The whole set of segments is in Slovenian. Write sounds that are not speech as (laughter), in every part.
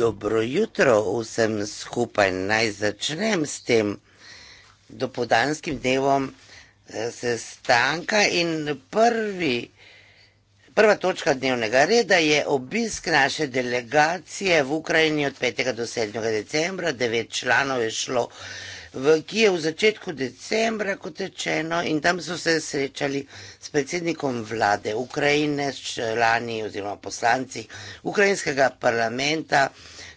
Dobro jutro vsem skupaj. Naj začnem s tem dopodanskim dnevom eh, sestanka in prvi, prva točka dnevnega reda je obisk naše delegacije v Ukrajini od 5. do 7. decembra. Devet članov je šlo v, ki je v začetku decembra, kot rečeno, in tam so se srečali s predsednikom vlade Ukrajine, s člani oziroma poslanci ukrajinskega parlamenta,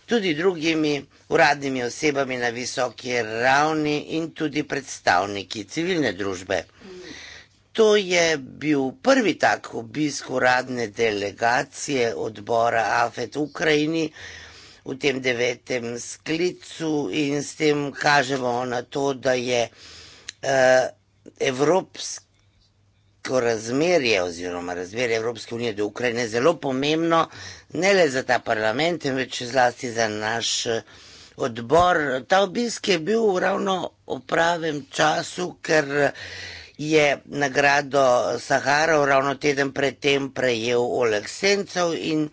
tudi drugimi uradnimi osebami na visoki ravni in tudi predstavniki civilne družbe. To je bil prvi tak obisk uradne delegacije odbora AFET v Ukrajini v tem devetem sklicu in s tem kažemo na to, da je uh, eh, evropski. Razmerje oziroma razmerje Evropske unije do Ukrajine je zelo pomembno, ne le za ta parlament, temveč zlasti za naš eh, odbor. Ta obisk je bil ravno v pravem času, ker je nagrado Saharov ravno teden predtem prejel Oleg Sencov in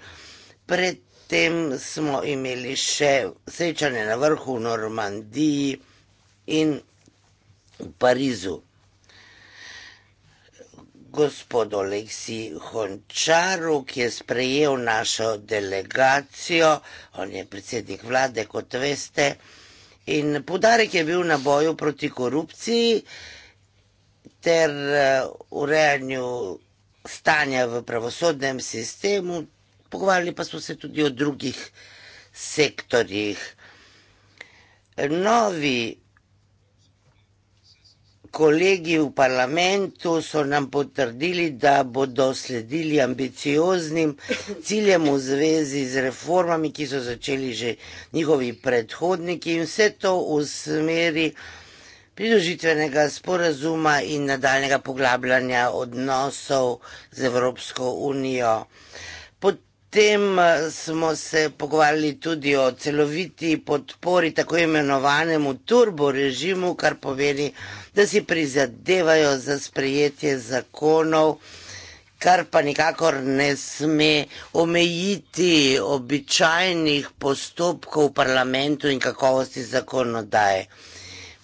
pred potem smo imeli še srečanje na vrhu v Normandiji in v Parizu. Gospod Oleksi Hončaru, ki je sprejel našo delegacijo, on je predsednik vlade, kot veste, in podarek je bil na boju proti korupciji ter eh, urejanju stanja v pravosodnem sistemu, pogovarjali pa smo se tudi o drugih sektorjih. Novi kolegi v parlamentu so nam potrdili, da bodo sledili ambicioznim ciljem v zvezi z reformami, ki so začeli že njihovi predhodniki in vse to v smeri pridružitvenega sporazuma in nadaljnega poglabljanja odnosov z Evropsko unijo. Potem eh, smo se pogovarjali tudi o celoviti podpori tako imenovanemu turbo režimu, kar pomeni, da si prizadevajo za sprejetje zakonov, kar pa nikakor ne sme omejiti običajnih postopkov v parlamentu in kakovosti zakonodaje.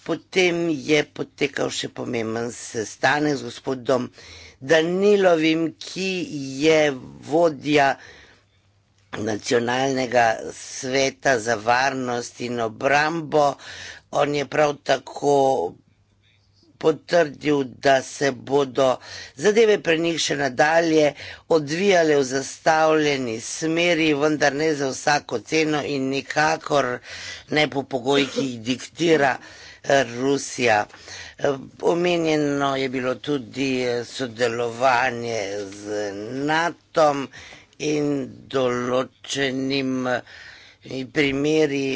Potem je potekal še pomemben sestanek z gospodom Danilovim, ki je vodja nacionalnega sveta za varnost in obrambo. On je prav tako potrdil, da se bodo zadeve pre njih še nadalje odvijale v zastavljeni smeri, vendar ne za vsako ceno in nikakor ne po pogoji, ki jih diktira eh, Rusija. Eh, omenjeno je bilo tudi eh, sodelovanje z NATO-om in določenim eh, primeri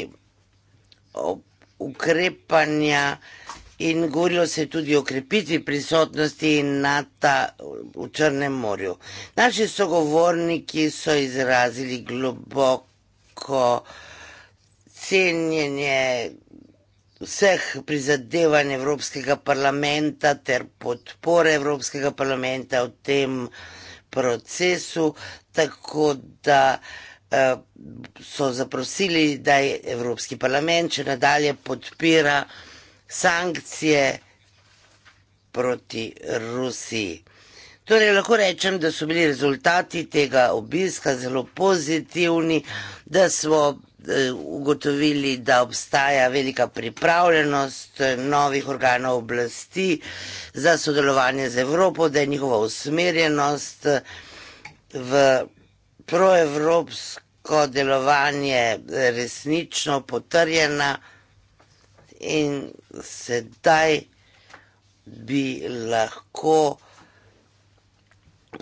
ukrepanja in govorilo se je tudi o krepitvi prisotnosti NATO v Črnem morju. Naši sogovorniki so izrazili globoko cenjenje vseh prizadevanj Evropskega parlamenta ter podpore Evropskega parlamenta v tem, procesu, tako da eh, so zaprosili, da je Evropski parlament še nadalje podpira sankcije proti Rusiji. Torej, lahko rečem, da so bili rezultati tega obiska zelo pozitivni, da smo Eh, ugotovili, da obstaja velika pripravljenost novih organov oblasti za sodelovanje z Evropo, da je njihova usmerjenost eh, v proevropsko delovanje eh, resnično potrjena in sedaj bi lahko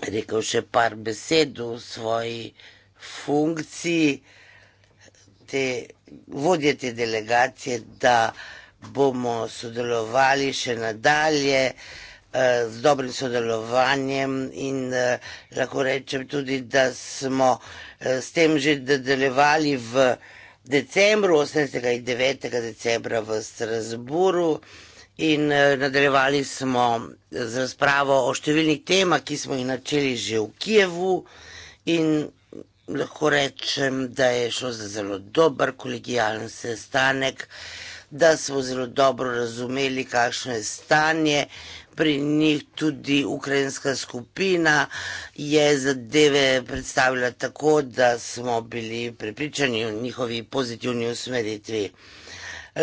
rekel še par besed v svoji funkciji te, vodje te delegacije, da bomo sodelovali še nadalje eh, z dobrim sodelovanjem in eh, lahko rečem tudi, da smo eh, s tem že delovali v decembru, 18. in 9. decembra v Strasburu in nadaljevali smo z razpravo o številnih temah, ki smo jih načeli že v Kijevu in lahko rečem, da je šlo za zelo dober kolegijalen sestanek, da smo zelo dobro razumeli, kakšno je stanje. Pri njih tudi ukrajinska skupina je zadeve predstavila tako, da smo bili prepričani v njihovi pozitivni usmeritvi.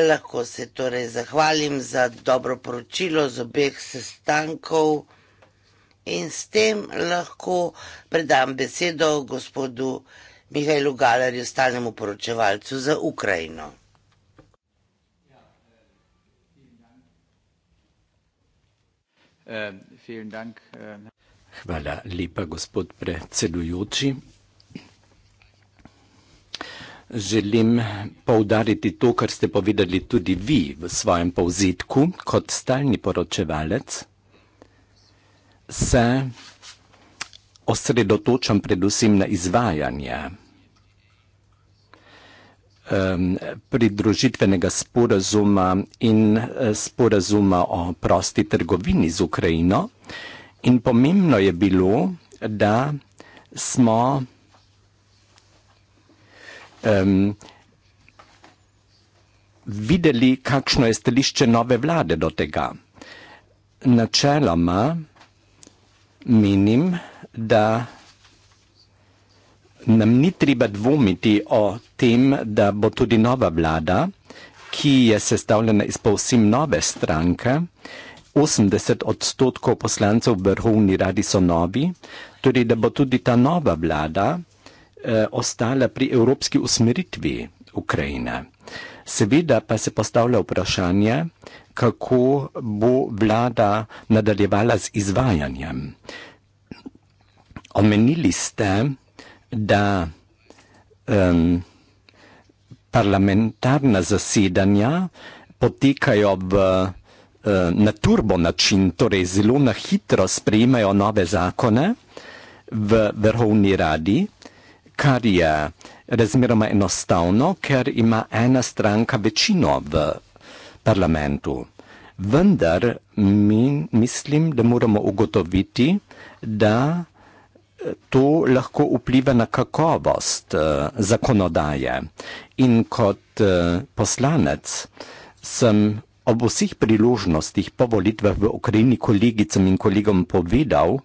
Lahko se torej zahvalim za dobro poročilo z obeh sestankov in s tem lahko predam besedo gospodu Mihajlu Galerju, stalnemu poročevalcu za Ukrajino. Hvala lepa, gospod predsedujoči. Želim poudariti to, kar ste povedali tudi vi v svojem povzetku kot stalni poročevalec se osredotočam predvsem na izvajanje um, pridružitvenega sporazuma in eh, sporazuma o prosti trgovini z Ukrajino. In pomembno je bilo, da smo um, videli, kakšno je stališče nove vlade do tega. Načeloma, menim, da nam ni treba dvomiti o tem, da bo tudi nova vlada, ki je sestavljena iz povsem nove stranke, 80 odstotkov poslancev v vrhovni radi so novi, torej da bo tudi ta nova vlada eh, ostala pri evropski usmeritvi Ukrajine. Seveda pa se postavlja vprašanje, kako bo vlada nadaljevala z izvajanjem. Omenili ste, da um, parlamentarna zasedanja potekajo v na turbo način, torej zelo na hitro sprejemajo nove zakone v vrhovni radi, kar je razmeroma enostavno, ker ima ena stranka večino v parlamentu. Vendar mi mislim, da moramo ugotoviti, da eh, to lahko vpliva na kakovost uh, zakonodaje. In kot uh, poslanec sem ob vseh priložnostih po volitvah v Ukrajini kolegicam in kolegom povedal,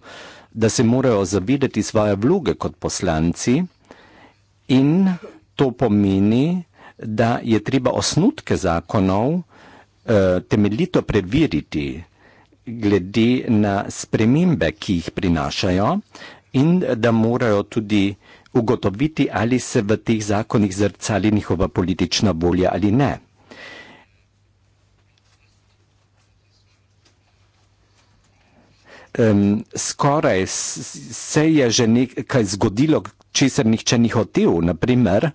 da se morajo zavedati svoje vloge kot poslanci in to pomeni, da je treba osnutke zakonov Eh, temeljito preveriti glede na spremembe, ki jih prinašajo in da morajo tudi ugotoviti, ali se v teh zakonih zrcali njihova politična volja ali ne. Um, skoraj se je že nekaj zgodilo, če se nihče ni hotel, naprimer, uh,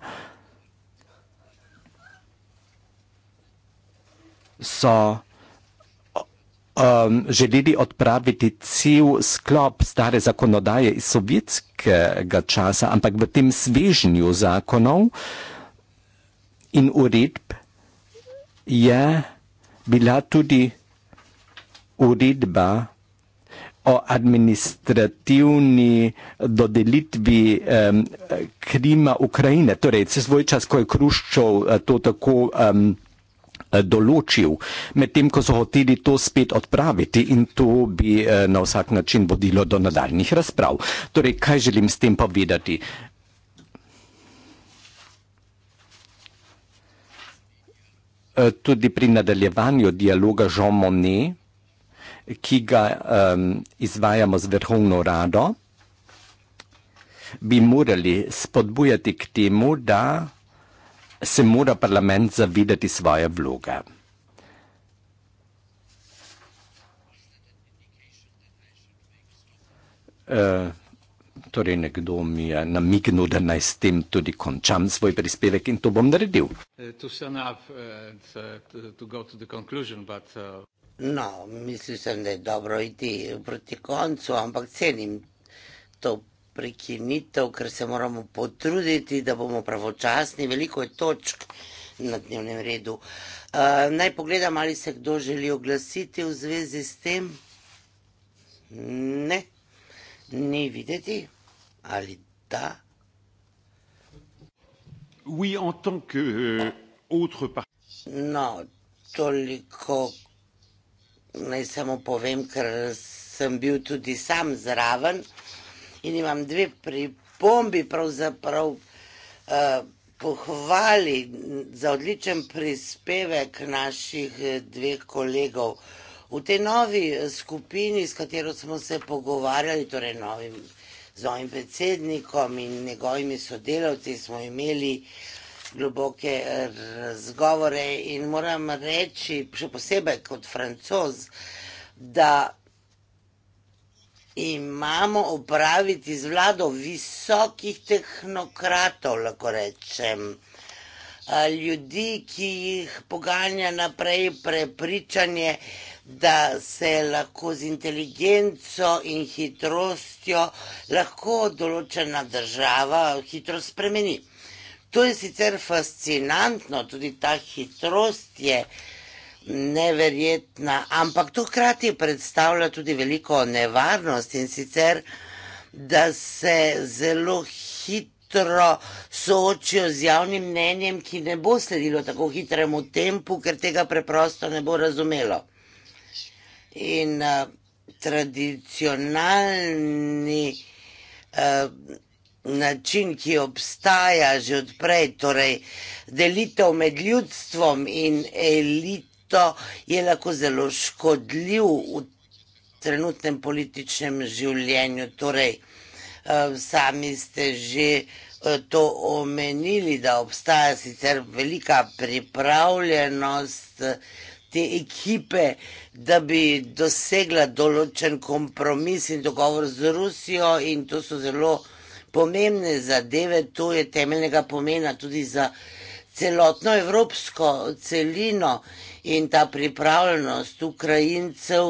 so um, želeli odpraviti cel sklop stare zakonodaje iz sovjetskega časa, ampak v tem svežnju zakonov in uredb je bila tudi uredba o administrativni dodelitvi um, Krima Ukrajine. Torej, se svoj čas, ko je Kruščov uh, eh, to tako um, Eh, določil, medtem ko so hoteli to spet odpraviti in to bi eh, na vsak način vodilo do nadaljnih razprav. Torej, kaj želim s tem povedati? Eh, tudi pri nadaljevanju dialoga Jean Monnet, ki ga um, izvajamo z vrhovno rado, bi morali spodbujati k temu, da se mora parlament zavedati svoje vloge. E, torej, nekdo mi je namignil, da naj s tem tudi končam svoj prispevek in to bom naredil. No, mislim, da je dobro iti proti koncu, ampak cenim to prekinitev, ker se moramo potruditi, da bomo pravočasni. Veliko je točk na dnevnem redu. Uh, naj pogledam, ali se kdo želi oglasiti v zvezi s tem. Ne, ni videti ali da. Oui, en tant que euh, autre part. No, toliko naj samo povem, ker sem bil tudi sam zraven in imam dve pripombi, pravzaprav uh, pohvali za odličen prispevek naših eh, dveh kolegov. V tej novi eh, skupini, s katero smo se pogovarjali, torej novim, z novim predsednikom in njegovimi sodelavci, smo imeli globoke razgovore in moram reči, še posebej kot francoz, da imamo opraviti z vlado visokih tehnokratov, lahko rečem. Ljudi, ki jih poganja naprej prepričanje, da se lahko z inteligenco in hitrostjo lahko določena država hitro spremeni. To je sicer fascinantno, tudi ta hitrost je neverjetna, ampak to hkrati predstavlja tudi veliko nevarnost in sicer, da se zelo hitro soočijo z javnim mnenjem, ki ne bo sledilo tako hitremu tempu, ker tega preprosto ne bo razumelo. In uh, tradicionalni uh, način, ki obstaja že odprej, torej delitev med ljudstvom in elito, to je lahko zelo škodljiv v trenutnem političnem življenju. Torej, eh, sami ste že eh, to omenili, da obstaja sicer velika pripravljenost eh, te ekipe, da bi dosegla določen kompromis in dogovor z Rusijo in to so zelo pomembne zadeve, to je temeljnega pomena tudi za uh, celotno evropsko celino in ta pripravljenost Ukrajincev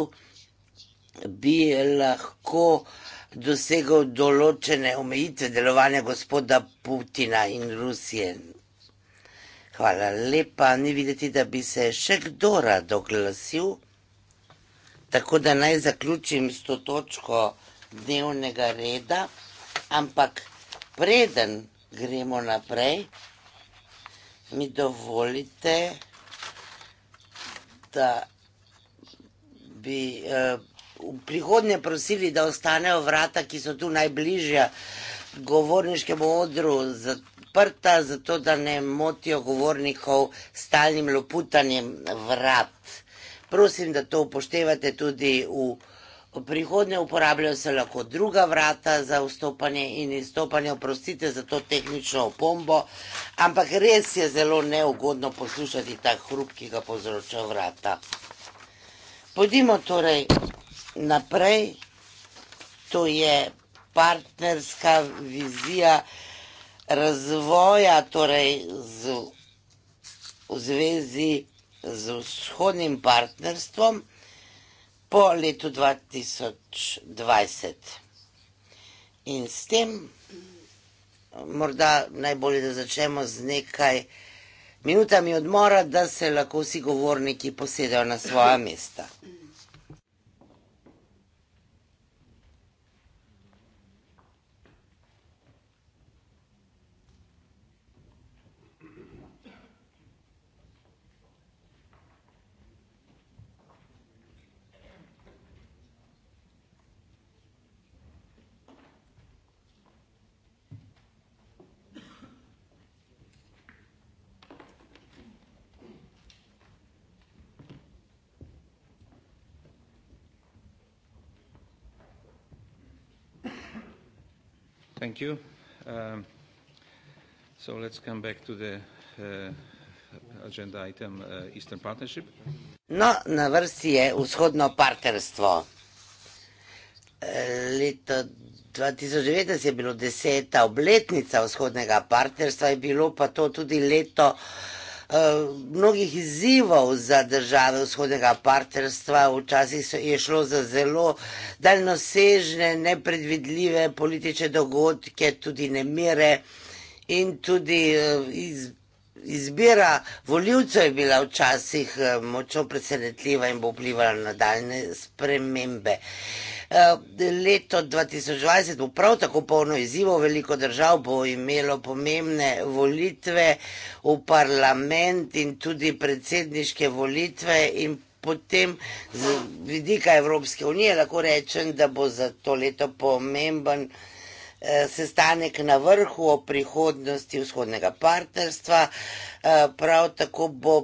bi lahko dosegel določene omejitve delovanja gospoda Putina in Rusije. Hvala lepa, ni videti, da bi se še kdo rad oglasil. Tako da naj zaključim s to točko dnevnega reda, ampak preden gremo naprej, mi dovolite, da bi eh, v prihodnje prosili, da ostanejo vrata, ki so tu najbližja govorniškemu odru, zaprta, zato da ne motijo govornikov stalnim loputanjem vrat. Prosim, da to upoštevate tudi v prihodnje. V prihodnje uporabljajo se lahko druga vrata za vstopanje in izstopanje, oprostite za to tehnično opombo, ampak res je zelo neugodno poslušati ta hrup, ki ga povzroča vrata. Pojdimo torej naprej, to je partnerska vizija razvoja, torej z, v zvezi z vzhodnim partnerstvom po letu 2020. In s tem, morda najbolje, da začnemo z nekaj minutami odmora, da se lahko vsi govorniki posedajo na svoja mesta. Thank you. Um, so let's come back to the uh, agenda item uh, Eastern Partnership. No, na vrsti je vzhodno partnerstvo. Eh, leto 2019 je bilo deseta obletnica vzhodnega partnerstva, je bilo pa to tudi leto uh, Eh, mnogih izzivov za države vzhodnega partnerstva, včasih je šlo za zelo daljnosežne, nepredvidljive politične dogodke, tudi nemire in tudi eh, iz, izbira voljivcev je bila včasih eh, močno presenetljiva in bo vplivala na daljne spremembe. Uh, Eh, leto 2020 bo prav tako polno izzivov, veliko držav bo imelo pomembne volitve v parlament in tudi predsedniške volitve. Potem z vidika Evropske unije lahko rečem, da bo za to leto pomemben eh, sestanek na vrhu o prihodnosti vzhodnega partnerstva. Eh, prav tako bo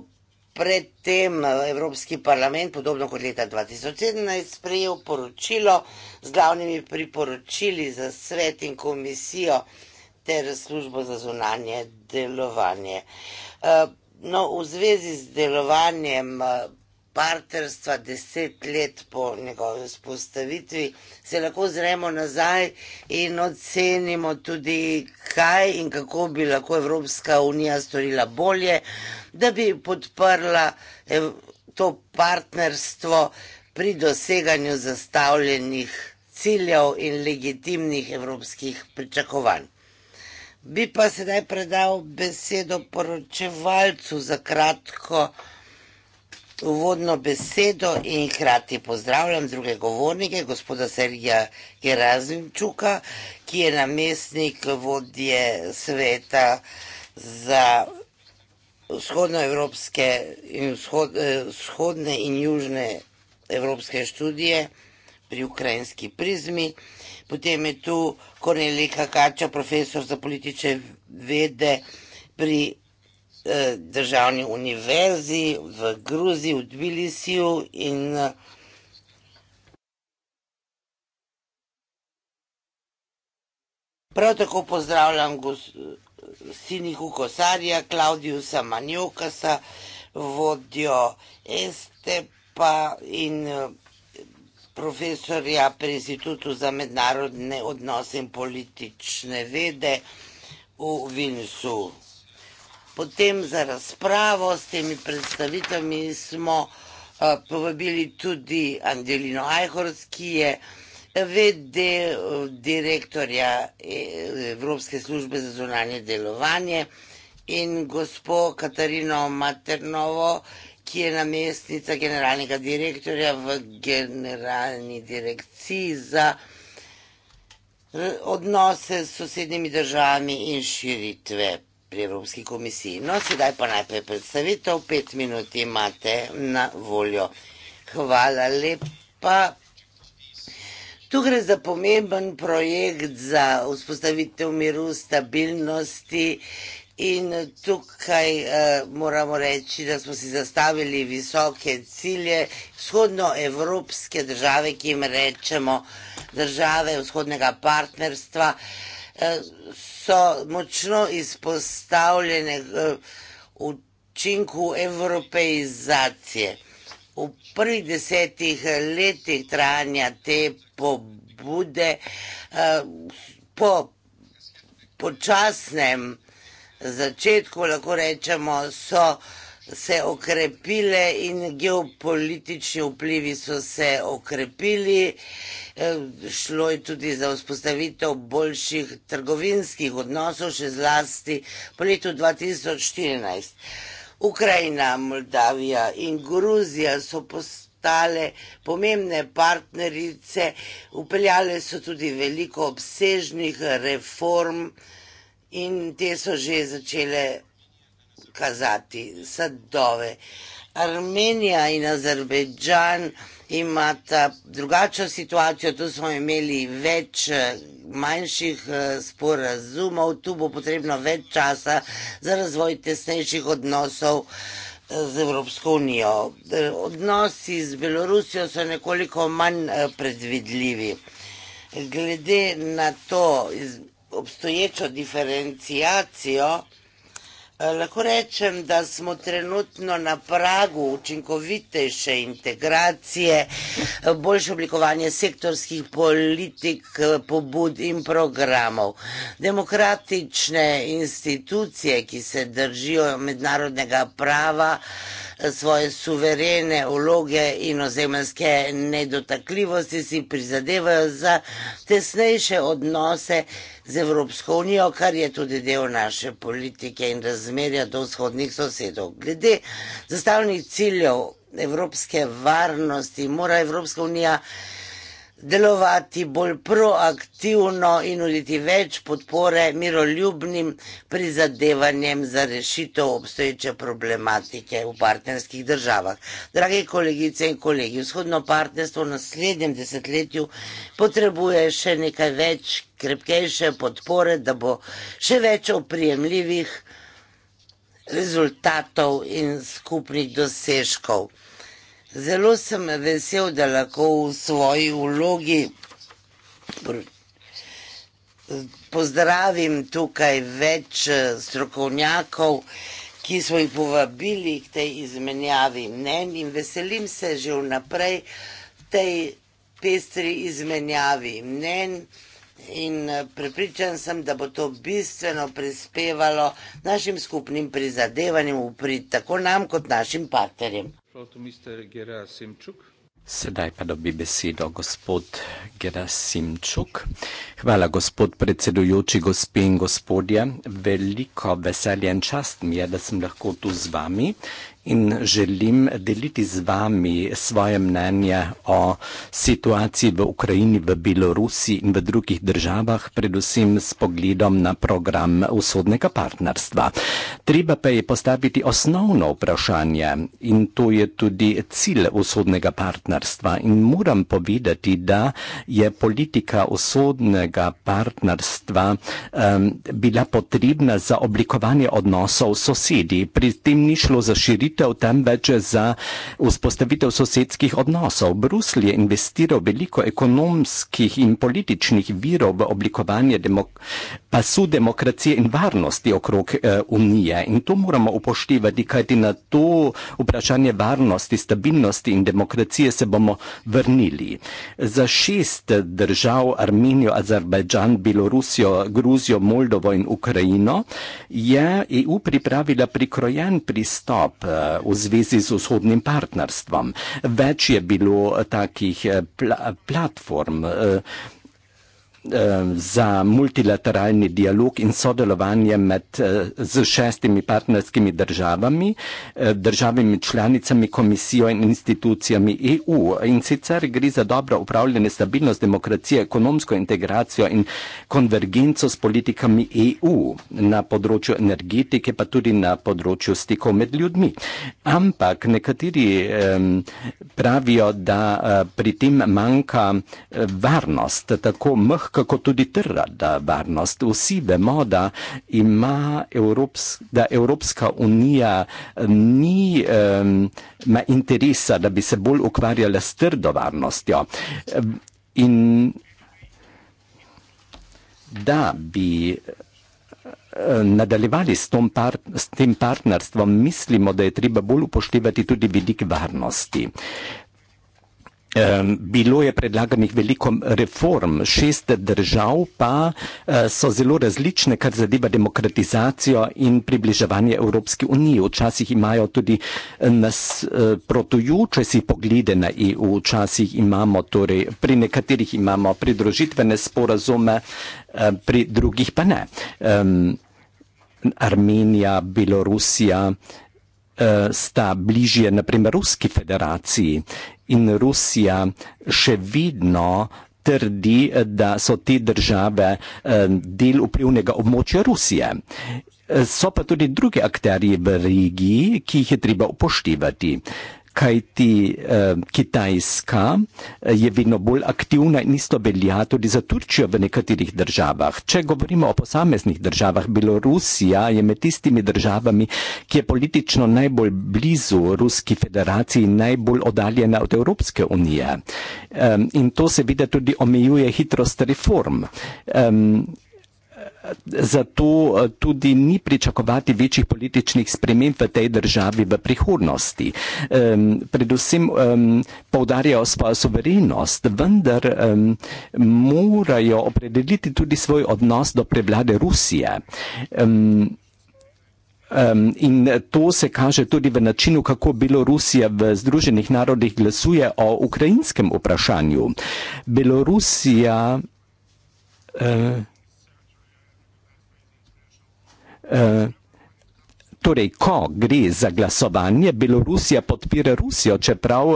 predtem eh, Evropski parlament, podobno kot leta 2017, sprejel poročilo z glavnimi priporočili za svet in komisijo ter službo za zunanje delovanje. Eh, no, v zvezi z delovanjem eh, partnerstva deset let po njegovi vzpostavitvi, se lahko zremo nazaj in ocenimo tudi, kaj in kako bi lahko Evropska unija storila bolje, da bi podprla to partnerstvo pri doseganju zastavljenih ciljev in legitimnih evropskih pričakovanj. Bi pa sedaj predal besedo poročevalcu za kratko vprašanje, uvodno besedo in hkrati pozdravljam druge govornike, gospoda Sergija Gerazimčuka, ki je namestnik vodje sveta za vzhodnoevropske in vzhod, eh, vzhodne in južne evropske študije pri ukrajinski prizmi. Potem je tu Kornelika Kača, profesor za politične vede pri Eh, državni univerzi v Gruziji, v Tbilisiju in eh, prav tako pozdravljam Siniku Kosarja, Klaudijusa Manjokasa, vodjo Estepa in eh, profesorja pri Institutu za mednarodne odnose in politične vede v Vinsu potem za razpravo s temi predstavitvami smo eh, povabili tudi Angelino Ajhorst, ki je VD direktorja eh, Evropske službe za zunanje delovanje in gospo Katarino Maternovo, ki je namestnica generalnega direktorja v generalni direkciji za eh, odnose s sosednjimi državami in širitve pri Evropski komisiji. No, sedaj pa najprej predstavitev, pet minut imate na voljo. Hvala lepa. Tu gre za pomemben projekt za vzpostavitev miru, stabilnosti in tukaj eh, moramo reči, da smo si zastavili visoke cilje vzhodnoevropske države, ki jim rečemo države vzhodnega partnerstva. Eh, so močno izpostavljene eh, učinku evropeizacije. V prvih desetih letih trajanja te pobude eh, po počasnem začetku, lahko rečemo, so se okrepile in geopolitični vplivi so se okrepili. E, šlo je tudi za vzpostavitev boljših trgovinskih odnosov, še zlasti po letu 2014. Ukrajina, Moldavija in Gruzija so postale pomembne partnerice, upeljale so tudi veliko obsežnih reform in te so že začele kazati sadove. Armenija in Azerbejdžan imata drugačno situacijo, tu smo imeli več eh, manjših eh, sporazumov, tu bo potrebno več časa za razvoj tesnejših odnosov eh, z Evropsko unijo. Odnosi z Belorusijo so nekoliko manj predvidljivi. Glede na to obstoječo diferencijacijo, Eh, lahko rečem, da smo trenutno na pragu učinkovitejše integracije, eh, boljše oblikovanje sektorskih politik, eh, pobud in programov. Demokratične institucije, ki se držijo mednarodnega prava, svoje suverene vloge in ozemljske nedotakljivosti si prizadevajo za tesnejše odnose z Evropsko unijo, kar je tudi del naše politike in razmerja do vzhodnih sosedov. Glede zastavnih ciljev evropske varnosti mora Evropska unija delovati bolj proaktivno in nuditi več podpore miroljubnim prizadevanjem za rešitev obstoječe problematike v partnerskih državah. Dragi kolegice in kolegi, vzhodno partnerstvo v naslednjem desetletju potrebuje še nekaj več krepkejše podpore, da bo še več oprijemljivih rezultatov in skupnih dosežkov. Zelo sem vesel, da lahko v svoji vlogi pozdravim tukaj več eh, strokovnjakov, ki smo jih povabili k tej izmenjavi mnenj in veselim se že vnaprej tej pestri izmenjavi mnenj in eh, prepričan sem, da bo to bistveno prispevalo našim skupnim prizadevanjem v prid tako nam kot našim partnerjem. Sedaj pa dobi besedo gospod Gerasimčuk. Hvala gospod predsedujoči, gospe in gospodje. Veliko veselje in čast mi je, da sem lahko tu z vami in želim deliti z vami svoje mnenje o situaciji v Ukrajini, v Belorusiji in v drugih državah, predvsem s pogledom na program usodnega partnerstva. Treba pa je postaviti osnovno vprašanje in to je tudi cilj usodnega partnerstva in moram povedati, da je politika usodnega partnerstva um, bila potrebna za oblikovanje odnosov s sosedi. Pri tem ni šlo za širitev rešitev, temveč za vzpostavitev sosedskih odnosov. Bruslj je investiral veliko ekonomskih in političnih virov v oblikovanje demok pasu demokracije in varnosti okrog uh, Unije. In to moramo upoštevati, kajti na to vprašanje varnosti, stabilnosti in demokracije se bomo vrnili. Za šest držav Armenijo, Azerbajdžan, Belorusijo, Gruzijo, Moldovo in Ukrajino je EU pripravila prikrojen pristop. Uh, v zvezi z vzhodnim partnerstvom. Več je bilo takih eh, pla platform. Uh, Eh, za multilateralni dialog in sodelovanje med eh, z šestimi partnerskimi državami, eh, državami članicami, komisijo in institucijami EU. In sicer gre za dobro upravljanje stabilnost demokracije, ekonomsko integracijo in konvergenco s politikami EU na področju energetike, pa tudi na področju stikov med ljudmi. Ampak nekateri um, pravijo, da uh, pri tem manjka uh, varnost, tako mhk, kako tudi trda varnost. Vsi vemo, da, Evrops, da Evropska unija eh, ni um, interesa, da bi se bolj ukvarjala s trdo varnostjo. In da bi eh, nadaljevali s, par, s tem partnerstvom, mislimo, da je treba bolj upoštevati tudi vidik varnosti. Um, bilo je predlaganih veliko reform, šest držav pa uh, so zelo različne, kar zadeva demokratizacijo in približevanje Evropski uniji. Včasih imajo tudi eh, nasprotujoče eh, uh, si poglede na EU, včasih imamo, torej pri nekaterih imamo pridružitvene sporazume, uh, pri drugih pa ne. Um, Armenija, Belorusija uh, sta bližje, naprimer, Ruski federaciji in Rusija še vidno trdi, da so te države eh, del vplivnega območja Rusije. Eh, so pa tudi drugi akteri v regiji, ki jih je treba upoštevati kajti eh, Kitajska eh, je vedno bolj aktivna in isto velja tudi za Turčijo v nekaterih državah. Če govorimo o posameznih državah, Belorusija je med tistimi državami, ki je politično najbolj blizu Ruski federaciji in najbolj oddaljena od Evropske unije. Eh, in to seveda tudi omejuje hitrost reform. Eh, zato eh, tudi ni pričakovati večjih političnih sprememb v tej državi v prihodnosti. Um, predvsem um, povdarjajo svojo soverenost, vendar um, morajo opredeliti tudi svoj odnos do prevlade Rusije. Um, Um, in to se kaže tudi v načinu, kako Belorusija v Združenih narodih glasuje o ukrajinskem vprašanju. Belorusija. Uh, Eh, torej, ko gre za glasovanje, Belorusija podpira Rusijo, čeprav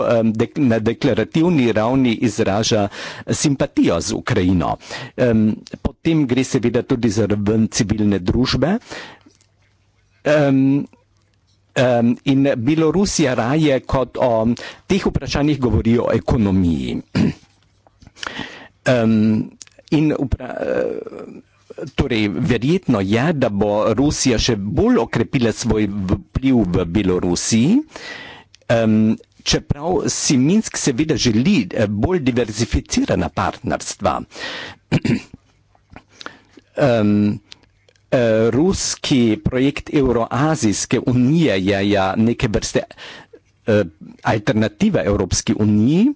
na deklarativni ravni izraža simpatijo z Ukrajino. Potem gre seveda tudi za raven civilne družbe. In Belorusija raje kot o teh vprašanjih govori o ekonomiji. In vprašanje. Torej, verjetno je, da bo Rusija še bolj okrepila svoj vpliv v Belorusiji. Um, Čeprav si Minsk seveda želi eh, bolj diverzificirana partnerstva. um, (clears throat) ruski projekt Euroazijske unije je, je neke vrste uh, alternativa Evropski uniji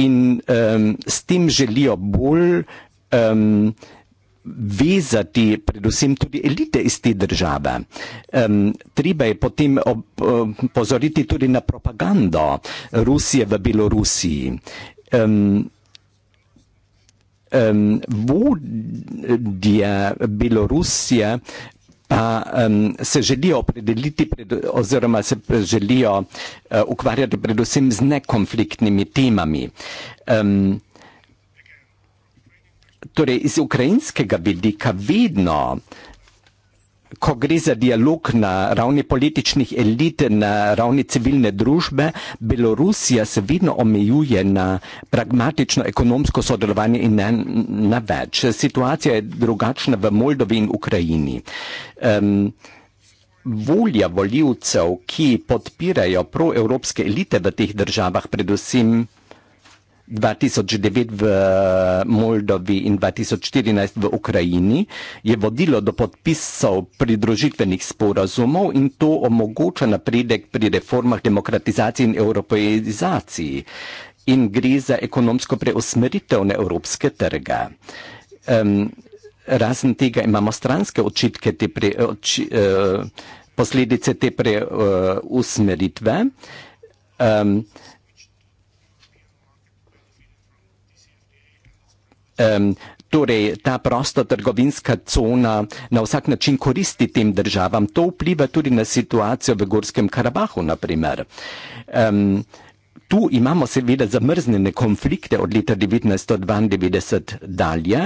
in um, s tem želijo bolj um, vezati predvsem tudi elite iz te države. Um, treba je potem ob, um, pozoriti tudi na propagando Rusije v Belorusiji. Um, Um, vodje Belorusije pa um, se želijo opredeliti pred, oziroma se želijo uh, ukvarjati predvsem z nekonfliktnimi temami. Um, torej iz ukrajinskega vidika vedno, ko gre za dialog na ravni političnih elit, na ravni civilne družbe, Belorusija se vedno omejuje na pragmatično ekonomsko sodelovanje in ne na več. Situacija je drugačna v Moldovi in Ukrajini. Um, volja voljivcev, ki podpirajo proevropske elite v teh državah, predvsem 2009 v eh, Moldovi in 2014 v Ukrajini, je vodilo do podpisov pridružitvenih sporazumov in to omogoča napredek pri reformah demokratizacije in evropeizaciji in gre za ekonomsko preusmeritev na evropske trge. Um, razen tega imamo stranske očitke te pre, oč, uh, eh, posledice te preusmeritve. Uh, um, um, torej ta prosta trgovinska cona na vsak način koristi tem državam. To vpliva tudi na situacijo v Gorskem Karabahu, naprimer. Um, Tu imamo seveda zamrznjene konflikte od leta 1992 dalje,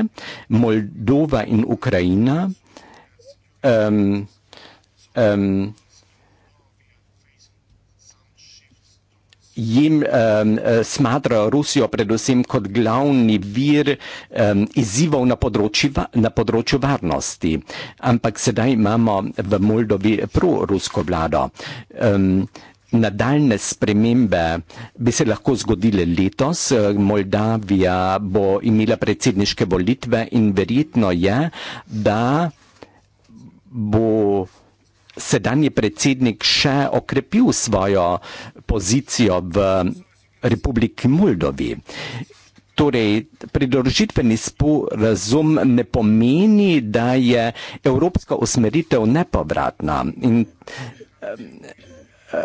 Moldova in Ukrajina. Um, um, jim um, smatra Rusijo predvsem kot glavni vir um, izzivov na področju, na področju varnosti. Ampak sedaj imamo v Moldovi prorusko vlado. Um, Nadaljne spremembe bi se lahko zgodile letos. Moldavija bo imela predsedniške volitve in verjetno je, da bo sedanji predsednik še okrepil svojo pozicijo v Republiki Moldovi. Torej, pridružitveni sporazum ne pomeni, da je evropska usmeritev nepovratna. In,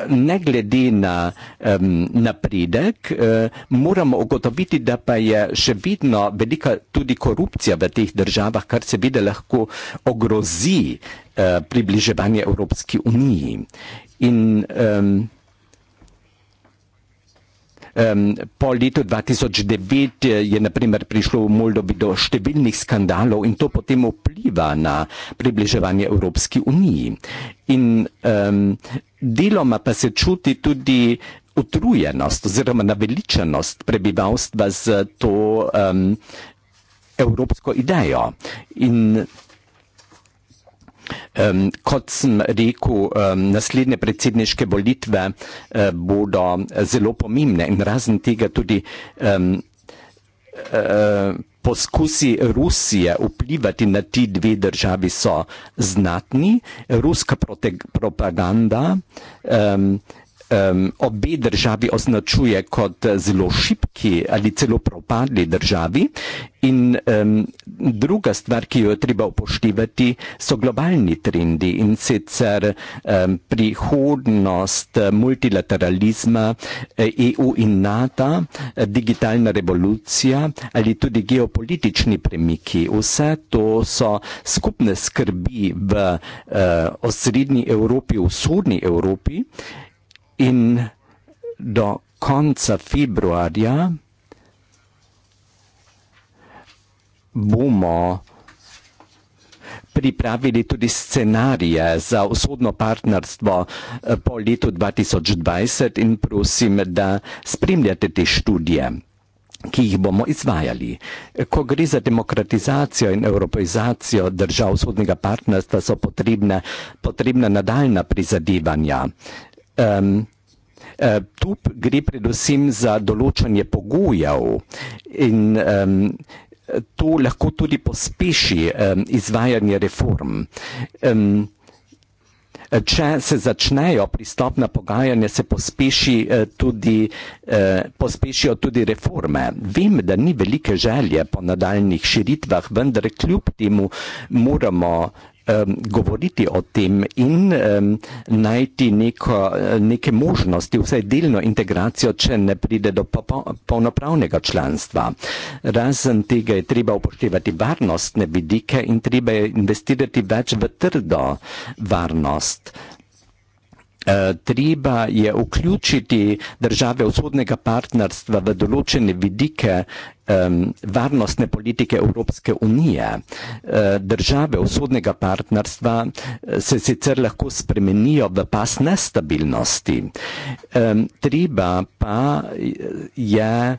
ne glede na um, napredek, uh, moramo ugotoviti, da pa je še vedno velika tudi korupcija v teh državah, kar seveda lahko ogrozi uh, približevanje Evropski uniji. In um, um, po letu 2009 eh, je naprimer prišlo v Moldovi do številnih skandalov in to potem vpliva na približevanje Evropski uniji. In um, deloma pa se čuti tudi utrujenost oziroma naveličenost prebivalstva z to um, evropsko idejo. In Um, kot sem rekel, um, naslednje predsedniške volitve uh, bodo eh, zelo pomembne in razen tega tudi um, uh, poskusi Rusije vplivati na ti dve državi so znatni. Ruska propaganda. Um, um, obe državi označuje kot eh, zelo šipki ali celo propadli državi. In um, druga stvar, ki jo je treba upoštevati, so globalni trendi in sicer um, prihodnost eh, multilateralizma EU eh, e in NATO, digitalna revolucija ali tudi geopolitični premiki. Vse to so skupne skrbi v uh, osrednji Evropi, v sodni Evropi. Uh, in do konca februarja bomo pripravili tudi scenarije za vzhodno partnerstvo eh, po letu 2020 in prosim, da spremljate te študije ki jih bomo izvajali. Ko gre za demokratizacijo in evropeizacijo držav vzhodnega partnerstva, so potrebna nadaljna prizadevanja um, eh, tu gre predvsem za določanje pogojev in um, to lahko tudi pospeši um, izvajanje reform. Um, Če se začnejo pristopna pogajanja, se pospeši eh, tudi, eh, pospešijo tudi reforme. Vem, da ni velike želje po nadaljnih širitvah, vendar kljub temu moramo um, govoriti o tem in um, najti neko, neke možnosti, vsaj delno integracijo, če ne pride do polnopravnega članstva. Razen tega je treba upoštevati varnostne vidike in treba investirati več v trdo varnost. Eh, treba je vključiti države vzhodnega partnerstva v določene vidike varnostne politike Evropske unije. Eh, države vzhodnega partnerstva eh, se sicer lahko spremenijo v pas nestabilnosti. Treba pa je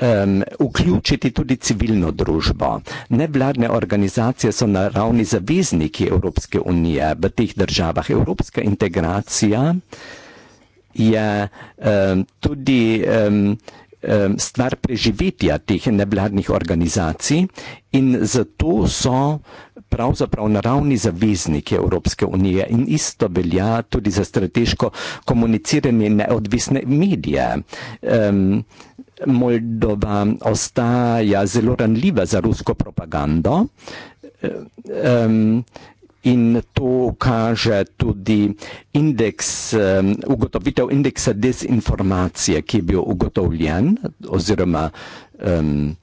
um, vključiti tudi civilno družbo. Nevladne organizacije so na ravni zavezniki Evropske unije v teh državah. Evropska integracija je um, tudi um, um, stvar preživetja teh nevladnih organizacij in zato so pravzaprav naravni zavezniki Evropske unije in isto velja tudi za strateško komuniciranje neodvisne medije. Um, Moldova ostaja zelo ranljiva za rusko propagando. Um, In to kaže tudi indeks, um, ugotovitev indeksa dezinformacije, ki je bil ugotovljen, oziroma um,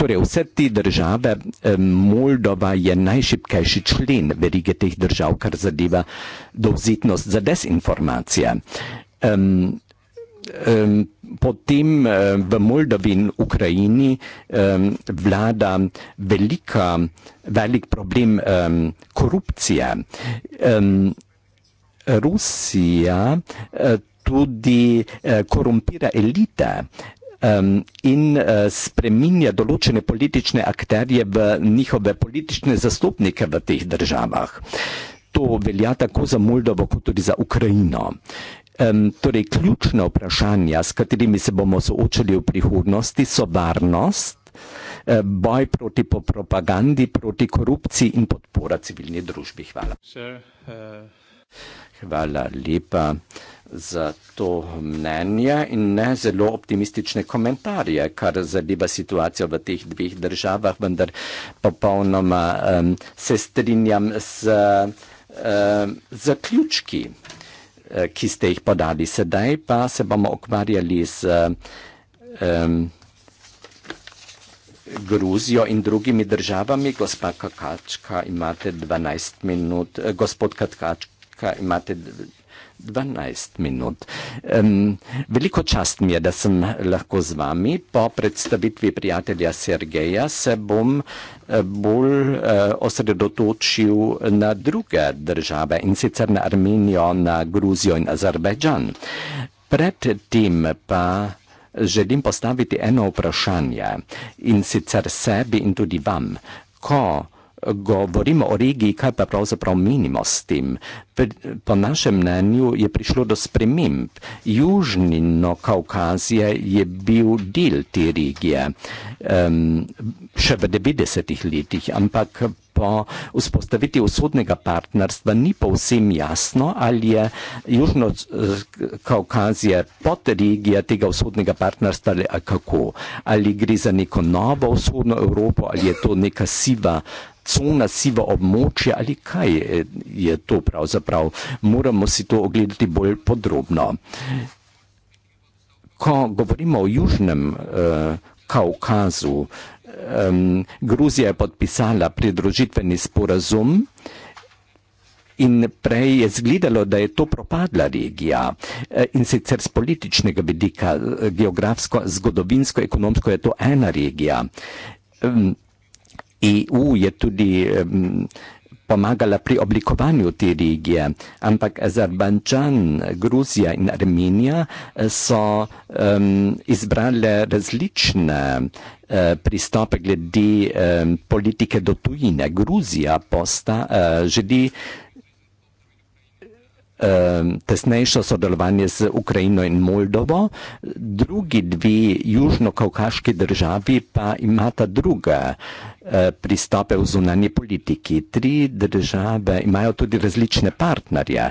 torej vse te države, um, Moldova je najšipkejši člen verige teh držav, kar zadeva dovzetnost za dezinformacije. Um, um, potem eh, v Moldovi in Ukrajini vlada velika, velik problem korupcije. Rusija eh, tudi eh, korumpira elite in spreminja določene politične akterje v njihove politične zastopnike v teh državah. To velja tako za Moldovo kot tudi za Ukrajino. Um, torej, ključna vprašanja, s katerimi se bomo soočili v prihodnosti, so varnost, eh, boj proti po propagandi, proti korupciji in podpora civilni družbi. Hvala. Sir, uh... Hvala lepa za to mnenje in ne zelo optimistične komentarje, kar zadeva situacijo v teh dveh državah, vendar popolnoma um, se strinjam z um, zaključki. Eh, ki ste jih podali. Sedaj pa se bomo okvarjali z um, Gruzijo in drugimi državami. Gospa Kakačka, imate 12 minut. Eh, gospod Kakačka, imate 12 minut. 12 minut. Um, veliko čast mi je, da sem lahko z vami. Po predstavitvi prijatelja Sergeja se bom eh, bolj uh, osredotočil na druge države in sicer na Armenijo, na Gruzijo in Azerbejdžan. Pred tem pa želim postaviti eno vprašanje in sicer sebi in tudi vam. Ko govorimo o regiji, kaj pa pravzaprav menimo s tem. Po našem mnenju je prišlo do sprememb. Južni Kaukazije je bil del te regije um, še v 90-ih letih, ampak po vzpostaviti vzhodnega partnerstva ni povsem jasno, ali je Južno eh, Kaukazije pod regija tega vzhodnega partnerstva ali kako. Ali gre za neko novo vzhodno Evropo, ali je to neka siva uh, cona siva območja ali kaj je to pravzaprav. Moramo si to ogledati bolj podrobno. Ko govorimo o južnem eh, Kaukazu, Gruzija je podpisala pridružitveni sporazum in prej je zgledalo, da je to propadla regija eh, in sicer z političnega vidika, eh, geografsko, zgodovinsko, ekonomsko je to ena regija. Zdaj, EU je tudi um, pomagala pri oblikovanju te regije, ampak Azerbajdžan, Gruzija in Armenija eh, so um, izbrale različne eh, pristope glede um, politike do tujine. Gruzija posta, uh, želi uh, tesnejšo sodelovanje z Ukrajino in Moldovo, drugi dve južno-kaukaški državi pa imata druga eh, pristope v zunanji politiki. Tri države imajo tudi različne partnerje.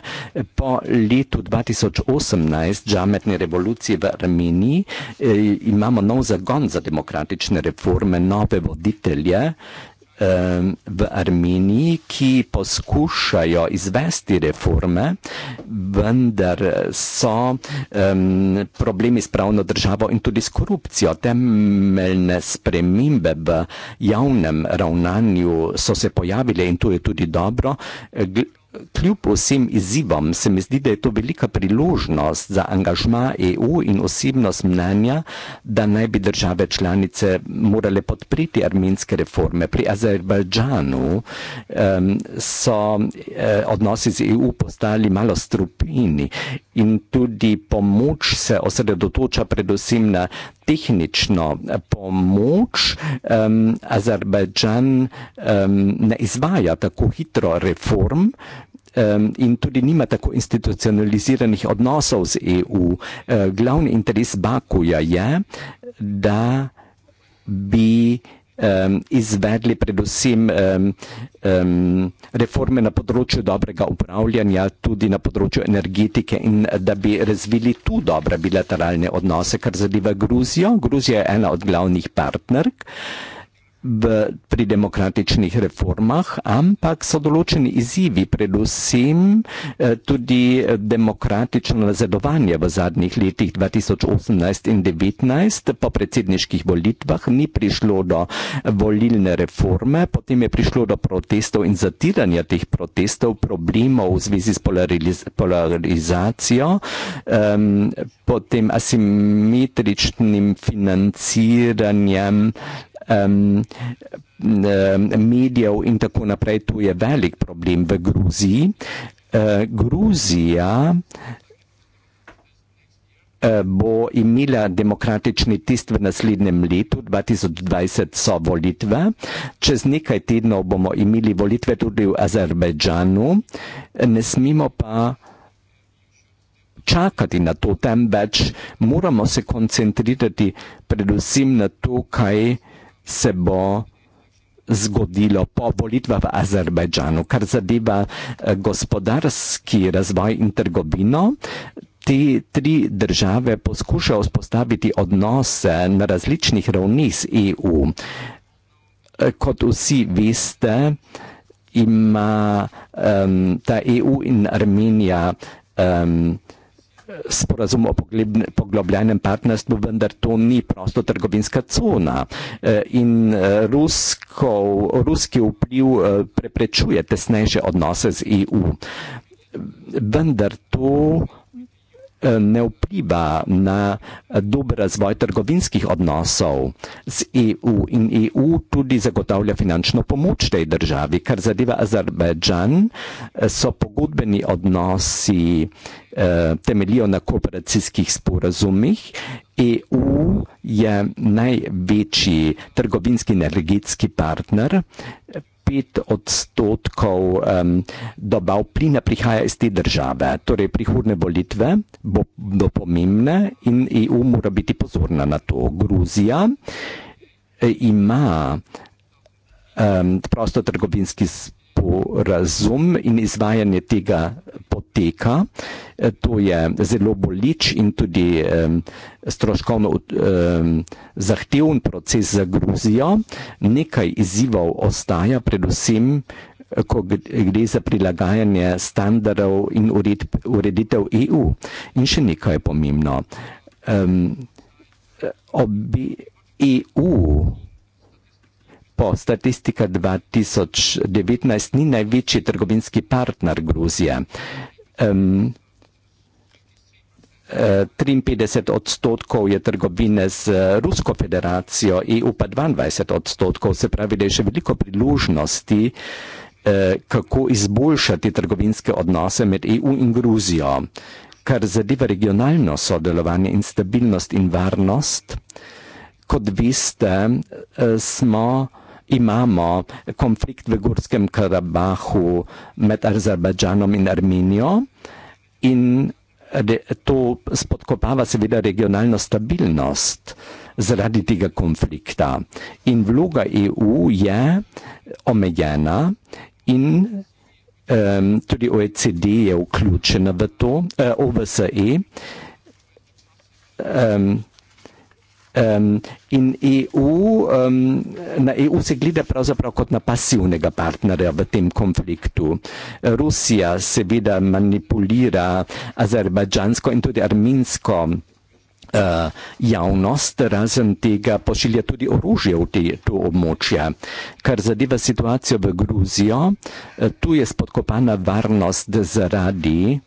Po letu 2018, džametni revoluciji v Armeniji, eh, imamo nov zagon za demokratične reforme, nove voditelje v Armeniji, ki poskušajo izvesti reforme, vendar so um, problemi s pravno državo in tudi s korupcijo. Temeljne spremembe v javnem ravnanju so se pojavile in to je tudi dobro. Kljub vsem izzivom se mi zdi, da je to velika priložnost za angažma EU in osebnost mnenja, da naj bi države članice morale podpreti armenske reforme. Pri Azerbajdžanu um, so eh, odnosi z EU postali malo strupini in tudi pomoč se osredotoča predvsem na tehnično eh, pomoč um, Azerbajdžan um, ne izvaja tako hitro reform. In tudi nima tako institucionaliziranih odnosov z EU. Eh, glavni interes Bakuja je, da bi um, izvedli predvsem um, um, reforme na področju dobrega upravljanja, tudi na področju energetike in eh, da bi razvili tu dobre bilateralne odnose, kar zadeva Gruzijo. Gruzija je ena od glavnih partnerk v, pri demokratičnih reformah, ampak so določeni izzivi, predvsem eh, tudi eh, demokratično nazadovanje v zadnjih letih 2018 in 2019 po predsedniških volitvah ni prišlo do volilne reforme, potem je prišlo do protestov in zatiranja teh protestov, problemov v zvezi s polariz polarizacijo, um, potem asimetričnim financiranjem um, um, medijev in tako naprej. To je velik problem v Gruziji. Uh, Gruzija eh, bo imela demokratični tist v naslednjem letu, 2020 so volitve, čez nekaj tednov bomo imeli volitve tudi v Azerbejdžanu, ne smemo pa čakati na to, temveč moramo se koncentrirati predvsem na to, kaj se bo zgodilo po volitvah v Azerbajdžanu, kar zadeva eh, gospodarski razvoj in trgovino. Te tri države poskušajo vzpostaviti odnose na različnih ravnih z EU. Eh, kot vsi veste, ima um, ta EU in Armenija um, sporazum o poglobljenem partnerstvu, vendar to ni prostotrgovinska cona e, in e, rusko, ruski vpliv e, preprečuje tesnejše odnose z EU. Vendar to. Eh, ne vpliva na eh, dober razvoj trgovinskih odnosov z EU in EU tudi zagotavlja finančno pomoč tej državi. Kar zadeva Azerbajdžan, eh, so pogodbeni odnosi temeljijo na kooperacijskih sporazumih. EU je največji trgovinski energetski partner, pet odstotkov um, dobav plina prihaja iz te države. Torej, prihodne volitve bodo pomembne in EU mora biti pozorna na to. Gruzija e, ima um, prostotrgovinski spremljanje razum in izvajanje tega poteka. E, to je zelo bolič in tudi stroškovno zahteven proces za Gruzijo. Nekaj izzivov ostaja, predvsem, ko gre za prilagajanje standardov in ureditev EU. In še nekaj je pomembno. E, Ob EU po statistika 2019 ni največji trgovinski partner Gruzije. Um, 53 e, odstotkov je trgovine z e, Rusko federacijo, EU pa 22 odstotkov, se pravi, da je še veliko priložnosti, e, kako izboljšati trgovinske odnose med EU in Gruzijo, kar zadeva regionalno sodelovanje in stabilnost in varnost. Kot veste, smo imamo konflikt v Gorskem Karabahu med Azerbajdžanom in Armenijo in to spodkopava seveda regionalno stabilnost zaradi tega konflikta. In vloga EU je omejena in um, tudi OECD je vključena v to, eh, OVSE. Um, Um, in EU, um, na EU se gleda pravzaprav kot na pasivnega partnerja v tem konfliktu. Rusija seveda manipulira azerbajdžansko in tudi arminsko uh, eh, javnost, razen tega pošilja tudi orožje v te, to območje. Kar zadeva situacijo v Gruzijo, eh, tu je spodkopana varnost zaradi.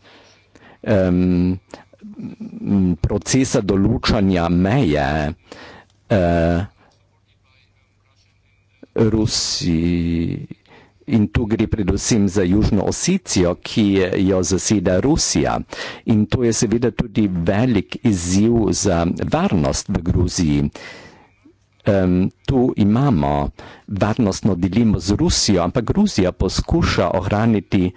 Um, procesa določanja meje eh, Rusi in tu gre predvsem za Južno Osicijo, ki jo zaseda Rusija. In to je seveda tudi velik izziv za varnost v Gruziji. Um, tu imamo varnostno dilemo z Rusijo, ampak Gruzija poskuša ohraniti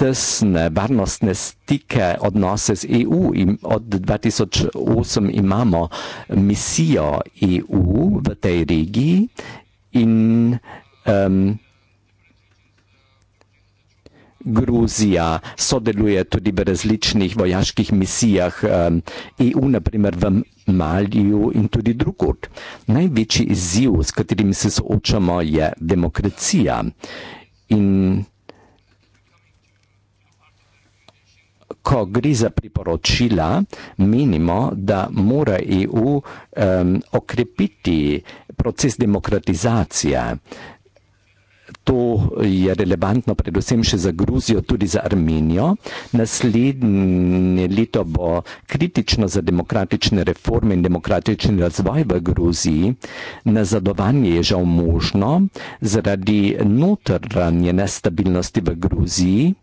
tesne varnostne stike, odnose z EU. Od 2008 imamo misijo EU v tej regiji in um, Gruzija sodeluje tudi v različnih vojaških misijah um, EU, naprimer v Maliju in tudi drugod. Največji izziv, s katerim se soočamo, je demokracija. In ko gre za priporočila, menimo, da mora EU um, okrepiti proces demokratizacije. To je relevantno predvsem še za Gruzijo, tudi za Armenijo. Naslednje leto bo kritično za demokratične reforme in demokratični razvoj v Gruziji. Nazadovanje je žal možno zaradi notranje nestabilnosti v Gruziji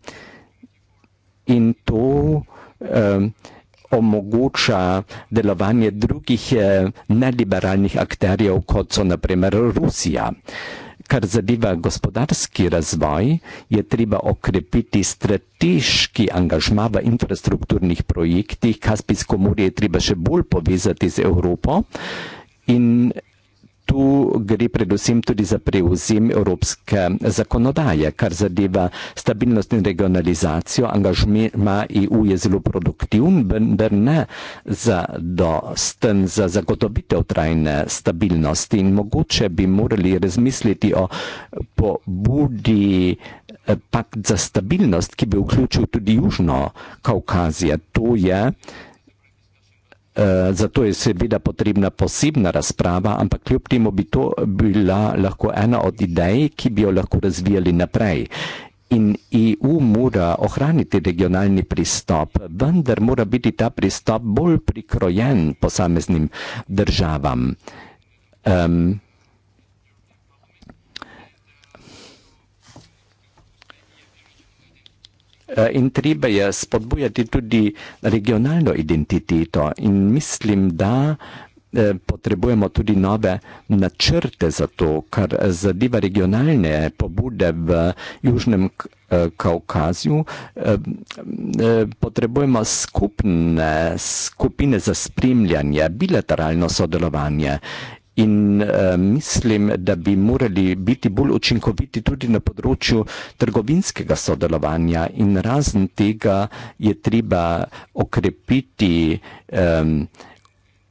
in to um, omogoča delovanje drugih eh, neliberalnih akterjev, kot so naprimer Rusija. Kar zadeva gospodarski razvoj, je treba okrepiti strateški angažma v infrastrukturnih projektih, Kaspijsko morje je treba še bolj povezati z Evropo in tu gre predvsem tudi za prevzem evropske zakonodaje, kar zadeva stabilnost in regionalizacijo. Angažma EU je zelo produktivn, vendar ne za dosten za zagotovitev trajne stabilnosti in mogoče bi morali razmisliti o pobudi eh, pakt za stabilnost, ki bi vključil tudi Južno Kaukazijo. To je Uh, zato je seveda potrebna posebna razprava, ampak kljub temu bi to bila lahko ena od idej, ki bi jo lahko razvijali naprej. In EU mora ohraniti regionalni pristop, vendar mora biti ta pristop bolj prikrojen posameznim državam. Um, Eh, in treba je spodbujati tudi regionalno identiteto, in mislim, da eh, potrebujemo tudi nove načrte za to, kar zadeva regionalne pobude v Južnem eh, Kaukazu. Potrebujemo skupne skupine za spremljanje, bilateralno sodelovanje in uh, mislim, da bi morali biti bolj učinkoviti tudi na področju trgovinskega sodelovanja in razen tega je treba okrepiti um,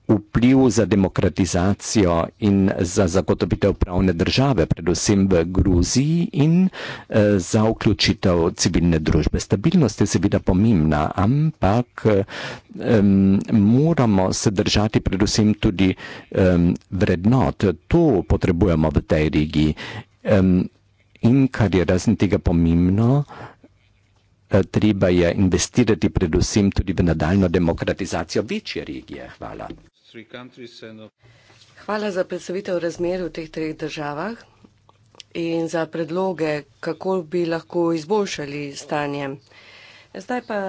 vpliv za demokratizacijo in za zagotovitev pravne države, predvsem v Gruziji in eh, za vključitev civilne družbe. Stabilnost je seveda pomembna, ampak moramo se držati predvsem tudi vrednot. To potrebujemo v tej regiji. In kar je razen tega pomembno, eh, treba je investirati predvsem tudi v nadaljno demokratizacijo večje regije. Hvala. Hvala za predstavitev razmer v teh treh državah in za predloge, kako bi lahko izboljšali stanje. Zdaj pa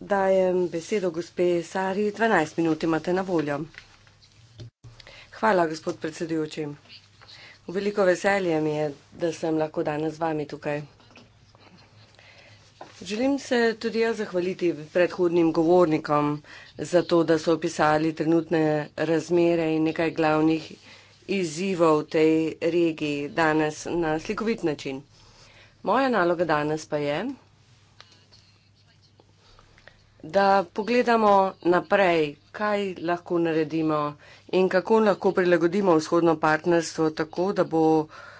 dajem besedo gospe Sari, 12 minut imate na voljo. Hvala, gospod predsedujoči. Veliko veselje mi je, da sem lahko danes z vami tukaj. Želim se tudi jaz zahvaliti predhodnim govornikom za to, da so opisali trenutne razmere in nekaj glavnih izzivov tej regiji danes na slikovit način. Moja naloga danes pa je, da pogledamo naprej, kaj lahko naredimo in kako lahko prilagodimo vzhodno partnerstvo tako, da bo vzhodno partnerstvo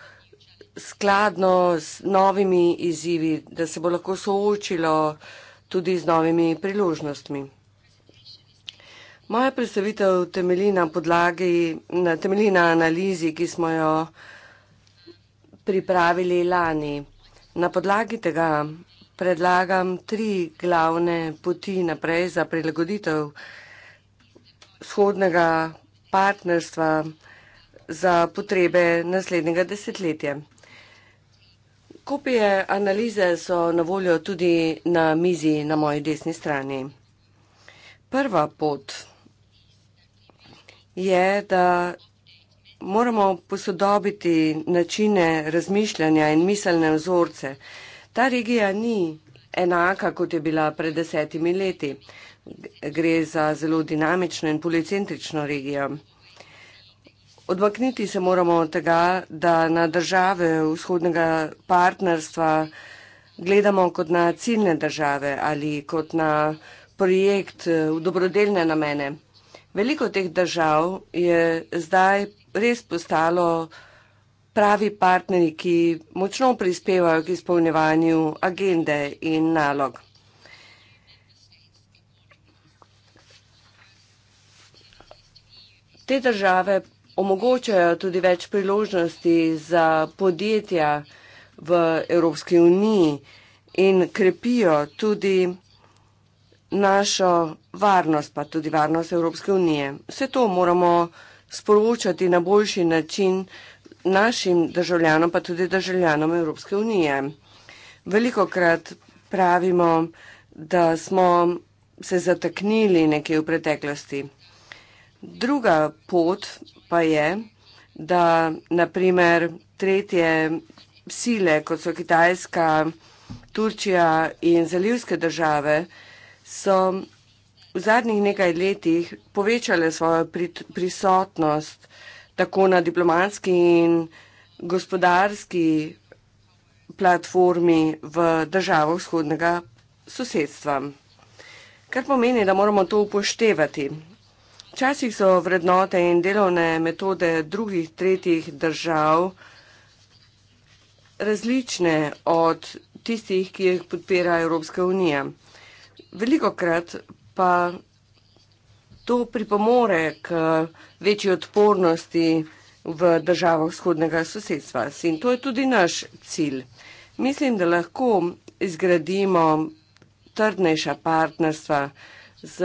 skladno z novimi izzivi, da se bo lahko soočilo tudi z novimi priložnostmi. Moja predstavitev temelji na podlagi, na, temelji na analizi, ki smo jo pripravili lani. Na podlagi tega predlagam tri glavne poti naprej za prilagoditev shodnega partnerstva za potrebe naslednjega desetletja. Kopije analize so na voljo tudi na mizi na moji desni strani. Prva pot je, da moramo posodobiti načine razmišljanja in miselne vzorce. Ta regija ni enaka, kot je bila pred desetimi leti. Gre za zelo dinamično in policentrično regijo. Odmakniti se moramo od tega, da na države vzhodnega partnerstva gledamo kot na ciljne države ali kot na projekt eh, v dobrodelne namene. Veliko teh držav je zdaj res postalo pravi partneri, ki močno prispevajo k izpolnjevanju agende in nalog. Te države omogočajo tudi več priložnosti za podjetja v Evropski uniji in krepijo tudi našo varnost, pa tudi varnost Evropske unije. Vse to moramo sporočati na boljši način našim državljanom, pa tudi državljanom Evropske unije. Veliko krat pravimo, da smo se zataknili nekje v preteklosti. Druga pot pa je, da naprimer tretje sile, kot so Kitajska, Turčija in zalivske države, so v zadnjih nekaj letih povečale svojo prisotnost tako na diplomatski in gospodarski platformi v državah vzhodnega sosedstva. Kar pomeni, da moramo to upoštevati. Včasih so vrednote in delovne metode drugih, tretjih držav različne od tistih, ki jih podpira Evropska unija. Veliko krat pa to pripomore k večji odpornosti v državah vzhodnega sosedstva. In to je tudi naš cilj. Mislim, da lahko izgradimo trdnejša partnerstva z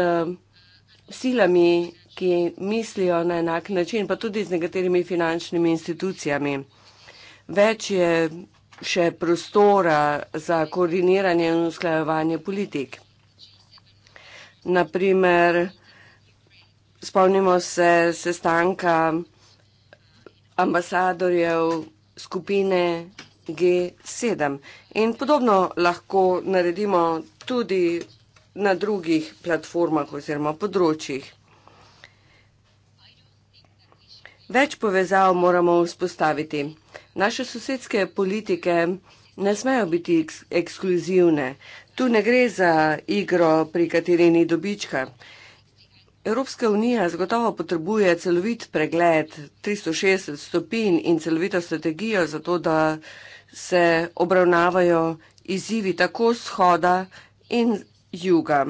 silami ki mislijo na enak način, pa tudi z nekaterimi finančnimi institucijami. Več je še prostora za koordiniranje in usklajevanje politik. Naprimer, spomnimo se sestanka ambasadorjev skupine G7. In podobno lahko naredimo tudi na drugih platformah oziroma področjih. Več povezav moramo vzpostaviti. Naše sosedske politike ne smejo biti eks ekskluzivne. Tu ne gre za igro, pri kateri ni dobička. Evropska unija zagotovo potrebuje celovit pregled 360 stopinj in celovito strategijo za to, da se obravnavajo izzivi tako shoda in juga.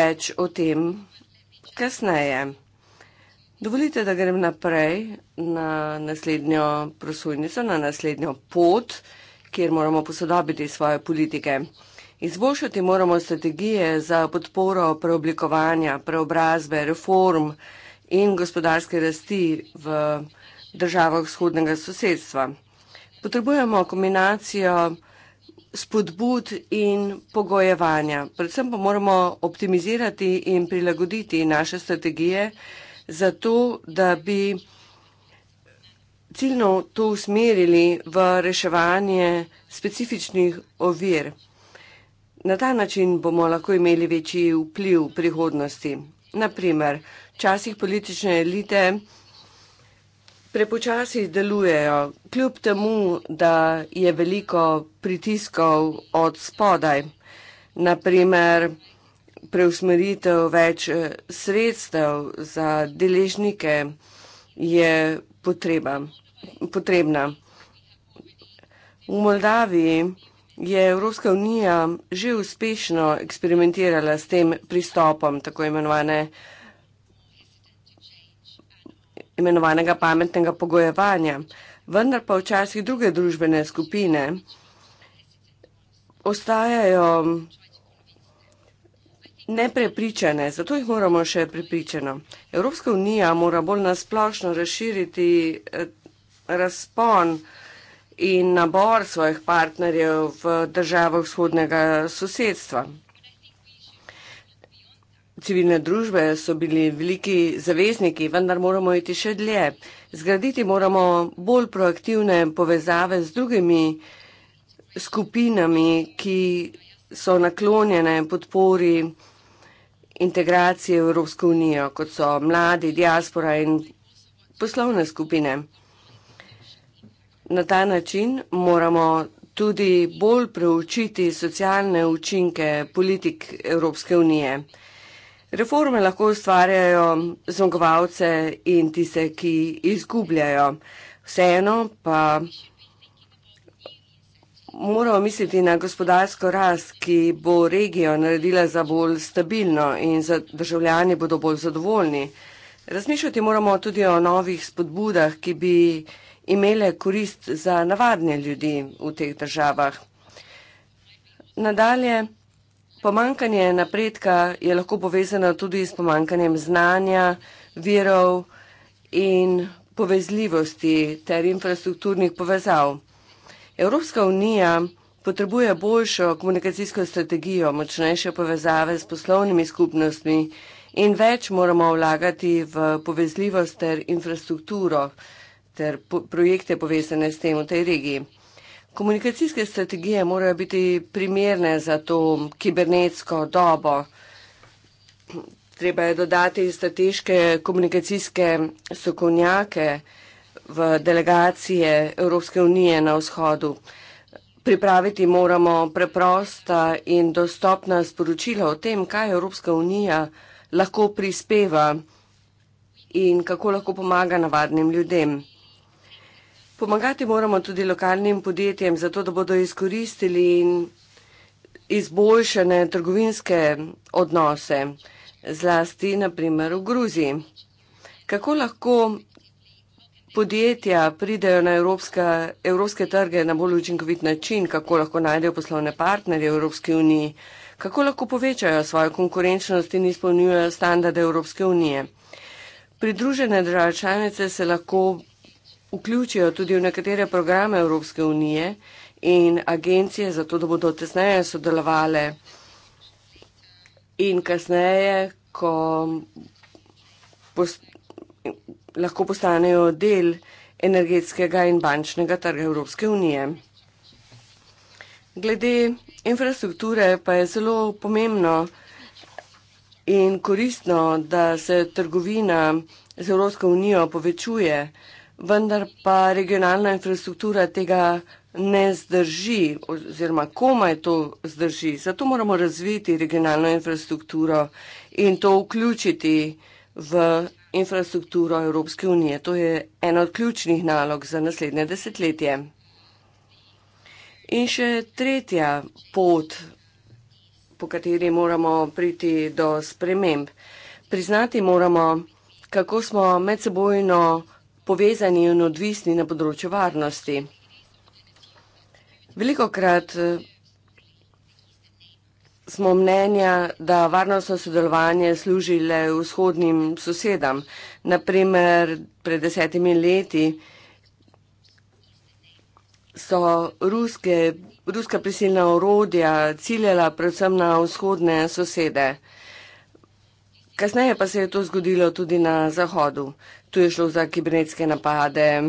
Več o tem kasneje. Dovolite, da grem naprej na naslednjo prosojnico, na naslednjo pot, kjer moramo posodobiti svoje politike. Izboljšati moramo strategije za podporo preoblikovanja, preobrazbe, reform in gospodarske rasti v državah vzhodnega sosedstva. Potrebujemo kombinacijo spodbud in pogojevanja. Predvsem pa moramo optimizirati in prilagoditi naše strategije, zato da bi ciljno to usmerili v reševanje specifičnih ovir. Na ta način bomo lahko imeli večji vpliv v prihodnosti. Naprimer, včasih politične elite prepočasi delujejo, kljub temu, da je veliko pritiskov od spodaj. Naprimer, preusmeritev več eh, sredstev za deležnike je potreba, potrebna. V Moldaviji je Evropska unija že uspešno eksperimentirala s tem pristopom tako imenovane, imenovanega pametnega pogojevanja, vendar pa včasih druge družbene skupine ostajajo neprepričane, zato jih moramo še prepričano. Evropska unija mora bolj nasplošno razširiti eh, razpon in nabor svojih partnerjev v državah vzhodnega sosedstva. Civilne družbe so bili veliki zavezniki, vendar moramo iti še dlje. Zgraditi moramo bolj proaktivne povezave z drugimi skupinami, ki so naklonjene podpori integracije v Evropsko unijo, kot so mladi, diaspora in poslovne skupine. Na ta način moramo tudi bolj preučiti socialne učinke politik Evropske unije. Reforme lahko ustvarjajo zmagovalce in tiste, ki izgubljajo. Vseeno pa moramo misliti na gospodarsko rast, ki bo regijo naredila za bolj stabilno in za državljani bodo bolj zadovoljni. Razmišljati moramo tudi o novih spodbudah, ki bi imele korist za navadne ljudi v teh državah. Nadalje, pomankanje napredka je lahko povezano tudi s pomankanjem znanja, virov in povezljivosti ter infrastrukturnih povezav. Evropska unija potrebuje boljšo komunikacijsko strategijo, močnejše povezave s poslovnimi skupnostmi in več moramo vlagati v povezljivost ter infrastrukturo ter po projekte povezane s tem v tej regiji. Komunikacijske strategije morajo biti primerne za to kibernetsko dobo. Treba je dodati strateške komunikacijske sokovnjake, v delegacije Evropske unije na vzhodu. Pripraviti moramo preprosta in dostopna sporočila o tem, kaj Evropska unija lahko prispeva in kako lahko pomaga navadnim ljudem. Pomagati moramo tudi lokalnim podjetjem, zato da bodo izkoristili izboljšene trgovinske odnose, zlasti naprimer v Gruziji. Kako lahko podjetja pridejo na evropska, evropske trge na bolj učinkovit način, kako lahko najdejo poslovne partnerje v Evropski uniji, kako lahko povečajo svojo konkurenčnost in izpolnjujejo standarde Evropske unije. Pridružene države članice se lahko vključijo tudi v nekatere programe Evropske unije in agencije, zato da bodo tesneje sodelovali in kasneje, ko lahko postanejo del energetskega in bančnega trga Evropske unije. Glede infrastrukture pa je zelo pomembno in koristno, da se trgovina z Evropsko unijo povečuje, vendar pa regionalna infrastruktura tega ne zdrži oziroma komaj to zdrži. Zato moramo razviti regionalno infrastrukturo in to vključiti v infrastrukturo Evropske unije. To je ena od ključnih nalog za naslednje desetletje. In še tretja pot, po kateri moramo priti do sprememb. Priznati moramo, kako smo medsebojno povezani in odvisni na področju varnosti. Veliko krat smo mnenja, da varnostno sodelovanje služi le vzhodnim sosedam. Naprimer, pred desetimi leti so ruske, ruska prisilna orodja ciljala predvsem na vzhodne sosede. Kasneje pa se je to zgodilo tudi na Zahodu. Tu je šlo za kibernetske napade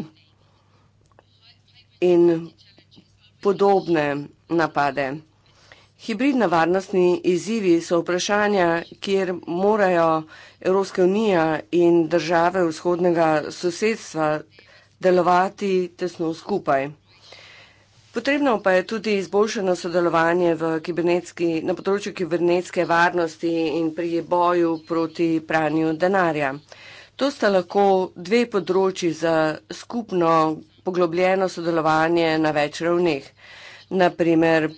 in podobne napade. Hibridna varnostni izzivi so vprašanja, kjer morajo Evropska unija in države vzhodnega sosedstva delovati tesno skupaj. Potrebno pa je tudi izboljšano sodelovanje na področju kibernetske varnosti in pri boju proti pranju denarja. To sta lahko dve področji za skupno poglobljeno sodelovanje na več ravneh. Naprimer,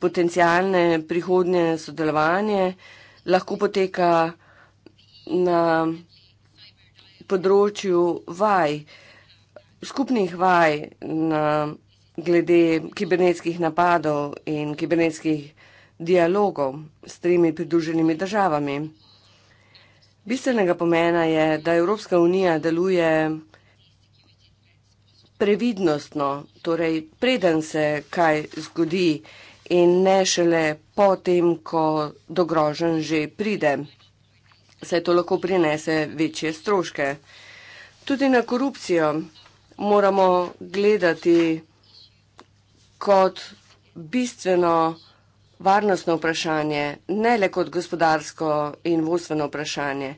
potencijalne prihodnje sodelovanje lahko poteka na področju vaj, skupnih vaj na glede kibernetskih napadov in kibernetskih dialogov s tremi pridruženimi državami. Bistvenega pomena je, da Evropska unija deluje previdnostno, torej preden se kaj zgodi in ne šele potem, ko do grožen že pride. Saj to lahko prinese večje stroške. Tudi na korupcijo moramo gledati kot bistveno varnostno vprašanje, ne le kot gospodarsko in vodstveno vprašanje.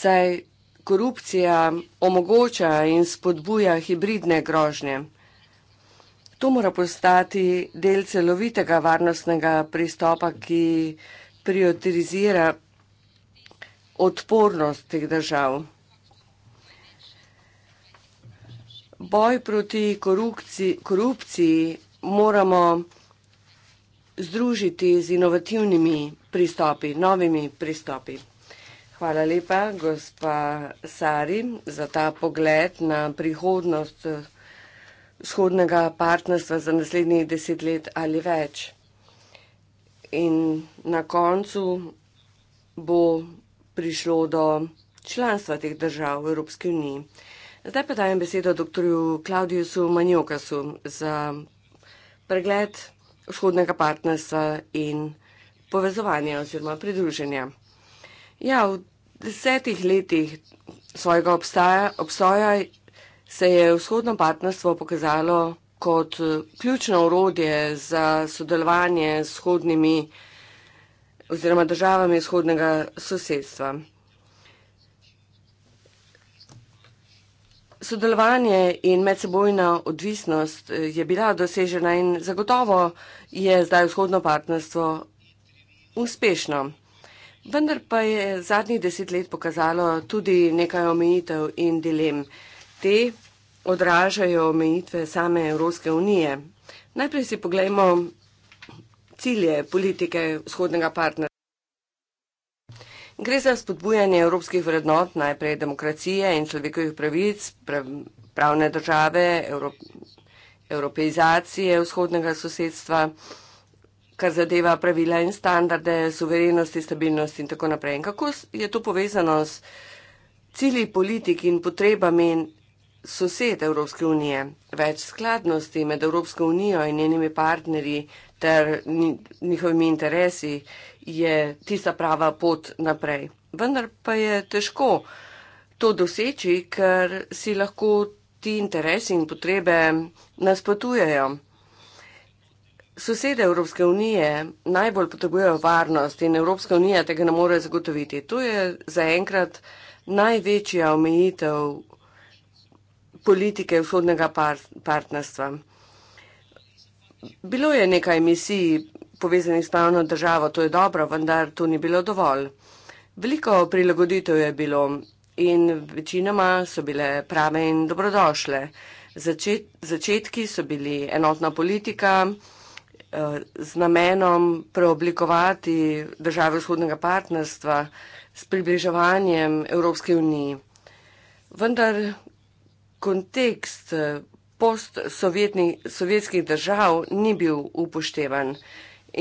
Saj korupcija omogoča in spodbuja hibridne grožnje. To mora postati del celovitega varnostnega pristopa, ki prioritizira odpornost teh držav. Boj proti korupciji, korupciji moramo združiti z inovativnimi pristopi, novimi pristopi. Hvala lepa, gospa Sari, za ta pogled na prihodnost vzhodnega partnerstva za naslednjih deset let ali več. In na koncu bo prišlo do članstva teh držav v Evropski uniji. Zdaj pa dajem besedo dr. Klaudijusu Manjokasu za pregled vzhodnega partnerstva in povezovanja oziroma pridruženja. Ja, v desetih letih svojega obstaja, obstoja se je vzhodno partnerstvo pokazalo kot eh, ključno urodje za sodelovanje s shodnimi oziroma državami shodnega sosedstva. Sodelovanje in medsebojna odvisnost eh, je bila dosežena in zagotovo je zdaj vzhodno partnerstvo uspešno. Vendar pa je zadnjih deset let pokazalo tudi nekaj omejitev in dilem te odražajo omejitve same Evropske unije. Najprej si pogledamo cilje politike vzhodnega partnera. Gre za spodbujanje evropskih vrednot, najprej demokracije in človekovih pravic, pravne države, evropeizacije vzhodnega sosedstva, kar zadeva pravila in standarde, suverenosti, stabilnosti in tako naprej. In kako je to povezano s cilji politik in potrebami sosed Evropske unije. Več skladnosti med Evropsko unijo in njenimi partnerji ter njihovimi interesi je tista prava pot naprej. Vendar pa je težko to doseči, ker si lahko ti interesi in potrebe nasprotujejo. Sosede Evropske unije najbolj potrebujejo varnost in Evropska unija tega ne more zagotoviti. To je zaenkrat največja omejitev politike vzhodnega par partnerstva. Bilo je nekaj misij povezanih s pravno državo, to je dobro, vendar to ni bilo dovolj. Veliko prilagoditev je bilo in večinoma so bile prave in dobrodošle. Začet, začetki so bili enotna politika eh, z namenom preoblikovati države vzhodnega partnerstva s približevanjem Evropske unije. Vendar kontekst eh, post-sovjetskih držav ni bil upoštevan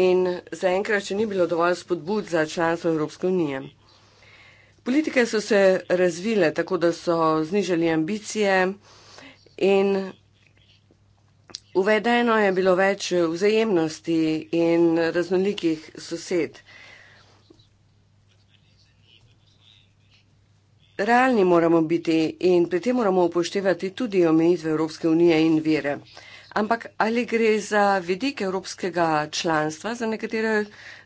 in zaenkrat še ni bilo dovolj spodbud za članstvo Evropske unije. Politike so se razvile tako, da so znižali ambicije in uvedeno je bilo več vzajemnosti in raznolikih sosed. Realni moramo biti in pri tem moramo upoštevati tudi omejitve Evropske unije in vere. Ampak ali gre za vidik evropskega članstva za nekatere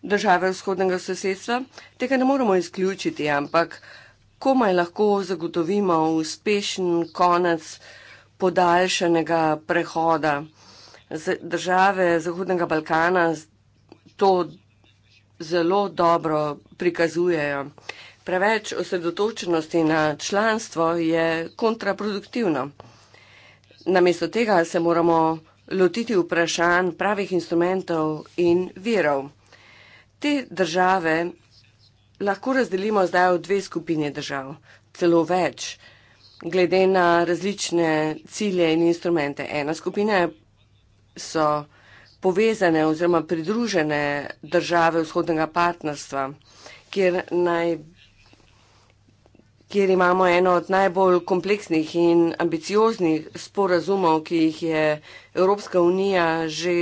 države vzhodnega sosedstva, tega ne moramo izključiti, ampak komaj lahko zagotovimo uspešen konec podaljšanega prehoda z države Zahodnega Balkana, to zelo dobro prikazujejo. Preveč osredotočenosti na članstvo je kontraproduktivno. Namesto tega se moramo lotiti vprašanj pravih instrumentov in virov. Te države lahko razdelimo zdaj v dve skupine držav, celo več, glede na različne cilje in instrumente. Ena skupina so povezane oziroma pridružene države vzhodnega partnerstva, kjer naj bi kjer imamo eno od najbolj kompleksnih in ambicioznih sporazumov, ki jih je Evropska unija že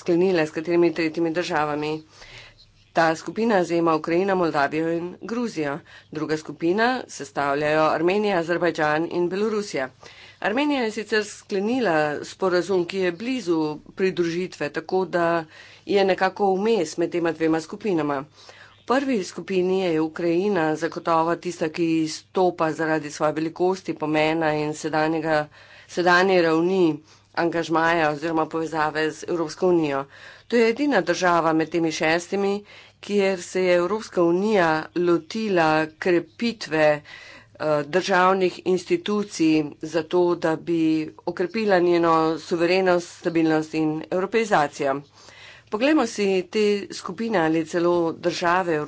sklenila s katerimi tretjimi državami. Ta skupina zajema Ukrajina, Moldavijo in Gruzijo. Druga skupina sestavljajo Armenija, Azerbajdžan in Belorusija. Armenija je sicer sklenila sporazum, ki je blizu pridružitve, tako da je nekako vmes med tema dvema skupinama prvi skupini je Ukrajina zagotovo tista, ki stopa zaradi svoje velikosti, pomena in sedanjega, sedanje ravni angažmaja oziroma povezave z Evropsko unijo. To je edina država med temi šestimi, kjer se je Evropska unija lotila krepitve eh, državnih institucij za to, da bi okrepila njeno suverenost, stabilnost in evropeizacijo. Poglejmo si te skupine ali celo države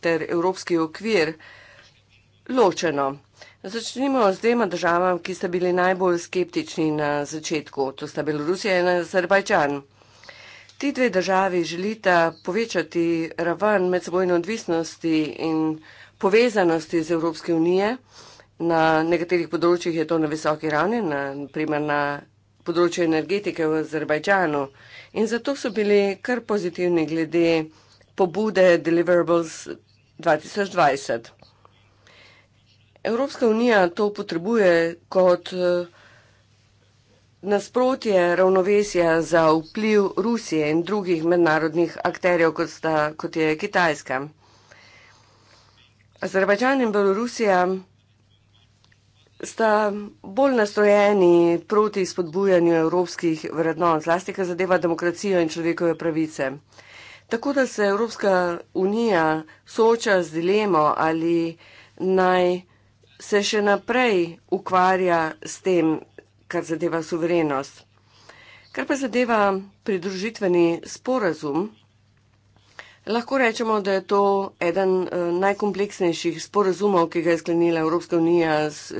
ter evropski okvir ločeno. Začnimo s dvema državama, ki sta bili najbolj skeptični na začetku. To sta Belorusija in Azerbajčan. Ti dve državi želita povečati raven medsebojne odvisnosti in povezanosti z Evropske unije. Na nekaterih področjih je to na visoki ravni, na primer na področju energetike v Azerbajdžanu in zato so bili kar pozitivni glede pobude Deliverables 2020. Evropska unija to potrebuje kot nasprotje ravnovesja za vpliv Rusije in drugih mednarodnih akterjev, kot, sta, kot je Kitajska. Azerbajdžan in Belorusija sta bolj nastrojeni proti spodbujanju evropskih vrednot, zlasti kar zadeva demokracijo in človekove pravice. Tako da se Evropska unija sooča z dilemo, ali naj se še naprej ukvarja s tem, kar zadeva suverenost. Kar pa zadeva pridružitveni sporazum, Lahko rečemo, da je to eden eh, najkompleksnejših sporazumov, ki ga je sklenila Evropska unija s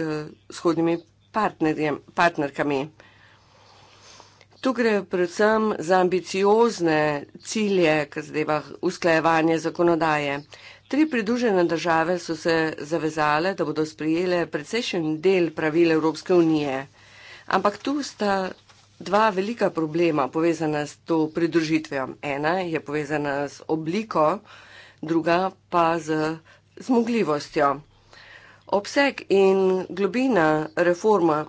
shodnimi eh, partnerkami. Tu gre predvsem za ambiciozne cilje, kar zadeva usklajevanje zakonodaje. Tri pridružene države so se zavezale, da bodo sprijele precejšen del pravil Evropske unije. Ampak tu sta dva velika problema povezana s to pridružitvijo. Ena je povezana z obliko, druga pa z zmogljivostjo. Obseg in globina reforma,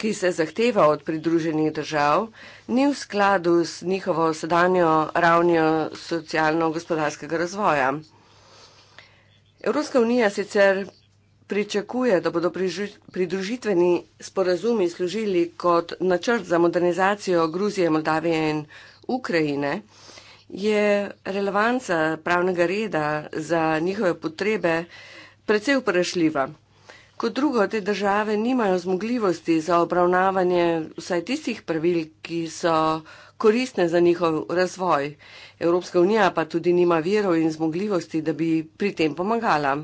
ki se zahteva od pridruženih držav, ni v skladu s njihovo sedanjo ravnjo socialno-gospodarskega razvoja. Evropska unija sicer pričakuje, da bodo pridružitveni sporazumi služili kot načrt za modernizacijo Gruzije, Moldavije in Ukrajine, je relevanca pravnega reda za njihove potrebe precej uprašljiva. Kot drugo, te države nimajo zmogljivosti za obravnavanje vsaj tistih pravil, ki so koristne za njihov razvoj. Evropska unija pa tudi nima verov in zmogljivosti, da bi pri tem pomagala.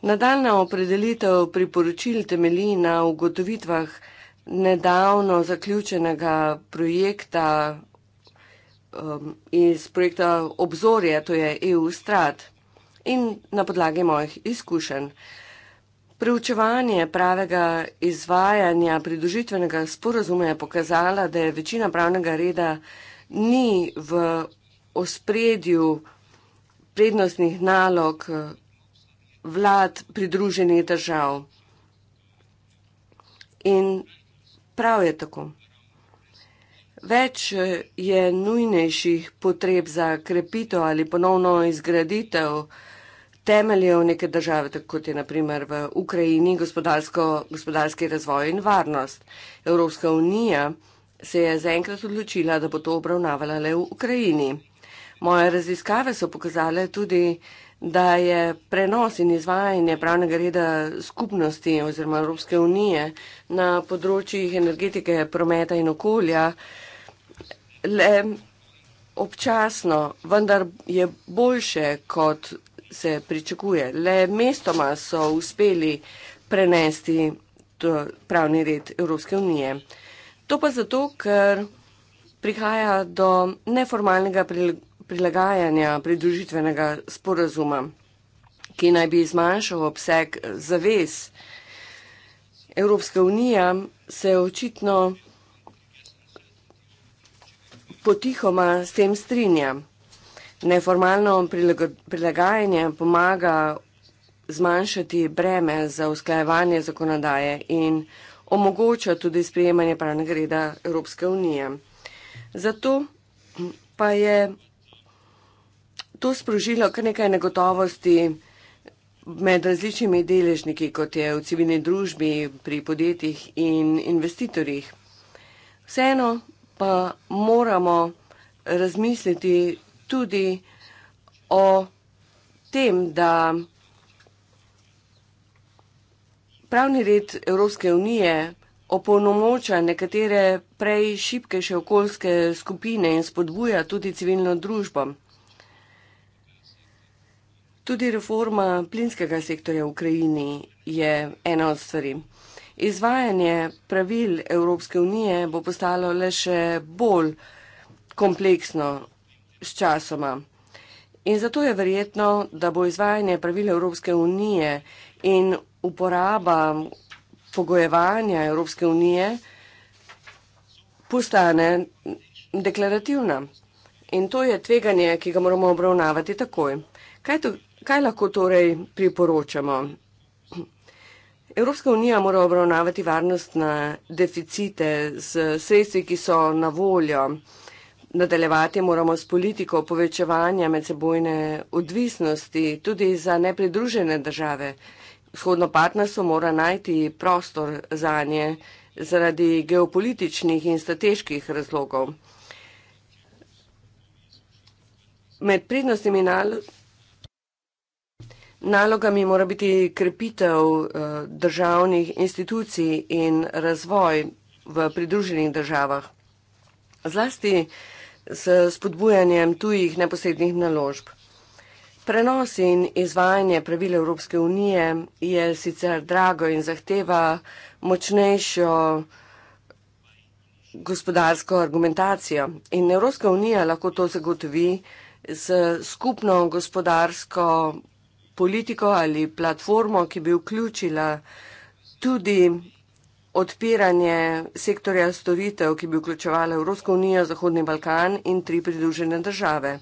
Nadaljna opredelitev priporočil temelji na ugotovitvah nedavno zaključenega projekta um, iz projekta Obzorje, to je EU Strat in na podlagi mojih izkušenj. Preučevanje pravega izvajanja pridružitvenega sporozuma je pokazala, da je večina pravnega reda ni v ospredju prednostnih nalog vlad pridruženih držav. In prav je tako. Več eh, je nujnejših potreb za krepitev ali ponovno izgraditev temeljev neke države, tako kot je naprimer v Ukrajini gospodarski razvoj in varnost. Evropska unija se je zaenkrat odločila, da bo to obravnavala le v Ukrajini. Moje raziskave so pokazale tudi, da je prenos in izvajanje pravnega reda skupnosti oziroma Evropske unije na področjih energetike, prometa in okolja le občasno, vendar je boljše, kot se pričakuje. Le mestoma so uspeli prenesti pravni red Evropske unije. To pa zato, ker prihaja do neformalnega prilagoditva prilagajanja pridružitvenega sporazuma, ki naj bi zmanjšal obseg zavez. Evropska unija se je očitno potihoma s tem strinja. Neformalno prilagajanje pomaga zmanjšati breme za usklajevanje zakonodaje in omogoča tudi sprejemanje pravnega reda Evropske unije. Zato pa je to sprožilo kar nekaj negotovosti med različnimi deležniki, kot je v civilni družbi, pri podjetjih in investitorjih. Vseeno pa moramo razmisliti tudi o tem, da pravni red Evropske unije opolnomoča nekatere prej šipkejše okoljske skupine in spodbuja tudi civilno družbo. Tudi reforma plinskega sektorja v Ukrajini je ena od stvari. Izvajanje pravil Evropske unije bo postalo le še bolj kompleksno s časoma. In zato je verjetno, da bo izvajanje pravil Evropske unije in uporaba pogojevanja Evropske unije postane deklarativna. In to je tveganje, ki ga moramo obravnavati takoj. Kaj to Kaj lahko torej priporočamo? Evropska unija mora obravnavati varnostne deficite z sredstvi, ki so na voljo. Nadaljevati moramo s politiko povečevanja medsebojne odvisnosti tudi za nepridružene države. Vzhodno partnerstvo mora najti prostor za nje zaradi geopolitičnih in strateških razlogov. Med prednostnimi nalogami. Nalogami mora biti krepitev eh, državnih institucij in razvoj v pridruženih državah. Zlasti s spodbujanjem tujih neposrednih naložb. Prenos in izvajanje pravil Evropske unije je sicer drago in zahteva močnejšo gospodarsko argumentacijo. In Evropska unija lahko to zagotovi s skupno gospodarsko politiko ali platformo, ki bi vključila tudi odpiranje sektorja storitev, ki bi vključevala Evropsko unijo, Zahodni Balkan in tri pridružene države.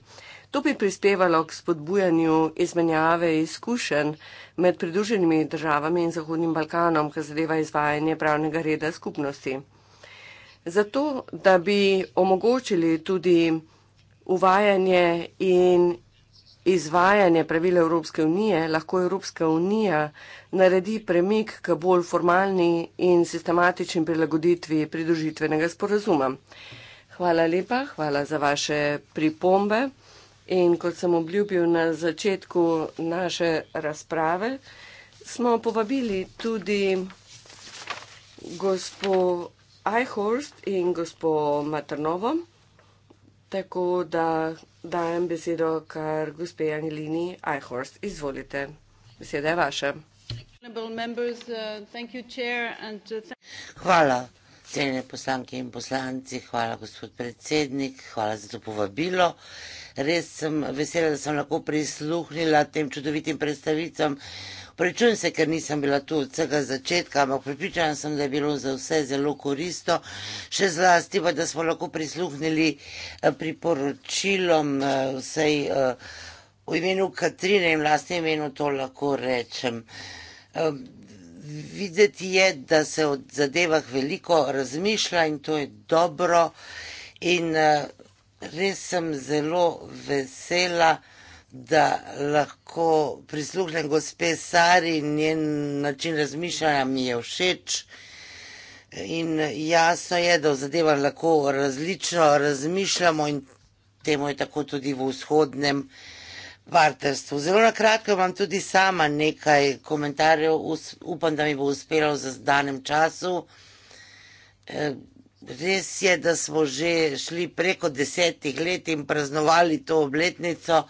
To bi prispevalo k spodbujanju izmenjave izkušenj med pridruženimi državami in Zahodnim Balkanom, kar zadeva izvajanje pravnega reda skupnosti. Zato, da bi omogočili tudi uvajanje in izvajanje pravil Evropske unije, lahko Evropska unija naredi premik k bolj formalni in sistematični prilagoditvi pridružitvenega sporazuma. Hvala lepa, hvala za vaše pripombe in kot sem obljubil na začetku naše razprave, smo povabili tudi gospod Eichhorst in gospod Maternovo. Tako da dajem besedo kar gospe Angelini Eichhorst. Izvolite, beseda je vaša. Uh, uh, hvala, cene poslanke in poslanci, hvala, gospod predsednik, hvala za to povabilo. Res sem vesela, da sem lahko prisluhnila tem čudovitim predstavicam Prečujem se, ker nisem bila tu od vsega začetka, ampak pripričana sem, da je bilo za vse zelo koristo, še zlasti pa, da smo lahko prisluhnili eh, priporočilom vsej eh, eh, v imenu Katrine in vlastne imenu to lahko rečem. Videti je, da se o zadevah veliko razmišlja in to je dobro. In res sem zelo vesela, da da lahko prisluhnem gospe Sari in njen način razmišljanja mi je všeč. In jasno je, da v zadevah lahko različno razmišljamo in temu je tako tudi v vzhodnem partnerstvu. Zelo na kratko imam tudi sama nekaj komentarjev, upam, da mi bo uspelo v zadanem času. Eh, Res je, da smo že šli preko desetih let in praznovali to obletnico.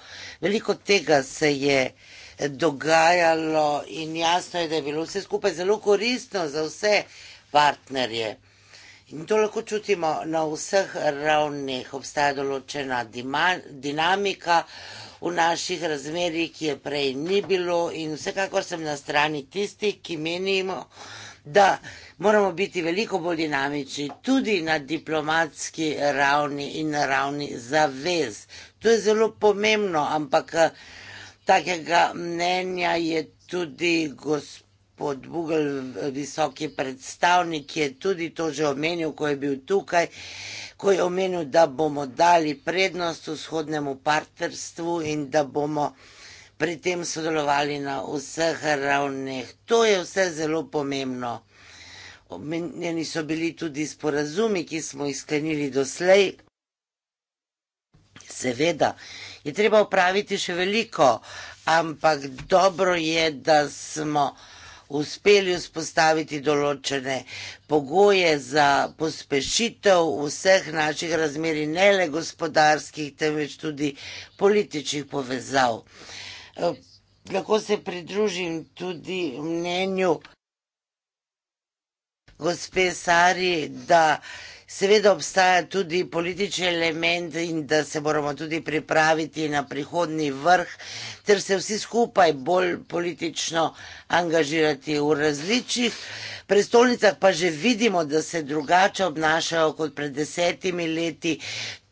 Veliko tega se je dogajalo in jasno je, da je bilo vse skupaj zelo koristno za vse partnerje. In to lahko čutimo na vseh ravneh. Obstaja določena dinamika v naših razmerih, ki je prej ni bilo in vsekakor sem na strani tistih, ki menimo, da moramo biti veliko bolj dinamični tudi na diplomatski ravni in na ravni zavez. To je zelo pomembno, ampak eh, takega mnenja je tudi gospod Bugel, visoki predstavnik, ki je tudi to že omenil, ko je bil tukaj, ko je omenil, da bomo dali prednost vzhodnemu partnerstvu in da bomo pri tem sodelovali na vseh ravneh. To je vse zelo pomembno. Omenjeni so bili tudi sporazumi, ki smo jih sklenili doslej. Seveda je treba upraviti še veliko, ampak dobro je, da smo uspeli vzpostaviti določene pogoje za pospešitev vseh naših razmeri, ne le gospodarskih, temveč tudi političnih povezav. Eh, lahko se pridružim tudi mnenju gospe Sari, da seveda obstaja tudi politični element in da se moramo tudi pripraviti na prihodni vrh, ter se vsi skupaj bolj politično angažirati v različnih prestolnicah, pa že vidimo, da se drugače obnašajo kot pred desetimi leti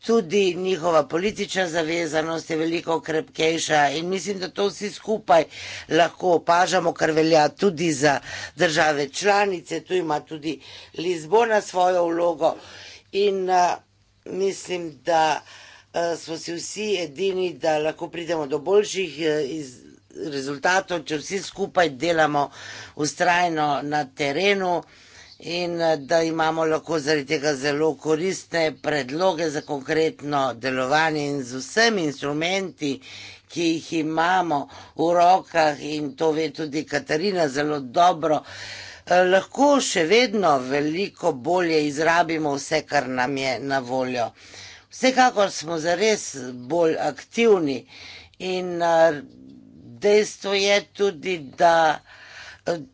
tudi njihova politična zavezanost je veliko krepkejša in mislim, da to vsi skupaj lahko opažamo, kar velja tudi za države članice, tu ima tudi Lizbona svojo vlogo in mislim, da smo si vsi edini, da lahko pridemo do boljših e, iz rezultatov, če vsi skupaj delamo ustrajno na terenu in eh, da imamo lahko zaradi tega zelo koristne predloge za konkretno delovanje in z vsemi instrumenti, ki jih imamo v rokah in to ve tudi Katarina zelo dobro, eh, lahko še vedno veliko bolje izrabimo vse, kar nam je na voljo. Vsekakor smo zares bolj aktivni in eh, dejstvo je tudi, da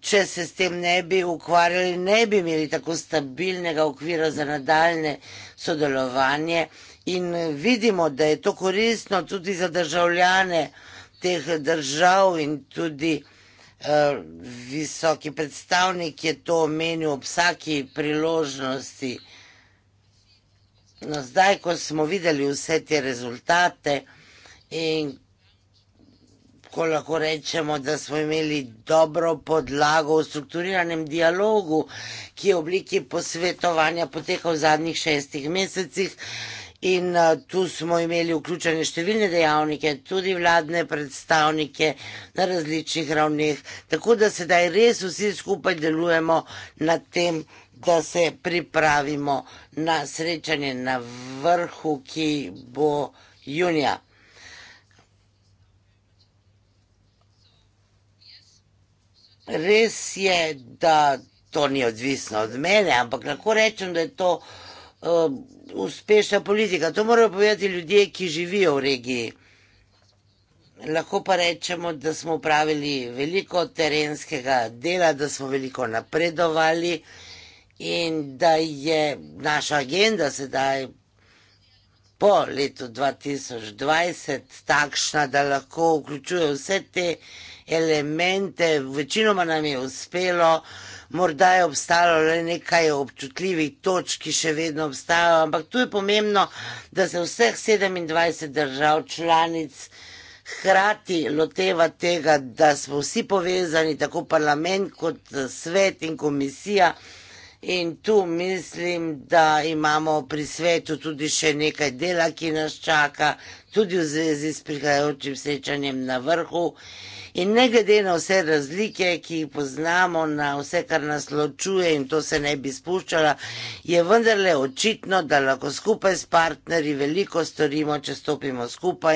če se s tem ne bi ukvarjali, ne bi imeli tako stabilnega okvira za nadaljne sodelovanje. In vidimo, da je to koristno tudi za državljane teh držav in tudi eh, visoki predstavnik je to omenil ob vsaki priložnosti. No, zdaj, ko smo videli vse te rezultate in tako lahko rečemo, da smo imeli dobro podlago v strukturiranem dialogu, ki je v obliki posvetovanja potekal v zadnjih šestih mesecih. In eh, tu smo imeli vključene številne dejavnike, tudi vladne predstavnike na različnih ravneh, tako da sedaj res vsi skupaj delujemo na tem, da se pripravimo na srečanje na vrhu, ki bo junija. Res je, da to ni odvisno od mene, ampak lahko rečem, da je to uh, uspešna politika. To morajo povedati ljudje, ki živijo v regiji. Lahko pa rečemo, da smo upravili veliko terenskega dela, da smo veliko napredovali in da je naša agenda sedaj po letu 2020 takšna, da lahko vključuje vse te uh, elemente, večinoma nam je uspelo, morda je obstalo le nekaj občutljivih točk, ki še vedno obstajajo, ampak tu je pomembno, da se vseh 27 držav članic hkrati loteva tega, da smo vsi povezani, tako parlament kot svet in komisija. In tu mislim, da imamo pri svetu tudi še nekaj dela, ki nas čaka, tudi v zvezi s prihajajočim srečanjem na vrhu. In ne glede na vse razlike, ki jih poznamo, na vse, kar nas ločuje in to se ne bi spuščala, je vendarle očitno, da lahko skupaj s partnerji veliko storimo, če stopimo skupaj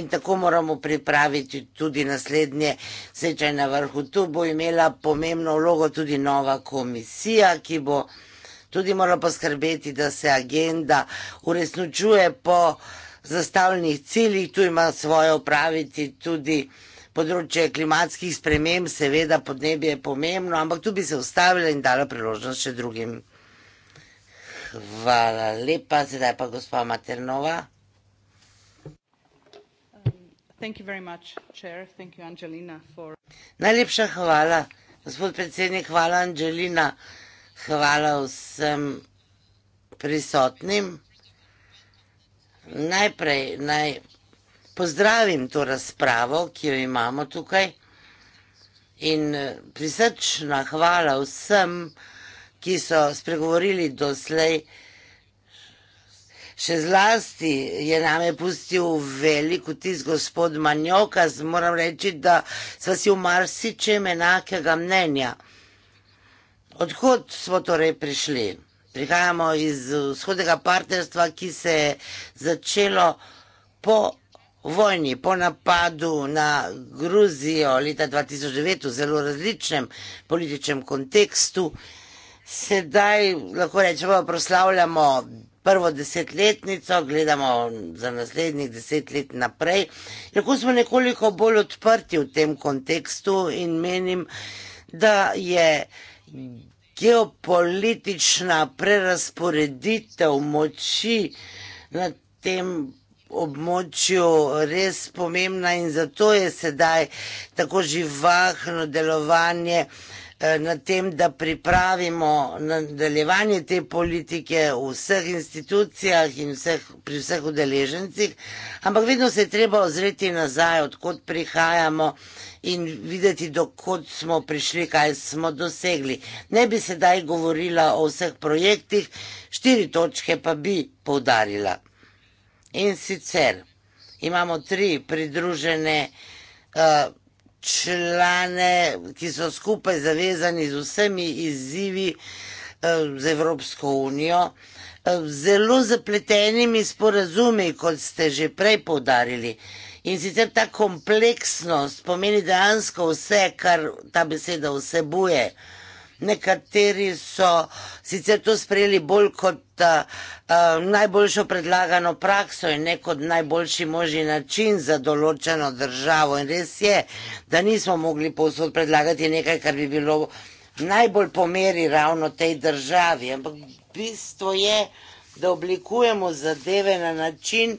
in tako moramo pripraviti tudi naslednje sečaj na vrhu. Tu bo imela pomembno vlogo tudi nova komisija, ki bo tudi morala poskrbeti, da se agenda uresničuje po zastavljenih ciljih, tu ima svoje opraviti tudi področje klimatskih sprememb, seveda podnebje je pomembno, ampak tu bi se ustavila in dala priložnost še drugim. Hvala lepa, zdaj pa gospa Maternova. Najlepša hvala, gospod predsednik, hvala Anželina, hvala vsem prisotnim. Najprej naj pozdravim to razpravo, ki jo imamo tukaj, in eh, prisrčna hvala vsem, ki so spregovorili doslej. Še zlasti je name pustil veliko tis gospod Manjoka, moram reči, da sva si v marsičem enakega mnenja. Odhod smo torej prišli? Prihajamo iz vzhodnega partnerstva, ki se je začelo po vojni, po napadu na Gruzijo leta 2009 v zelo različnem političnem kontekstu. Sedaj lahko rečemo, proslavljamo prvo desetletnico, gledamo za naslednjih deset let naprej. Lahko smo nekoliko bolj odprti v tem kontekstu in menim, da je geopolitična prerasporeditev moči na tem področju območju res pomembna in zato je sedaj tako živahno delovanje eh, na tem, da pripravimo nadaljevanje te politike v vseh institucijah in vseh, pri vseh udeležencih, ampak vedno se je treba ozreti nazaj, odkot prihajamo in videti, dokot smo prišli, kaj smo dosegli. Ne bi sedaj govorila o vseh projektih, štiri točke pa bi poudarila in sicer imamo tri pridružene eh, člane, ki so skupaj zavezani z vsemi izzivi eh, z Evropsko unijo, eh, zelo zapletenimi sporazumi, kot ste že prej povdarili. In sicer ta kompleksnost pomeni dejansko vse, kar ta beseda vsebuje. Nekateri so sicer to sprejeli bolj kot uh, najboljšo predlagano prakso in ne kot najboljši možni način za določeno državo. In res je, da nismo mogli povsod predlagati nekaj, kar bi bilo najbolj pomeri ravno tej državi. Ampak bistvo je, da oblikujemo zadeve na način,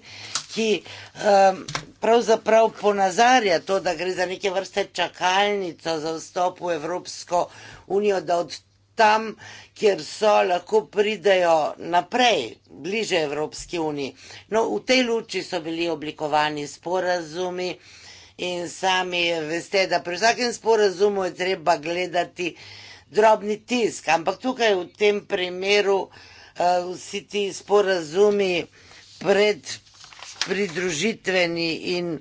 ki um, pravzaprav ponazarja to, da gre za neke vrste čakalnico za vstop v Evropsko unijo, da od tam, kjer so, lahko pridejo naprej, bliže Evropski uniji. No, v tej luči so bili oblikovani sporazumi in sami veste, da pri vsakem sporazumu je treba gledati drobni tisk, ampak tukaj v tem primeru uh, vsi ti sporazumi pred pridružitveni in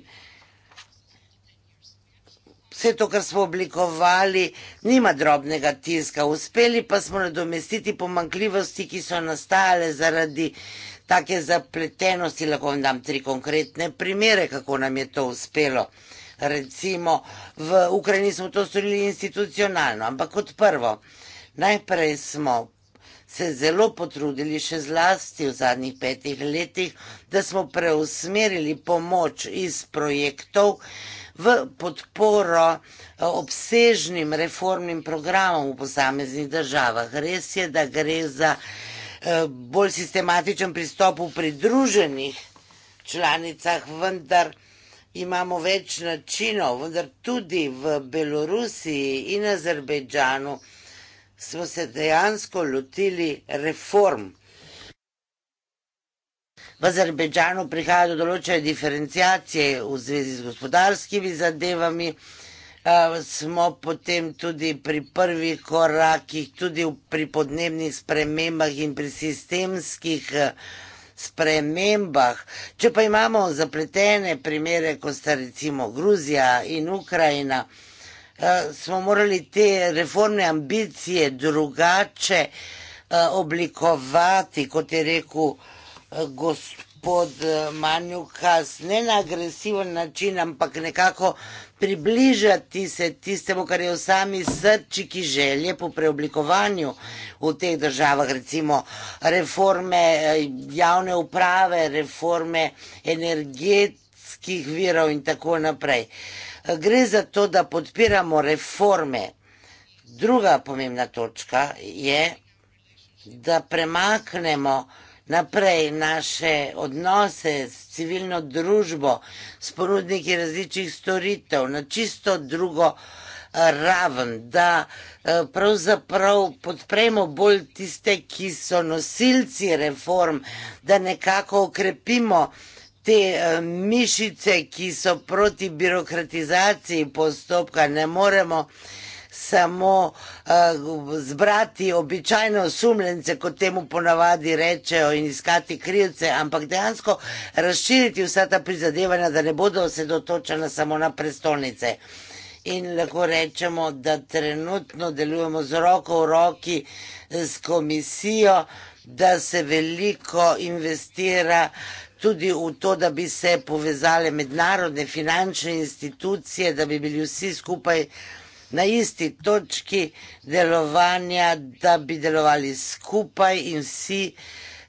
vse to, kar smo oblikovali, nima drobnega tiska. Uspeli pa smo nadomestiti pomankljivosti, ki so nastajale zaradi take zapletenosti. Lahko vam dam tri konkretne primere, kako nam je to uspelo. Recimo, v Ukrajini smo to storili institucionalno, ampak kot prvo, najprej smo se zelo potrudili, še zlasti v zadnjih petih letih, da smo preusmerili pomoč iz projektov v podporo eh, obsežnim reformnim programom v posameznih državah. Res je, da gre za eh, bolj sistematičen pristop v pridruženih članicah, vendar imamo več načinov, vendar tudi v Belorusiji in Azerbejdžanu smo se dejansko lotili reform. V Azerbejdžanu prihaja do določene diferencijacije v zvezi z gospodarskimi zadevami, eh, smo potem tudi pri prvih korakih, tudi pri podnebnih spremembah in pri sistemskih eh, spremembah. Če pa imamo zapletene primere, kot sta recimo Gruzija in Ukrajina, Eh, smo morali te reformne ambicije drugače eh, oblikovati, kot je rekel eh, gospod Manjukas, ne na agresiven način, ampak nekako približati se tistemu, kar je v sami srči, ki želje po preoblikovanju v teh državah, recimo reforme javne uprave, reforme energetskih virov in tako naprej gre za to, da podpiramo reforme. Druga pomembna točka je, da premaknemo naprej naše odnose s civilno družbo, s ponudniki različnih storitev na čisto drugo eh, raven, da eh, pravzaprav podpremo bolj tiste, ki so nosilci reform, da nekako okrepimo te eh, mišice, ki so proti birokratizaciji postopka, ne moremo samo eh, zbrati običajno osumljence, kot temu ponavadi rečejo, in iskati krivce, ampak dejansko razširiti vsa ta prizadevanja, da ne bodo osredotočena samo na prestolnice. In lahko rečemo, da trenutno delujemo z roko v roki eh, s komisijo, da se veliko investira tudi v to, da bi se povezale mednarodne finančne institucije, da bi bili vsi skupaj na isti točki delovanja, da bi delovali skupaj in vsi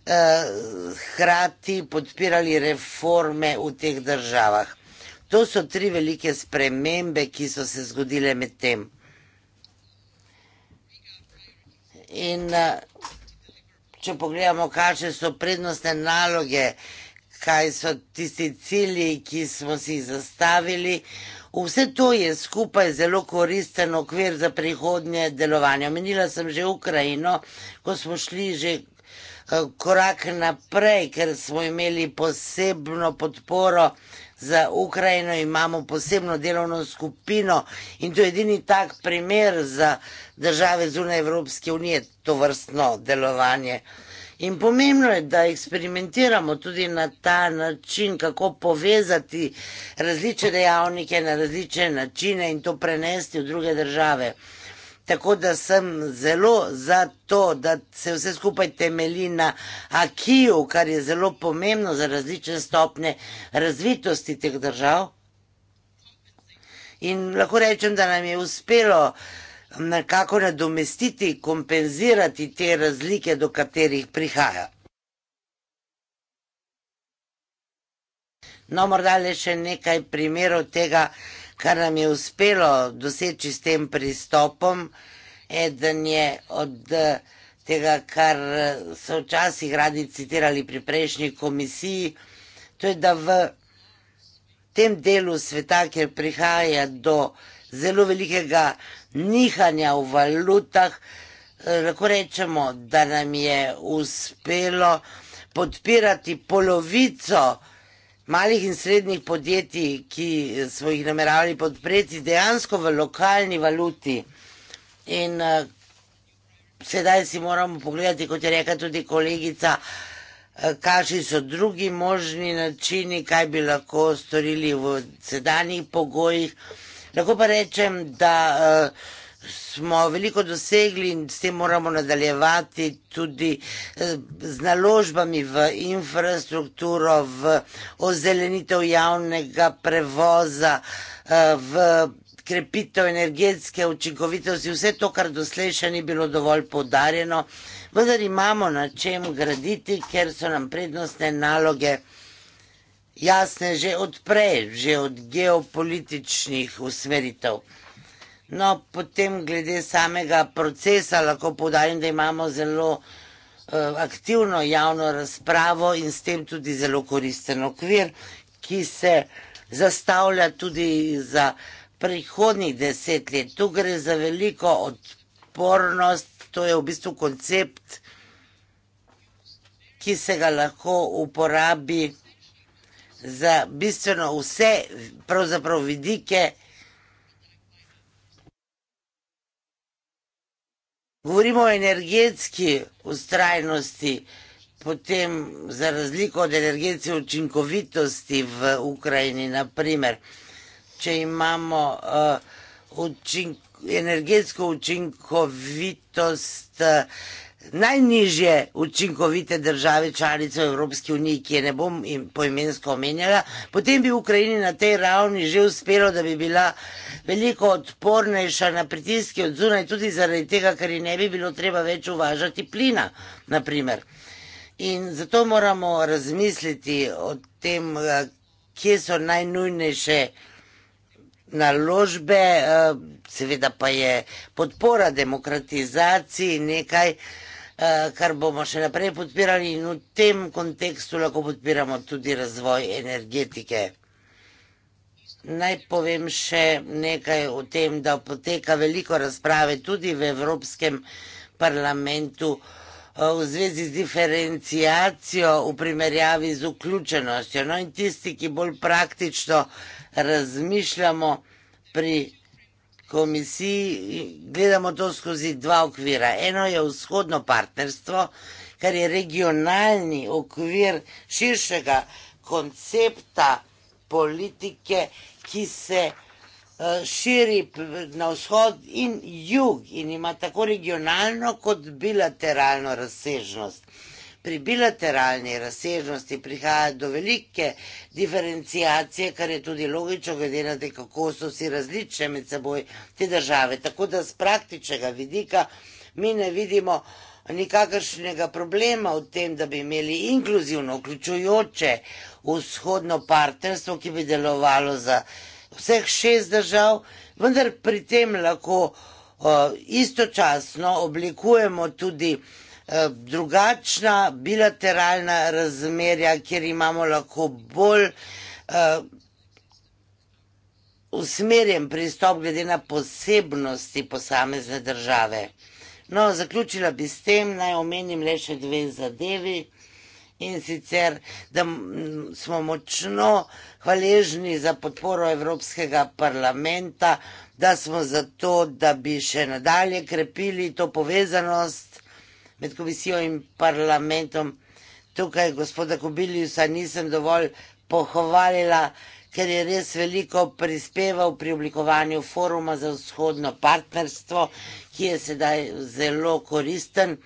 eh, hrati podpirali reforme v teh državah. To so tri velike spremembe, ki so se zgodile med tem. In eh, če pogledamo, kakšne so prednostne naloge, eh, kaj so tisti cilji, ki smo si jih zastavili. Vse to je skupaj zelo koristen okvir za prihodnje delovanje. Menila sem že Ukrajino, ko smo šli že eh, korak naprej, ker smo imeli posebno podporo za Ukrajino, imamo posebno delovno skupino in to je edini tak primer za države zunaj Evropske unije, to vrstno delovanje. In pomembno je, da eksperimentiramo tudi na ta način, kako povezati različne dejavnike na različne načine in to prenesti v druge države. Tako da sem zelo za to, da se vse skupaj temelji na akiju, kar je zelo pomembno za različne stopne razvitosti teh držav. In lahko rečem, da nam je uspelo nekako nadomestiti, kompenzirati te razlike, do katerih prihaja. No, morda le še nekaj primerov tega, kar nam je uspelo doseči s tem pristopom. Eden je od eh, tega, kar eh, so včasih radi citirali pri prejšnji komisiji, to je, da v tem delu sveta, kjer prihaja do zelo velikega nihanja v valutah, eh, lahko rečemo, da nam je uspelo podpirati polovico malih in srednjih podjetij, ki smo jih nameravali podpreti dejansko v lokalni valuti. In eh, sedaj si moramo pogledati, kot je rekla tudi kolegica, eh, kakšni so drugi možni načini, kaj bi lahko storili v sedanjih pogojih. Lahko pa rečem, da eh, smo veliko dosegli in s tem moramo nadaljevati tudi eh, z naložbami v infrastrukturo, v ozelenitev javnega prevoza, eh, v krepitev energetske učinkovitosti, vse to, kar doslej še ni bilo dovolj podarjeno, vendar imamo na čem graditi, ker so nam prednostne naloge jasne že odprej, že od geopolitičnih usmeritev. No, potem glede samega procesa lahko podarim, da imamo zelo uh, aktivno javno razpravo in s tem tudi zelo koristen okvir, ki se zastavlja tudi za prihodnih deset let. Tu gre za veliko odpornost, to je v bistvu koncept, ki se ga lahko uporabi za bistveno vse pravzaprav vidike. Govorimo o energetski ustrajnosti, potem za razliko od energetske učinkovitosti v Ukrajini, naprimer, če imamo uh, učink, energetsko učinkovitost uh, najnižje učinkovite države članice v Evropski uniji, ki je ne bom poimensko omenjala, potem bi Ukrajini na tej ravni že uspelo, da bi bila veliko odpornejša na pritiske od zunaj, tudi zaradi tega, ker ji ne bi bilo treba več uvažati plina, naprimer. In zato moramo razmisliti o tem, eh, kje so najnujnejše naložbe, eh, seveda pa je podpora demokratizaciji nekaj, Eh, kar bomo še naprej podpirali in v tem kontekstu lahko podpiramo tudi razvoj energetike. Naj povem še nekaj o tem, da poteka veliko razprave tudi v Evropskem parlamentu eh, v zvezi z diferencijacijo v primerjavi z vključenostjo. No in tisti, ki bolj praktično razmišljamo pri komisiji gledamo to skozi dva okvira. Eno je vzhodno partnerstvo, kar je regionalni okvir širšega koncepta politike, ki se eh, širi na vzhod in jug in ima tako regionalno kot bilateralno razsežnost pri bilateralni razsežnosti prihaja do velike diferencijacije, kar je tudi logično, glede na to, kako so si različne med seboj te države. Tako da z praktičnega vidika mi ne vidimo nikakršnega problema v tem, da bi imeli inkluzivno, vključujoče vzhodno partnerstvo, ki bi delovalo za vseh šest držav, vendar pri tem lahko uh, istočasno oblikujemo tudi uh, Eh, drugačna bilateralna razmerja, kjer imamo lahko bolj eh, usmerjen pristop glede na posebnosti posamezne države. No, zaključila bi s tem, naj omenim le še dve zadevi in sicer, da smo močno hvaležni za podporo Evropskega parlamenta, da smo zato, da bi še nadalje krepili to povezanost med komisijo in parlamentom. Tukaj gospoda Kobiljusa nisem dovolj pohvalila, ker je res veliko prispeval pri oblikovanju foruma za vzhodno partnerstvo, ki je sedaj zelo koristen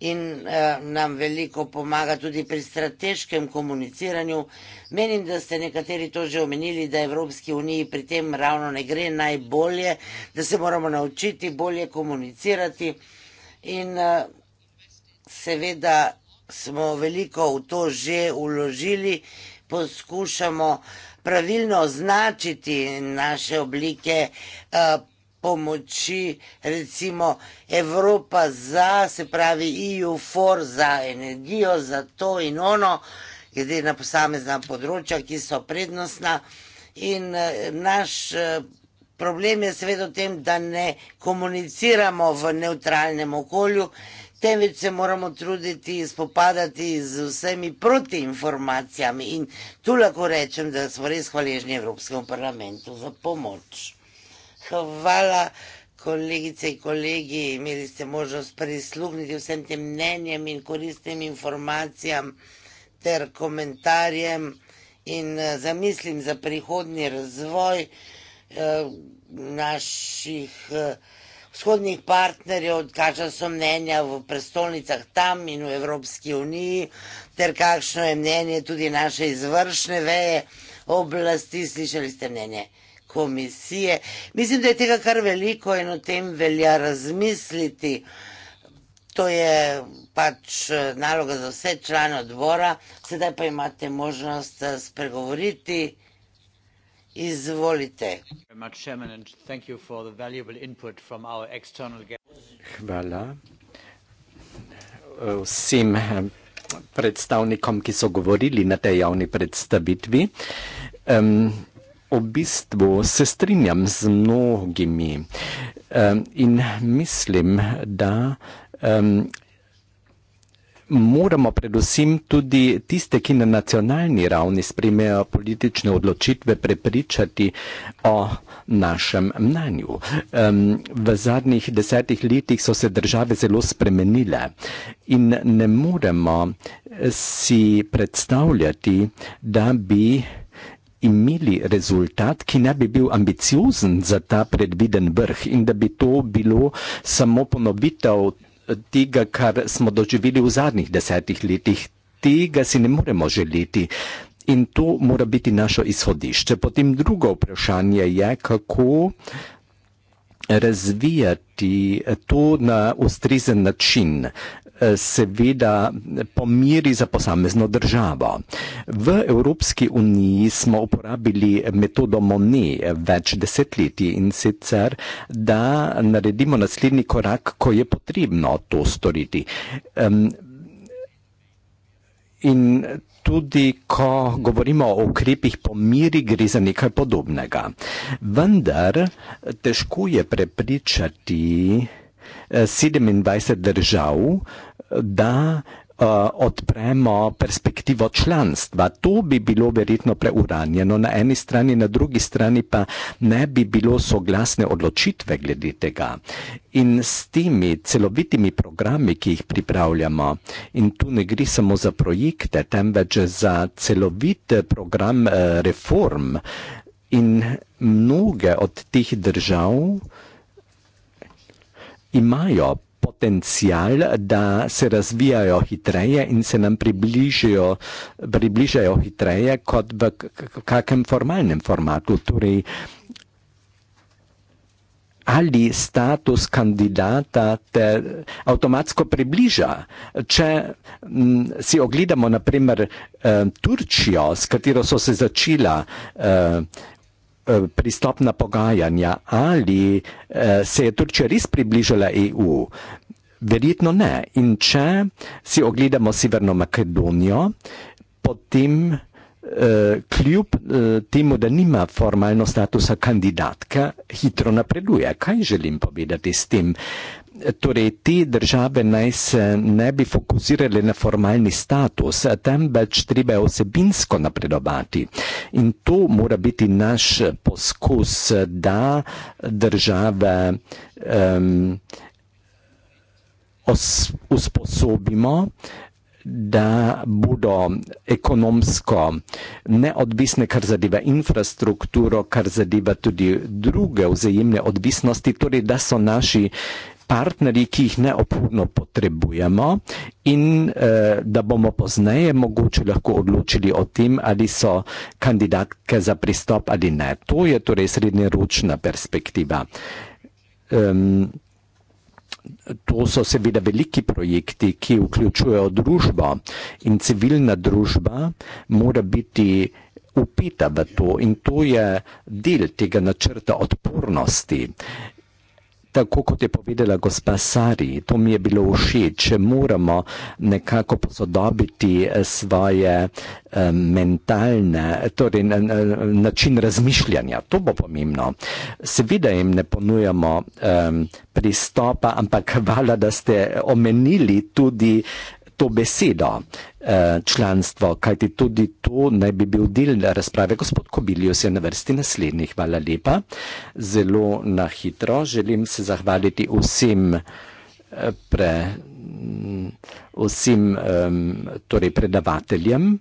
in eh, nam veliko pomaga tudi pri strateškem komuniciranju. Menim, da ste nekateri to že omenili, da Evropski uniji pri tem ravno ne gre najbolje, da se moramo naučiti bolje komunicirati in eh, seveda smo veliko v to že vložili, poskušamo pravilno označiti naše oblike eh, pomoči, recimo Evropa za, se pravi EU for, za energijo, za to in ono, glede na posamezna področja, ki so prednostna. In eh, naš eh, problem je seveda v tem, da ne komuniciramo v neutralnem okolju, temveč se moramo truditi spopadati z vsemi protiinformacijami in tu lahko rečem, da smo res hvaležni Evropskemu parlamentu za pomoč. Hvala, kolegice in kolegi, imeli ste možnost prisluhniti vsem tem mnenjem in koristnim informacijam ter komentarjem in eh, zamislim za prihodni razvoj eh, naših eh, vzhodnih partnerjev, kakšna so mnenja v prestolnicah tam in v Evropski uniji, ter kakšno je mnenje tudi naše izvršne veje oblasti, slišali ste mnenje komisije. Mislim, da je tega kar veliko in o tem velja razmisliti. To je pač eh, naloga za vse člane odbora, sedaj pa imate možnost eh, spregovoriti. Izvolite. Hvala vsem predstavnikom, ki so govorili na tej javni predstavitvi. Um, v bistvu se strinjam z mnogimi um, in mislim, da um, moramo predvsem tudi tiste, ki na nacionalni ravni spremejo politične odločitve, prepričati o našem mnenju. Um, v zadnjih desetih letih so se države zelo spremenile in ne moremo si predstavljati, da bi imeli rezultat, ki ne bi bil ambiciozen za ta predviden vrh in da bi to bilo samo ponovitev tega, kar smo doživeli v zadnjih desetih letih. Tega si ne moremo želeti in to mora biti naše izhodišče. Potem drugo vprašanje je, kako razvijati to na ustrezen način. Eh, seveda pomiri za posamezno državo. V Evropski uniji smo uporabili metodo Moni več desetletij in sicer, da naredimo naslednji korak, ko je potrebno to storiti. In tudi, ko govorimo o ukrepih po miri, gre za nekaj podobnega. Vendar težko je prepričati, 27 eh, držav, da eh, odpremo perspektivo članstva. To bi bilo verjetno preuranjeno na eni strani, na drugi strani pa ne bi bilo soglasne odločitve glede tega. In s temi celovitimi programi, ki jih pripravljamo, in tu ne gre samo za projekte, temveč za celovit eh, program reform in mnoge od teh držav imajo potencial, da se razvijajo hitreje in se nam približijo, približajo hitreje kot v kakem formalnem formatu. Torej, ali status kandidata te avtomatsko približa. Če m, si ogledamo naprimer eh, Turčijo, s katero so se začela eh, Eh, pristopna pogajanja, ali eh, se je Turčija res približala EU? Verjetno ne. In če si ogledamo Severno Makedonijo, potem eh, kljub temu, da nima formalno statusa kandidatka, hitro napreduje. Kaj želim povedati s tem? Torej, te države naj se ne bi fokusirale na formalni status, temveč treba je osebinsko napredovati. In to mora biti naš poskus, da države um, usposobimo, da bodo ekonomsko neodvisne, kar zadeva infrastrukturo, kar zadeva tudi druge vzajemne odvisnosti, torej da so naši partnerji, ki jih neopudno potrebujemo, in eh, da bomo pozneje mogoče lahko odločili o tem, ali so kandidatke za pristop ali ne. To je torej srednjeročna perspektiva. Um, To so seveda veliki projekti, ki vključujejo družbo in civilna družba mora biti upita v to in to je del tega načrta odpornosti tako kot je povedala gospa Sari, to mi je bilo všeč, če moramo nekako posodobiti eh, svoje eh, mentalne, torej način razmišljanja. To bo pomembno. Seveda jim ne ponujamo um, pristopa, ampak hvala, da ste omenili tudi to besedo eh, članstvo, kajti tudi to naj bi bil del razprave. Gospod Kobilijus je na vrsti naslednjih. Hvala lepa. Zelo na hitro želim se zahvaliti vsem, eh, pre, mm, vsem torej predavateljem.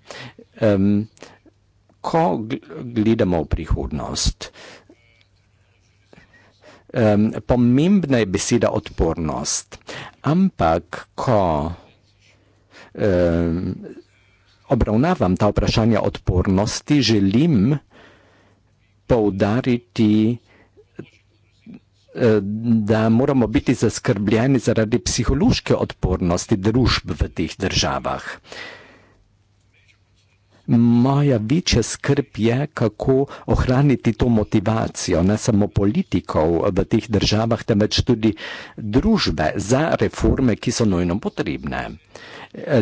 Ko gledamo v prihodnost, pomembna je beseda odpornost, ampak ko obravnavam ta vprašanja odpornosti, želim poudariti, e, da moramo biti zaskrbljeni zaradi psihološke odpornosti družb v teh državah. Moja večja skrb je, kako ohraniti to motivacijo ne samo politikov v teh državah, temveč tudi družbe za reforme, ki so nujno potrebne.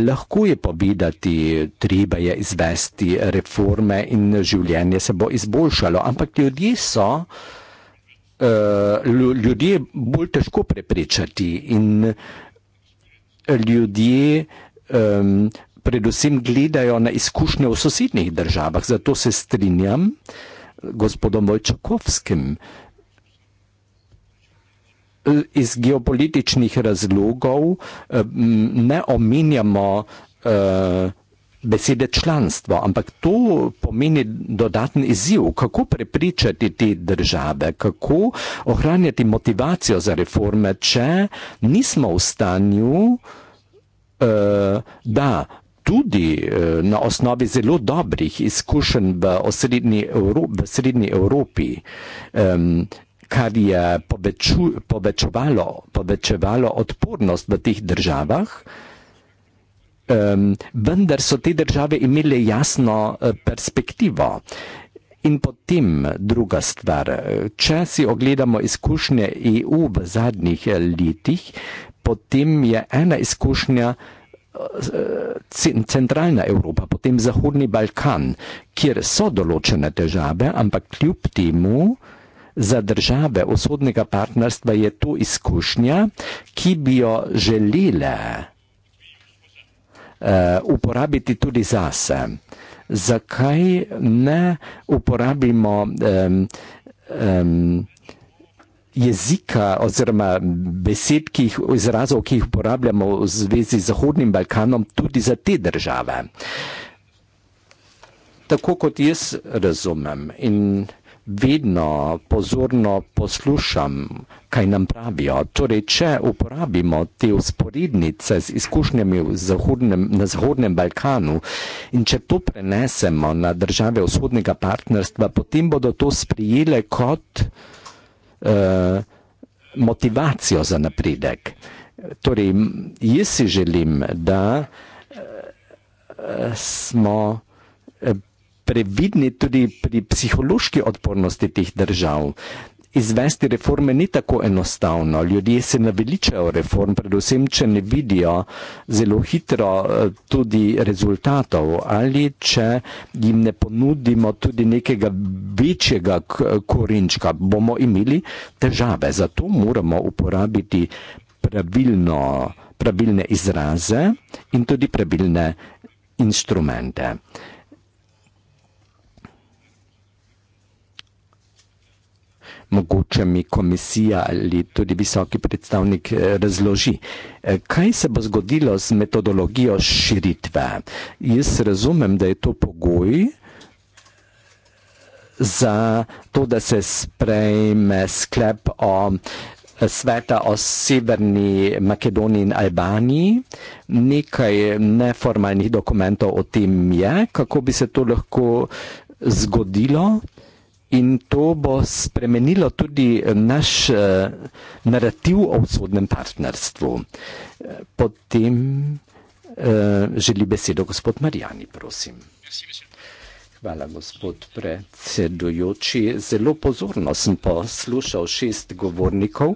Lahko je povedati, treba je izvesti reforme in življenje se bo izboljšalo, ampak ljudje so. Eh, ljudje bolj težko prepričati in eh, ljudje. Ehm, predvsem gledajo na izkušnje v sosednjih državah. Zato se strinjam z gospodom Vojčakovskim. Iz geopolitičnih razlogov eh, ne omenjamo eh, besede članstvo, ampak to pomeni dodaten izziv, kako prepričati te države, kako ohranjati motivacijo za reforme, če nismo v stanju, eh, da tudi eh, na osnovi zelo dobrih izkušenj v, Evro, v srednji Evropi, um, kar je poveču, povečevalo, povečevalo odpornost v teh državah, um, vendar so te države imele jasno eh, perspektivo. In potem druga stvar, če si ogledamo izkušnje EU v zadnjih eh, letih, potem je ena izkušnja, Eh, centralna Evropa, potem Zahodni Balkan, kjer so določene težave, ampak kljub temu za države usodnega partnerstva je to izkušnja, ki bi jo želele eh, uporabiti tudi zase. Zakaj ne uporabimo um, um, jezika oziroma besed, ki jih, izrazov, ki jih uporabljamo v zvezi z Zahodnim Balkanom, tudi za te države. Tako kot jaz razumem in vedno pozorno poslušam, kaj nam pravijo. Torej, če uporabimo te usporednice z izkušnjami zahodnem, na Zahodnem Balkanu in če to prenesemo na države vzhodnega partnerstva, potem bodo to sprijele kot. Eh, motivacijo za napredek. Torej, jaz si želim, da eh, smo eh, previdni tudi pri psihološki odpornosti teh držav izvesti reforme ni tako enostavno. Ljudje se naveličajo reform, predvsem, če ne vidijo zelo hitro eh, tudi rezultatov ali če jim ne ponudimo tudi nekega večjega korenčka, bomo imeli težave. Zato moramo uporabiti pravilno, pravilne izraze in tudi pravilne instrumente. mogoče mi komisija ali tudi visoki predstavnik eh, razloži. Eh, kaj se bo zgodilo z metodologijo širitve? Jaz razumem, da je to pogoj za to, da se sprejme sklep o eh, sveta o Severni Makedoniji in Albaniji. Nekaj neformalnih dokumentov o tem je, kako bi se to lahko zgodilo, In to bo spremenilo tudi eh, naš uh, narativ o vzhodnem partnerstvu. Eh, potem uh, želi besedo gospod Marijani, prosim. Merci, Hvala, gospod predsedujoči. Zelo pozorno sem poslušal šest govornikov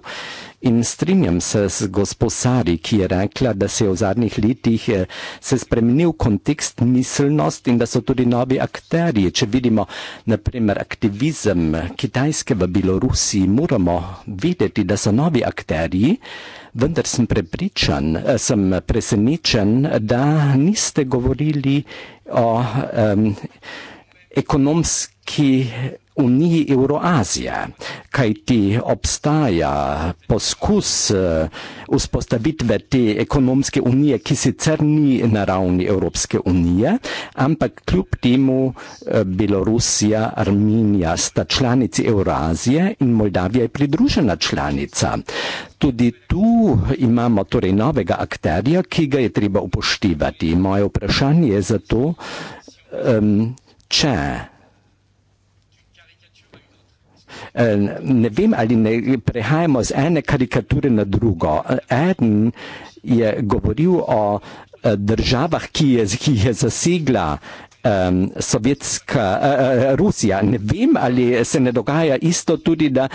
in strinjam se z gospod Sari, ki je rekla, da se je v zadnjih letih eh, se spremenil kontekst miselnost in da so tudi novi akterji. Če vidimo, naprimer, aktivizem Kitajske v Belorusiji, moramo videti, da so novi akterji. Vendar sem prepričan, eh, sem presenečen, da niste govorili o. Um, ekonomski uniji Euroazija, kaj ti obstaja poskus eh, vzpostavitve te ekonomske unije, ki sicer ni na ravni Evropske unije, ampak kljub temu eh, Belorusija, Armenija sta članici Euroazije in Moldavija je pridružena članica. Tudi tu imamo torej novega akterja, ki ga je treba upoštevati. Moje vprašanje je zato, um, chair. E, ne vem, ali ne prehajamo z ene karikature na drugo. Eden je govoril o e, državah, ki jih je, je zasegla um, sovjetska uh, Rusija. Ne vem, ali se ne dogaja isto tudi, da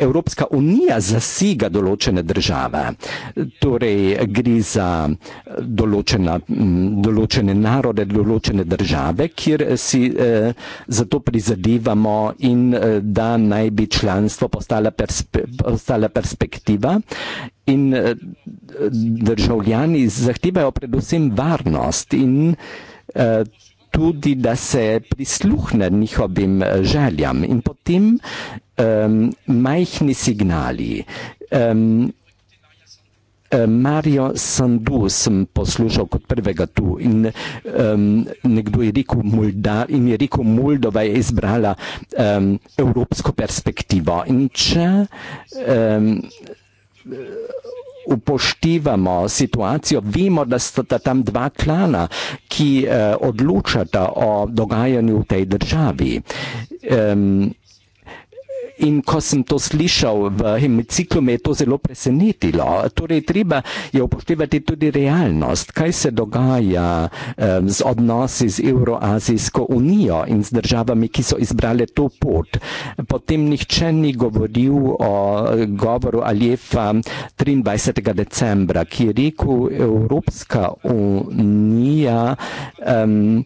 Evropska unija zasiga določene države, torej gre za določena, določene narode, določene države, kjer si uh, zato prizadevamo in uh, da naj bi članstvo postala, perspe postala perspektiva. In državljani zahtevajo predvsem varnost in eh, tudi, da se prisluhne njihovim eh, željam in potem um, majhni signali. Um, Mario Sandu sem poslušal kot prvega tu in um, nekdo je rekel, Mulda, in je rekel, Moldova je izbrala um, evropsko perspektivo. In če um, upoštevamo situacijo, vemo, da sta tam dva klana, ki uh, odločata o dogajanju v tej državi. Um, in ko sem to slišal v hemiciklu, me je to zelo presenetilo. Torej, treba je upoštevati tudi realnost, kaj se dogaja um, z odnosi z Euroazijsko unijo in z državami, ki so izbrale to pot. Potem nihče ni govoril o govoru Aljefa 23. decembra, ki je rekel, Evropska unija. Um,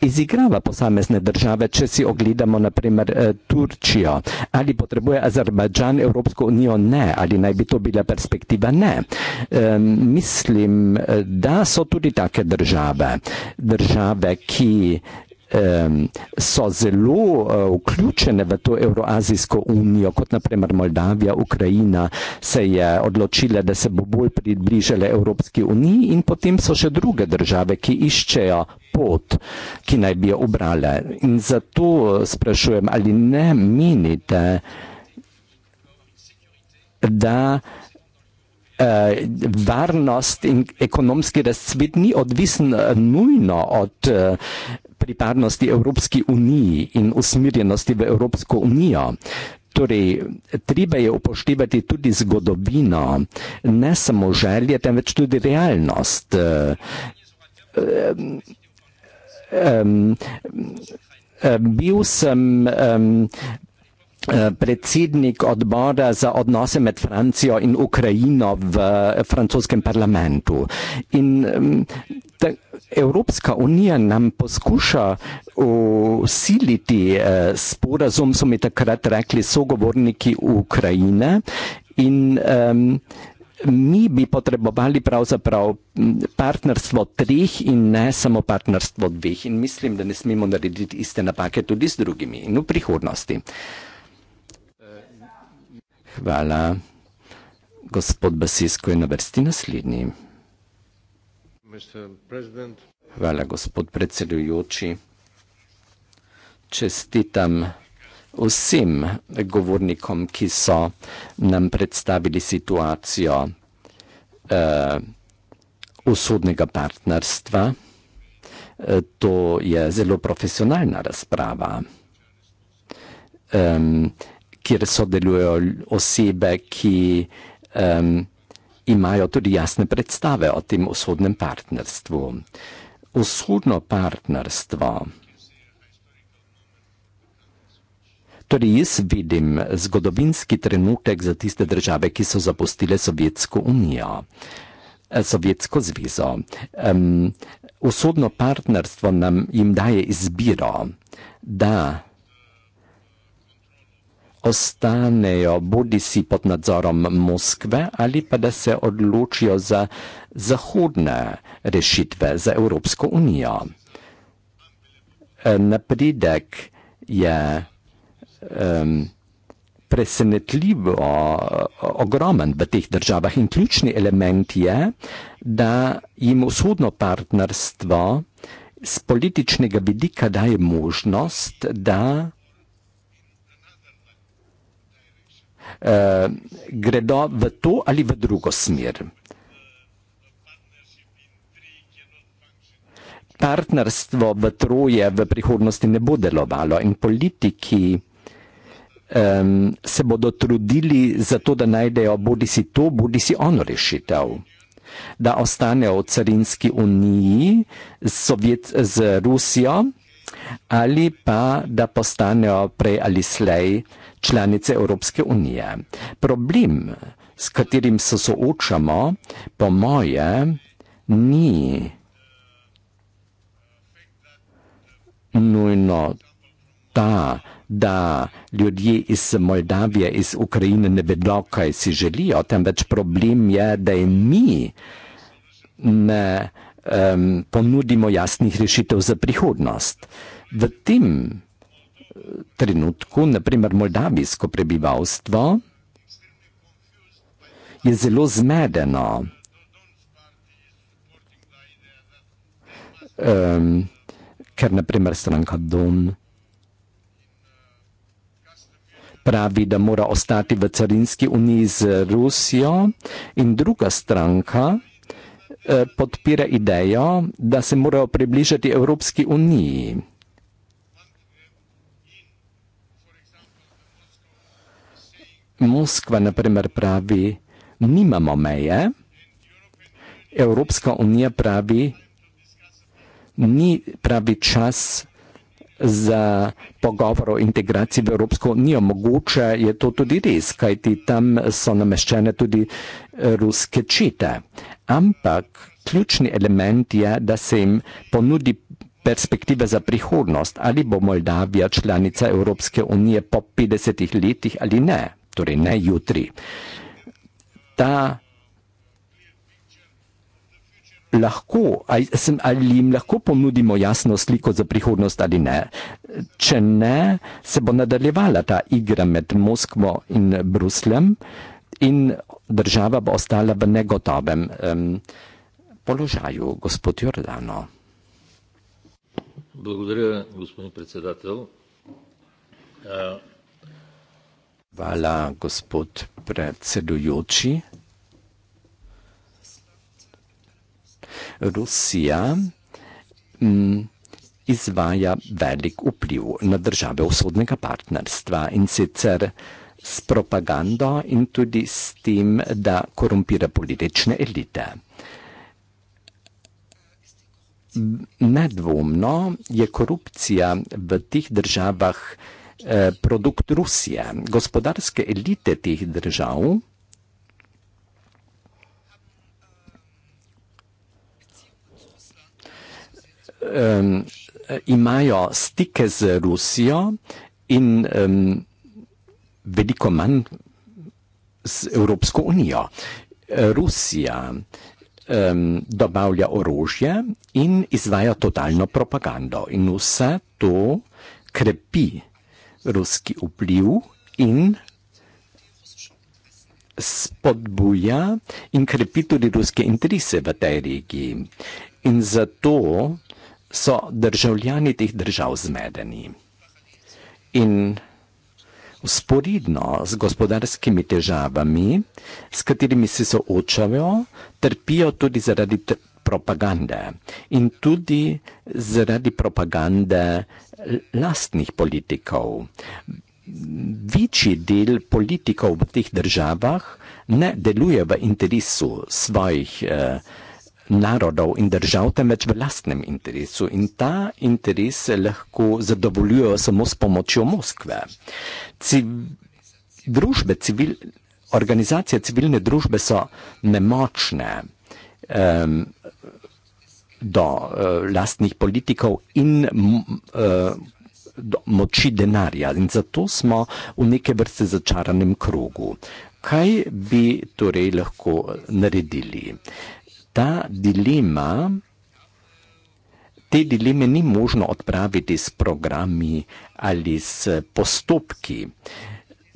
izigrava posamezne države, če si ogledamo naprimer eh, Turčijo. Ali potrebuje Azerbajdžan Evropsko unijo? Ne. Ali naj bi to bila perspektiva? Ne. Mislim, eh, da so tudi take države, države ki so zelo eh, vključene v to Evroazijsko unijo, kot naprimer Moldavija, Ukrajina se je odločila, da se bo bolj približala Evropski uniji in potem so še druge države, ki iščejo pot, ki naj bi jo obrale. In zato eh, sprašujem, ali ne menite, da eh, varnost in ekonomski razcvet ni odvisen nujno od pripadnosti Evropski uniji in usmirjenosti v Evropsko unijo. Torej, treba je upoštevati tudi zgodovino, ne samo želje, temveč tudi realnost. Um, um, um, bil sem um, Eh, predsednik odbora za odnose med Francijo in Ukrajino v eh, francoskem parlamentu. In mm, ta, Evropska unija nam poskuša usiliti eh, sporazum, so mi takrat rekli sogovorniki Ukrajine. In um, mi bi potrebovali pravzaprav mm, partnerstvo treh in ne samo partnerstvo dveh. In mislim, da ne smemo narediti iste napake tudi z drugimi in v prihodnosti. Uh, hvala. Gospod Basisko je na vrsti naslednji. Hvala, gospod predsedujoči. Čestitam vsem govornikom, ki so nam predstavili situacijo uh, usodnega partnerstva. Eh, to je zelo profesionalna razprava. Um, kjer sodelujejo osebe, ki um, imajo tudi jasne predstave o tem usodnem partnerstvu. Usodno partnerstvo. Tudi torej, jaz vidim zgodovinski trenutek za tiste države, ki so zapustile Sovjetsko unijo, eh, Sovjetsko zvezo. Um, usodno partnerstvo nam jim daje izbiro, da ostanejo bodi si pod nadzorom Moskve ali pa da se odločijo za zahodne rešitve za Evropsko unijo. E, napredek je um, presenetljivo ogromen v teh državah in ključni element je, da jim vzhodno partnerstvo z političnega vidika daje možnost, da eh, gredo v to ali v drugo smer. Partnerstvo v troje v prihodnosti ne bo delovalo in politiki um, se bodo trudili za to, da najdejo bodi si to, bodi si ono rešitev. Da ostanejo v carinski uniji z, Sovjet, z Rusijo ali pa da postanejo prej ali slej uh, članice Evropske unije. Problem, s katerim se soočamo, po moje, ni nujno ta, da ljudje iz Moldavije, iz Ukrajine ne vedo, kaj si želijo, temveč problem je, da je mi ne um, ponudimo jasnih rešitev za prihodnost. V tem trenutku, naprimer moldavijsko prebivalstvo, je zelo zmedeno. Um, ker naprimer stranka Dom pravi, da mora ostati v carinski uniji z Rusijo in druga stranka eh, podpira idejo, da se morajo približati Evropski uniji. Moskva, na primer, pravi, nimamo meje, Evropska unija pravi, ni pravi čas za pogovor o integraciji v Evropsko unijo. Mogoče je to tudi res, kajti tam so nameščene tudi eh, ruske čite. Ampak ključni element je, da se jim ponudi perspektive za prihodnost, ali bo Moldavija članica Evropske unije po 50 letih ali ne torej ne jutri. Ta lahko, ali, sem, ali jim lahko ponudimo jasno sliko za prihodnost ali ne. Če ne, se bo nadaljevala ta igra med Moskvo in Bruslem in država bo ostala v negotovem um, položaju, gospod Jordano. Благодаря, господин председател. Hvala, gospod predsedujoči. Rusija m, mm, izvaja velik vpliv na države vzhodnega partnerstva in sicer s propagando in tudi s tem, da korumpira politične elite. Nedvomno je korupcija v teh državah Eh, produkt Rusije. Gospodarske elite teh držav um, imajo stike z Rusijo in um, veliko manj z Evropsko unijo. Rusija um, dobavlja orožje in izvaja totalno propagando in vse to krepi ruski vpliv in spodbuja in krepi tudi ruske interese v tej regiji. In zato so državljani teh držav zmedeni. In usporedno z gospodarskimi težavami, s katerimi se soočajo, trpijo tudi zaradi propagande in tudi zaradi propagande lastnih politikov. Večji del politikov v teh državah ne deluje v interesu svojih eh, narodov in držav, temveč v lastnem interesu. In ta interes se lahko zadovoljuje samo s pomočjo Moskve. Civ družbe, civil organizacije civilne družbe so nemočne. Eh, do uh, lastnih politikov in uh, do moči denarja. In zato smo v neke vrste začaranem krogu. Kaj bi torej lahko naredili? Ta dilema, te dileme ni možno odpraviti s programi ali s postopki,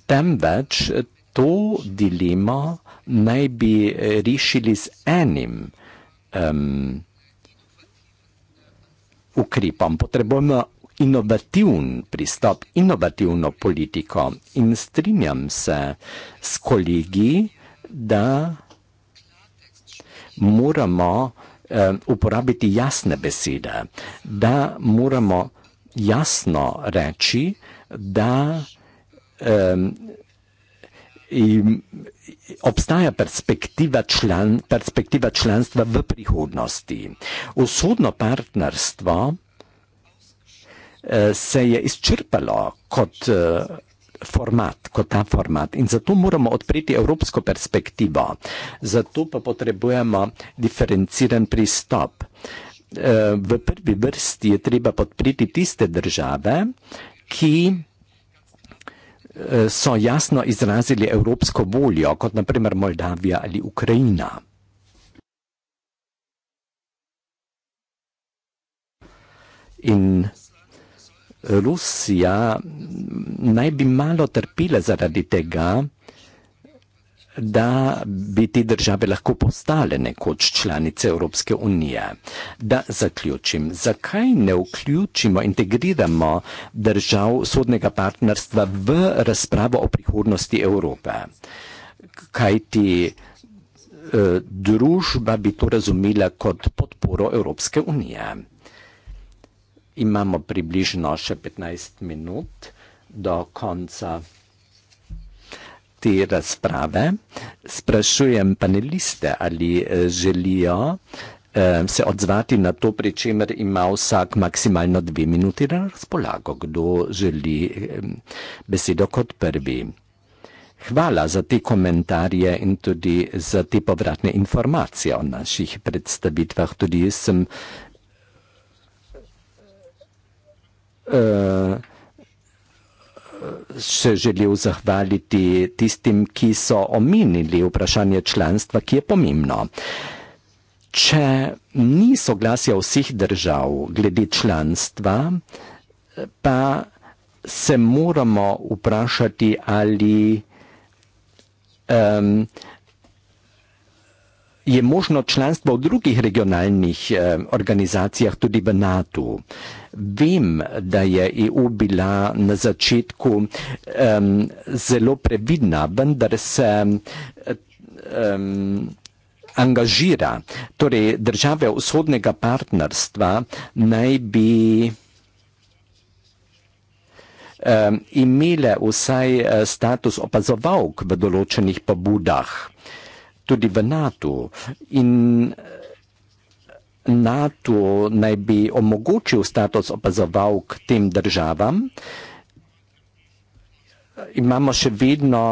temveč to dilemo naj bi eh, rešili z enim. Um, ukrepom, potrebujemo inovativen pristop, inovativno politiko. In strinjam se s kolegi, da moramo eh, uporabiti jasne besede, da moramo jasno reči, da eh, obstaja perspektiva, član, perspektiva članstva v prihodnosti. Usodno partnerstvo eh, se je izčrpalo kot eh, format, kot ta format in zato moramo odpreti evropsko perspektivo. Zato pa potrebujemo diferenciran pristop. Eh, v prvi vrsti je treba podpreti tiste države, ki Eh, so jasno izrazili evropsko voljo, kot naprimer Moldavija ali Ukrajina. In Rusija mm, naj bi malo trpila zaradi tega, da bi te države lahko postale nekoč članice Evropske unije. Da zaključim, zakaj ne vključimo, integriramo držav sodnega partnerstva v razpravo o prihodnosti Evrope? Kaj ti eh, družba bi to razumela kot podporo Evropske unije? Imamo približno še 15 minut do konca te razprave. Sprašujem paneliste, ali eh, želijo eh, se odzvati na to, pri čemer ima vsak maksimalno dve minuti na razpolago. Kdo želi eh, besedo kot prvi? Hvala za te komentarje in tudi za te povratne informacije o naših predstavitvah. Tudi jaz sem uh, se želel zahvaliti tistim, ki so omenili vprašanje članstva, ki je pomembno. Če ni soglasja vseh držav glede članstva, pa se moramo vprašati, ali um, je možno članstvo v drugih regionalnih um, organizacijah, tudi v NATO. Vem, da je EU bila na začetku um, zelo previdna, vendar se um, angažira. Torej, države vzhodnega partnerstva naj bi um, imele vsaj eh, status opazovalk v določenih pobudah, tudi v NATO. In, NATO naj bi omogočil status opazovalk tem državam. Imamo še vedno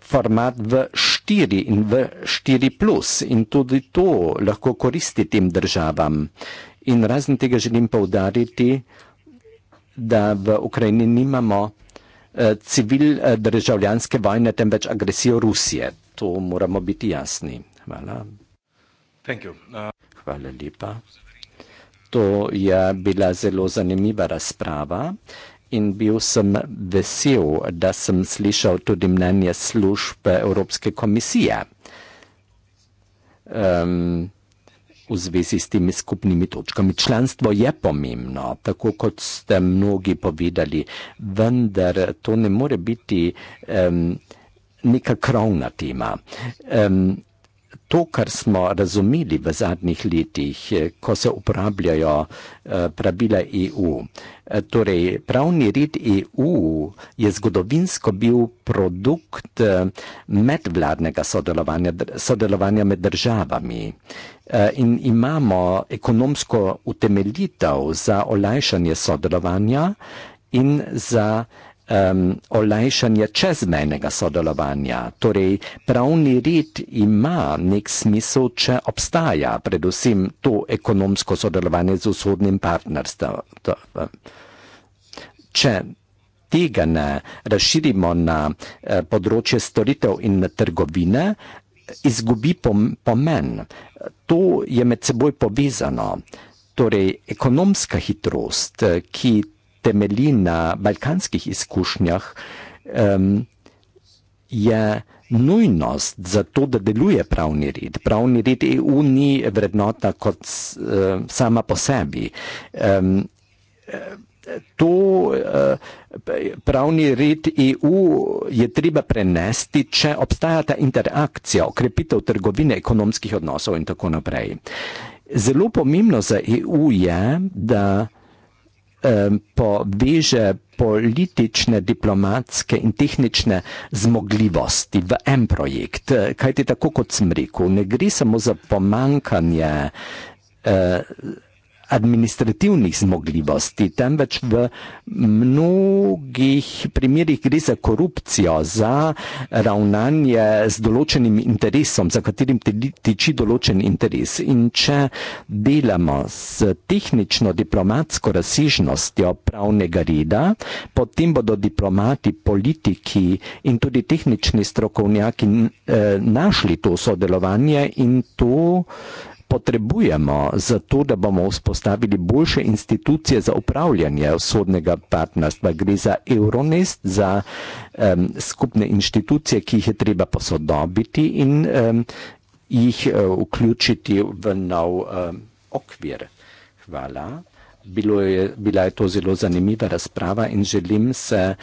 format v 4 in v 4 plus in tudi to lahko koristi tem državam. In razen tega želim povdariti, da v Ukrajini nimamo eh, civil eh, državljanske vojne, temveč agresijo Rusije. To moramo biti jasni. Hvala. Thank you. Uh... Hvala lepa. To je bila zelo zanimiva razprava in bil sem vesel, da sem slišal tudi mnenje služb Evropske komisije um, v zvezi s temi skupnimi točkami. Članstvo je pomembno, tako kot ste mnogi povedali, vendar to ne more biti um, neka krovna tema. Um, To, kar smo razumeli v zadnjih letih, eh, ko se uporabljajo eh, pravila EU, eh, torej pravni red EU je zgodovinsko bil produkt medvladnega sodelovanja, sodelovanja med državami in imamo ekonomsko utemeljitev za olajšanje sodelovanja in za um, ehm, olajšanje čezmejnega sodelovanja. Torej, pravni red ima nek smisel, če obstaja predvsem to ekonomsko sodelovanje z vzhodnim partnerstvom. Če tega ne razširimo na eh, področje storitev in trgovine, izgubi pom pomen. To je med seboj povezano. Torej, ekonomska hitrost, eh, ki temelji na balkanskih izkušnjah, um, je nujnost za to, da deluje pravni red. Pravni red EU ni vrednota kot uh, sama po sebi. Um, to uh, pravni red EU je treba prenesti, če obstaja ta interakcija, okrepitev trgovine, ekonomskih odnosov in tako naprej. Zelo pomembno za EU je, da poveže politične, diplomatske in tehnične zmogljivosti v en projekt. E, kajti tako kot sem rekel, ne gre samo za pomankanje. Eh, administrativnih zmogljivosti, temveč v mnogih primerjih gre za korupcijo, za ravnanje z določenim interesom, za katerim tiči določen interes. In če delamo s tehnično-diplomatsko razsežnostjo pravnega reda, potem bodo diplomati, politiki in tudi tehnični strokovnjaki eh, našli to sodelovanje in to potrebujemo za to, da bomo vzpostavili boljše institucije za upravljanje sodnega partnerstva. Gre za Euronest, za um, skupne inštitucije, ki jih je treba posodobiti in um, jih uh, vključiti v nov um, okvir. Hvala. Je, bila je to zelo zanimiva razprava in želim se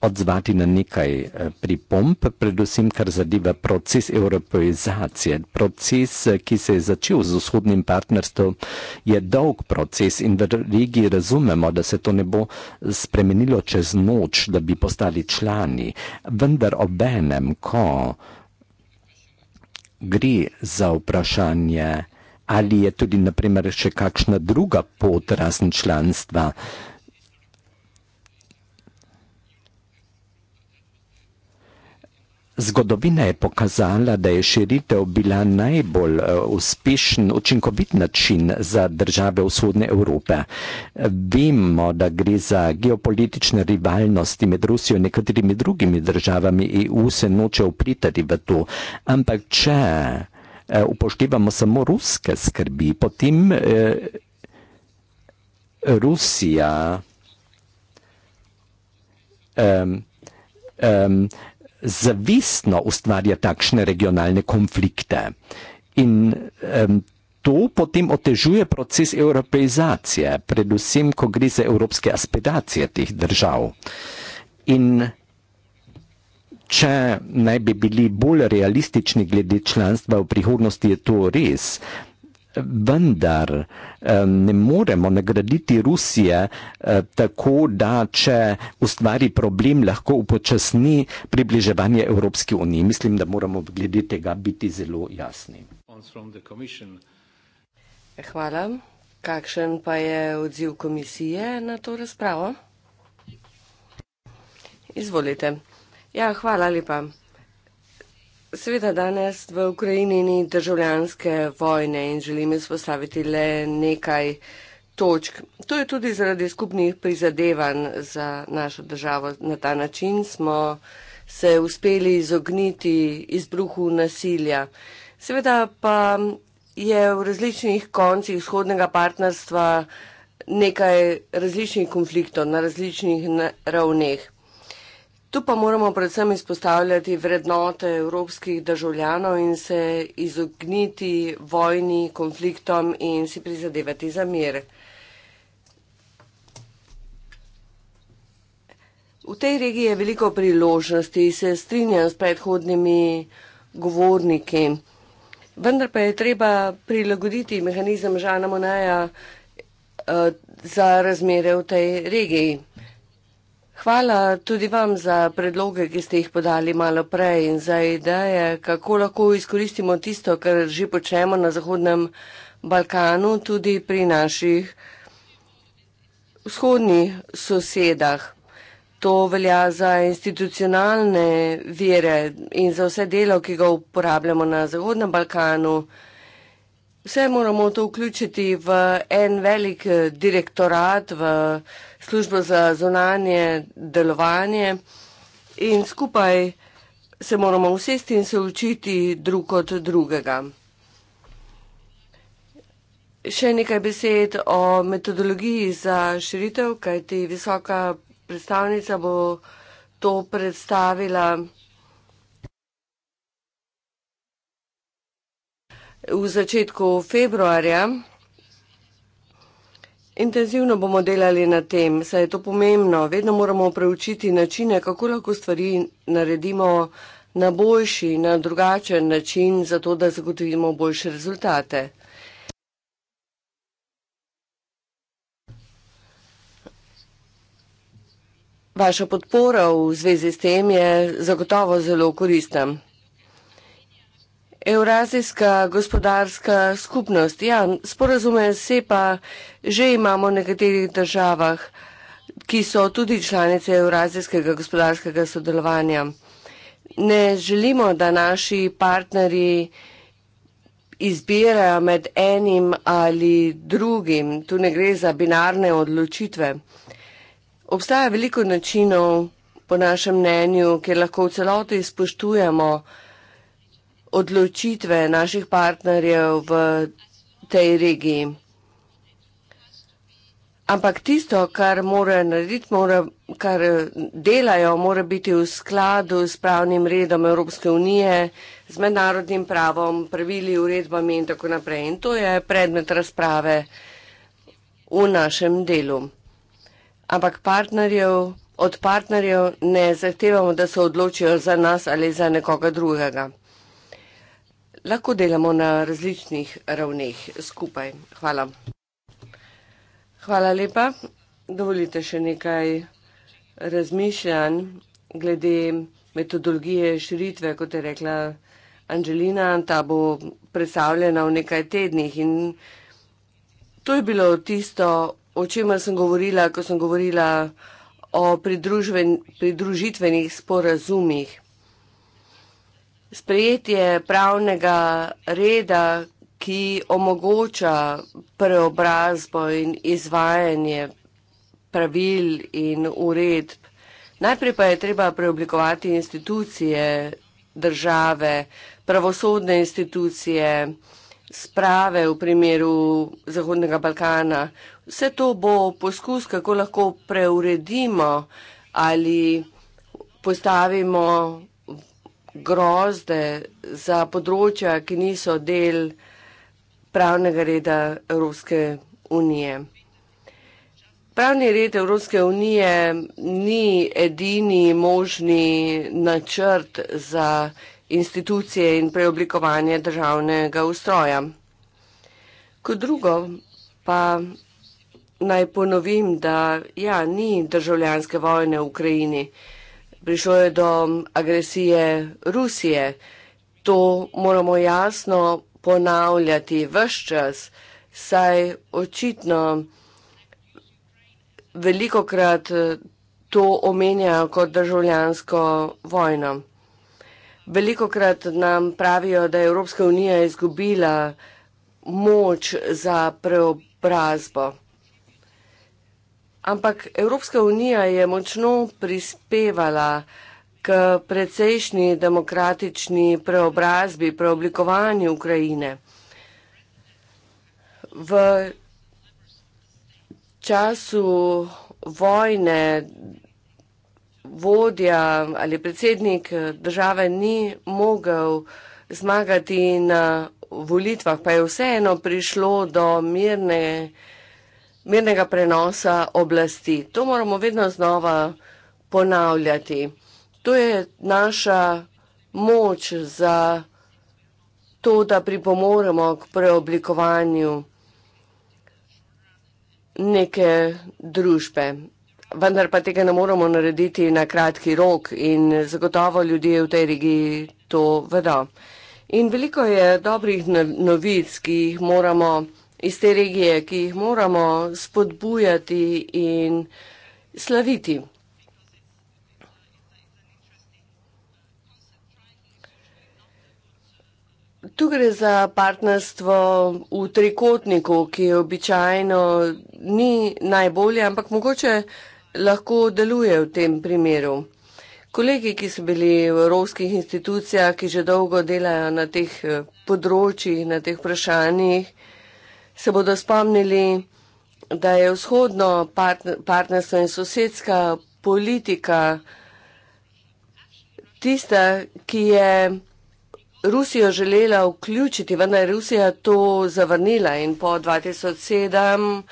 odzvati na nekaj eh, pripomp, predvsem kar zadeva proces evropeizacije. Proces, eh, ki se je začel z vzhodnim partnerstvom, je dolg proces in v regiji razumemo, da se to ne bo spremenilo čez noč, da bi postali člani. Vendar obenem, ko gre za vprašanje, ali je tudi naprimer še kakšna druga pot razen članstva, Zgodovina je pokazala, da je širitev bila najbolj eh, uspešen, učinkovit način za države vzhodne Evrope. Vemo, da gre za geopolitične rivalnosti med Rusijo in nekaterimi drugimi državami. EU se noče upritati v to. Ampak če eh, upoštevamo samo ruske skrbi, potem eh, Rusija. Eh, eh, zavestno ustvarja takšne regionalne konflikte. In um, to potem otežuje proces evropeizacije, predvsem, ko gre za evropske aspiracije teh držav. In če naj bi bili bolj realistični glede članstva v prihodnosti, je to res vendar ne moremo nagraditi Rusije eh, tako, da če ustvari problem, lahko upočasni približevanje Evropski uniji. Mislim, da moramo glede tega biti zelo jasni. Hvala. Kakšen pa je odziv komisije na to razpravo? Izvolite. Ja, hvala lepa. Sveda danes v Ukrajini ni državljanske vojne in želim izpostaviti le nekaj točk. To je tudi zaradi skupnih prizadevanj za našo državo. Na ta način smo se uspeli izogniti izbruhu nasilja. Seveda pa je v različnih koncih vzhodnega partnerstva nekaj različnih konfliktov na različnih ravneh. Tu pa moramo predvsem izpostavljati vrednote evropskih državljanov in se izogniti vojni, konfliktom in si prizadevati za mir. V tej regiji je veliko priložnosti, se strinjam s predhodnimi govorniki, vendar pa je treba prilagoditi mehanizem Žana Monaja eh, za razmere v tej regiji. Hvala tudi vam za predloge, ki ste jih podali malo prej in za ideje, kako lahko izkoristimo tisto, kar že počnemo na Zahodnem Balkanu, tudi pri naših vzhodnih sosedah. To velja za institucionalne vire in za vse delo, ki ga uporabljamo na Zahodnem Balkanu. Vse moramo to vključiti v en velik eh, direktorat, v direktorat službo za zonanje delovanje in skupaj se moramo usesti in se učiti drug od drugega. Še nekaj besed o metodologiji za širitev, kajti visoka predstavnica bo to predstavila v začetku februarja. Intenzivno bomo delali na tem, saj je to pomembno. Vedno moramo preučiti načine, kako lahko stvari naredimo na boljši, na drugačen način, zato da zagotovimo boljše rezultate. Vaša podpora v zvezi s tem je zagotovo zelo koristna. Evrazijska gospodarska skupnost. Ja, sporazume se pa že imamo v nekaterih državah, ki so tudi članice Evrazijskega gospodarskega sodelovanja. Ne želimo, da naši partnerji izbirajo med enim ali drugim. Tu ne gre za binarne odločitve. Obstaja veliko načinov, po našem mnenju, kjer lahko v celoti spoštujemo odločitve naših partnerjev v tej regiji. Ampak tisto, kar morajo narediti, mora, kar delajo, mora biti v skladu s pravnim redom Evropske unije, z mednarodnim pravom, pravili, uredbami in tako naprej. In to je predmet razprave v našem delu. Ampak partnerjev, od partnerjev ne zahtevamo, da se odločijo za nas ali za nekoga drugega lahko delamo na različnih ravneh skupaj. Hvala. Hvala lepa. Dovolite še nekaj razmišljanj glede metodologije širitve, kot je rekla Anželina. Ta bo predstavljena v nekaj tednih in to je bilo tisto, o čemer sem govorila, ko sem govorila o pridružitvenih sporazumih sprejetje pravnega reda, ki omogoča preobrazbo in izvajanje pravil in uredb. Najprej pa je treba preoblikovati institucije države, pravosodne institucije, sprave v primeru Zahodnega Balkana. Vse to bo poskus, kako lahko preuredimo ali postavimo grozde za področja, ki niso del pravnega reda Evropske unije. Pravni red Evropske unije ni edini možni načrt za institucije in preoblikovanje državnega ustroja. Kot drugo pa naj ponovim, da ja, ni državljanske vojne v Ukrajini prišlo je do agresije Rusije. To moramo jasno ponavljati vse čas, saj očitno veliko krat to omenjajo kot državljansko vojno. Veliko krat nam pravijo, da je Evropska unija izgubila moč za preobrazbo. Ampak Evropska unija je močno prispevala k precejšnji demokratični preobrazbi, preoblikovanju Ukrajine. V času vojne vodja ali predsednik države ni mogel zmagati na volitvah, pa je vseeno prišlo do mirne mirnega prenosa oblasti. To moramo vedno znova ponavljati. To je naša moč za to, da pripomoremo k preoblikovanju neke družbe. Vendar pa tega ne moramo narediti na kratki rok in zagotovo ljudje v tej regiji to vedo. In veliko je dobrih no- novic, ki jih moramo iz te regije, ki jih moramo spodbujati in slaviti. Tu gre za partnerstvo v trikotniku, ki je običajno ni najbolje, ampak mogoče lahko deluje v tem primeru. Kolegi, ki so bili v evropskih institucijah, ki že dolgo delajo na teh eh, področjih, na teh vprašanjih, se bodo spomnili, da je vzhodno partnerstvo in sosedska politika tista, ki je Rusijo želela vključiti, vendar je Rusija to zavrnila in po 2007,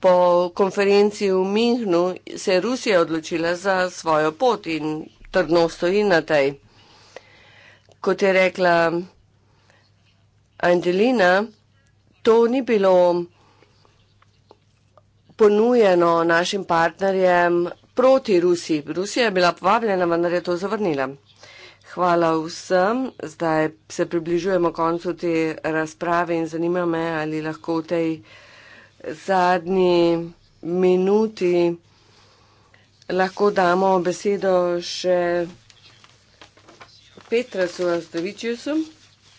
po konferenci v Minhnu, se je Rusija odločila za svojo pot in trdno stoji na tej. Kot je rekla Angelina, to ni bilo ponujeno našim partnerjem proti Rusiji. Rusija je bila povabljena, vendar je to zavrnila. Hvala vsem. Zdaj se približujemo koncu te razprave in zanima me, ali lahko v tej zadnji minuti lahko damo besedo še Petra Sulastovičiusu.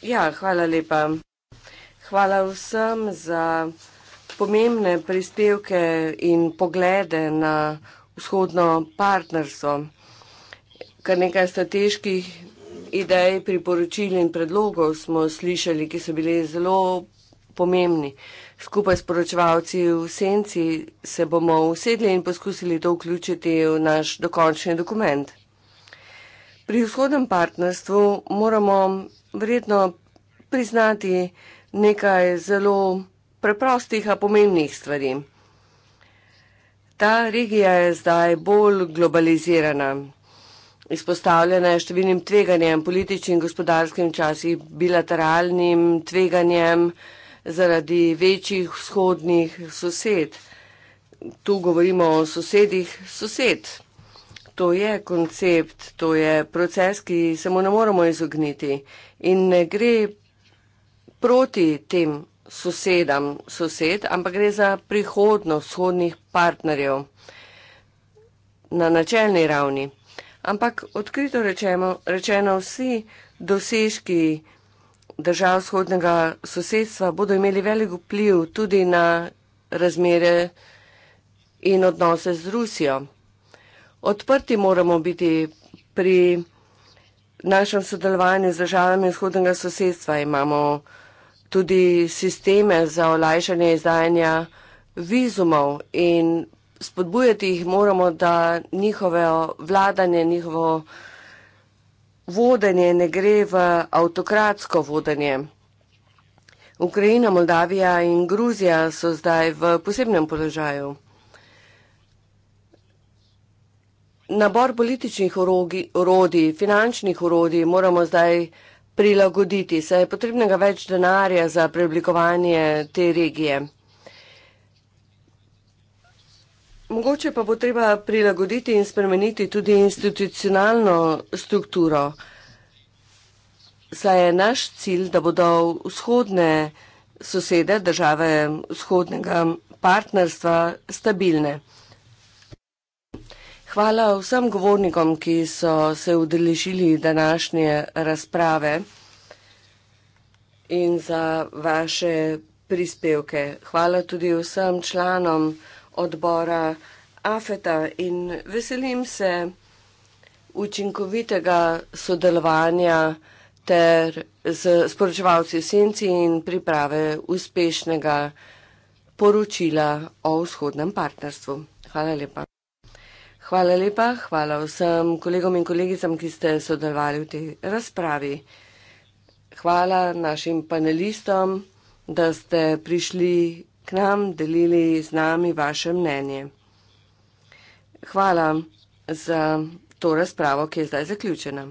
Ja, hvala lepa hvala vsem za pomembne prispevke in poglede na vzhodno partnerstvo. Kar nekaj strateških idej, priporočil in predlogov smo slišali, ki so bili zelo pomembni. Skupaj s poročevalci v Senci se bomo usedli in poskusili to vključiti v naš dokončni dokument. Pri vzhodnem partnerstvu moramo vredno priznati, nekaj zelo preprostih, a pomembnih stvari. Ta regija je zdaj bolj globalizirana, izpostavljena je številnim tveganjem, političnim, gospodarskim, včasih bilateralnim tveganjem zaradi večjih vzhodnih sosed. Tu govorimo o sosedih sosed. To je koncept, to je proces, ki se mu ne moremo izogniti in ne gre proti tem sosedam sosed, ampak gre za prihodnost vzhodnih partnerjev na načelni ravni. Ampak odkrito rečeno, rečeno vsi dosežki držav vzhodnega sosedstva bodo imeli velik vpliv tudi na razmere in odnose z Rusijo. Odprti moramo biti pri našem sodelovanju z državami vzhodnega sosedstva. Imamo tudi sisteme za olajšanje izdajanja vizumov in spodbujati jih moramo, da njihove vladanje, njihovo vodenje ne gre v avtokratsko vodenje. Ukrajina, Moldavija in Gruzija so zdaj v posebnem položaju. Nabor političnih orodij, finančnih orodij moramo zdaj prilagoditi, saj je potrebnega več denarja za preoblikovanje te regije. Mogoče pa bo treba prilagoditi in spremeniti tudi institucionalno strukturo, saj je naš cilj, da bodo vzhodne sosede države vzhodnega partnerstva stabilne. Hvala vsem govornikom, ki so se udeležili današnje razprave in za vaše prispevke. Hvala tudi vsem članom odbora AFETA in veselim se učinkovitega sodelovanja ter z sporočevalci senci in priprave uspešnega poročila o vzhodnem partnerstvu. Hvala lepa. Hvala lepa. Hvala vsem kolegom in kolegicam, ki ste sodelovali v tej razpravi. Hvala našim panelistom, da ste prišli k nam, delili z nami vaše mnenje. Hvala za to razpravo, ki je zdaj zaključena.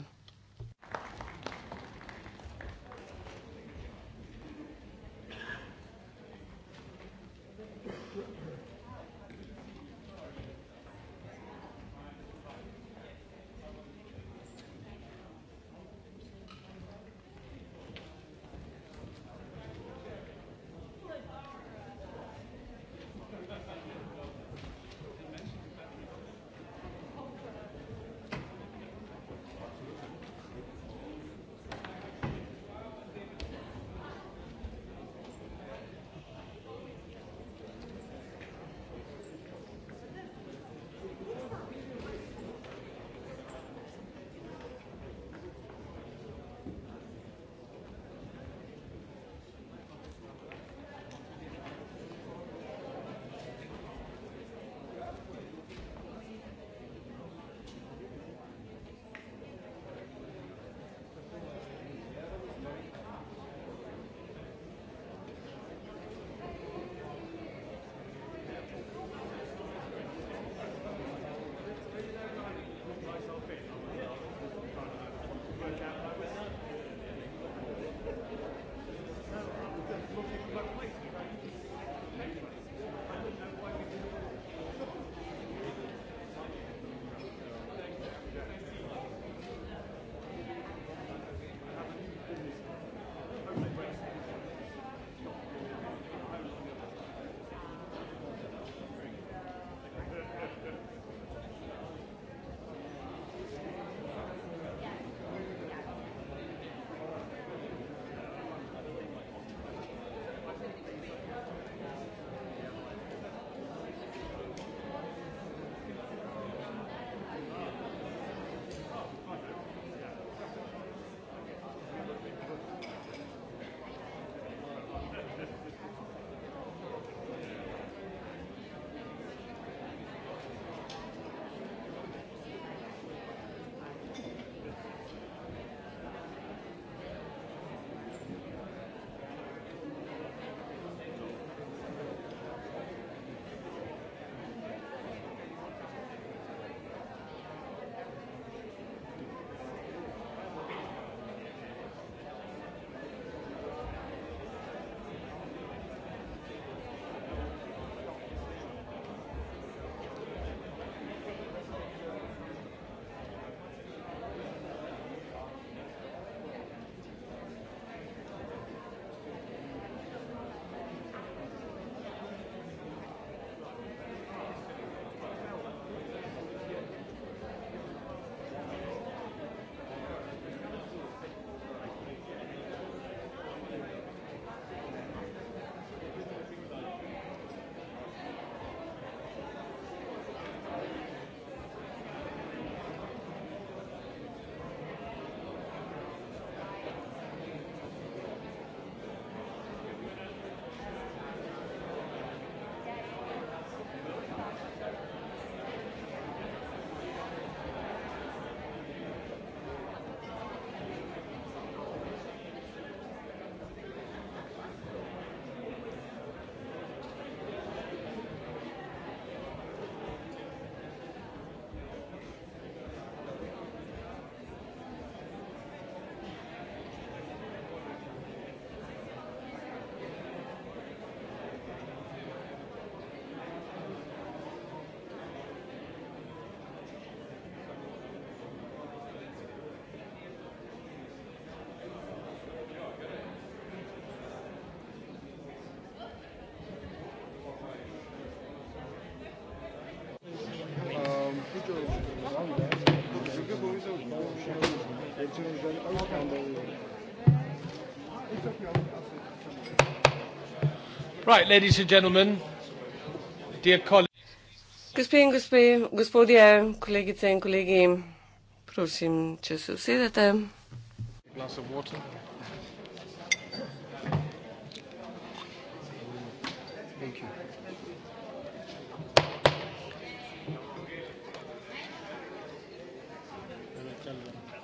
Right, ladies and gentlemen, dear gospe in gospe, gospodje, kolegice in kolegi, prosim, če se usedete. Glas vode.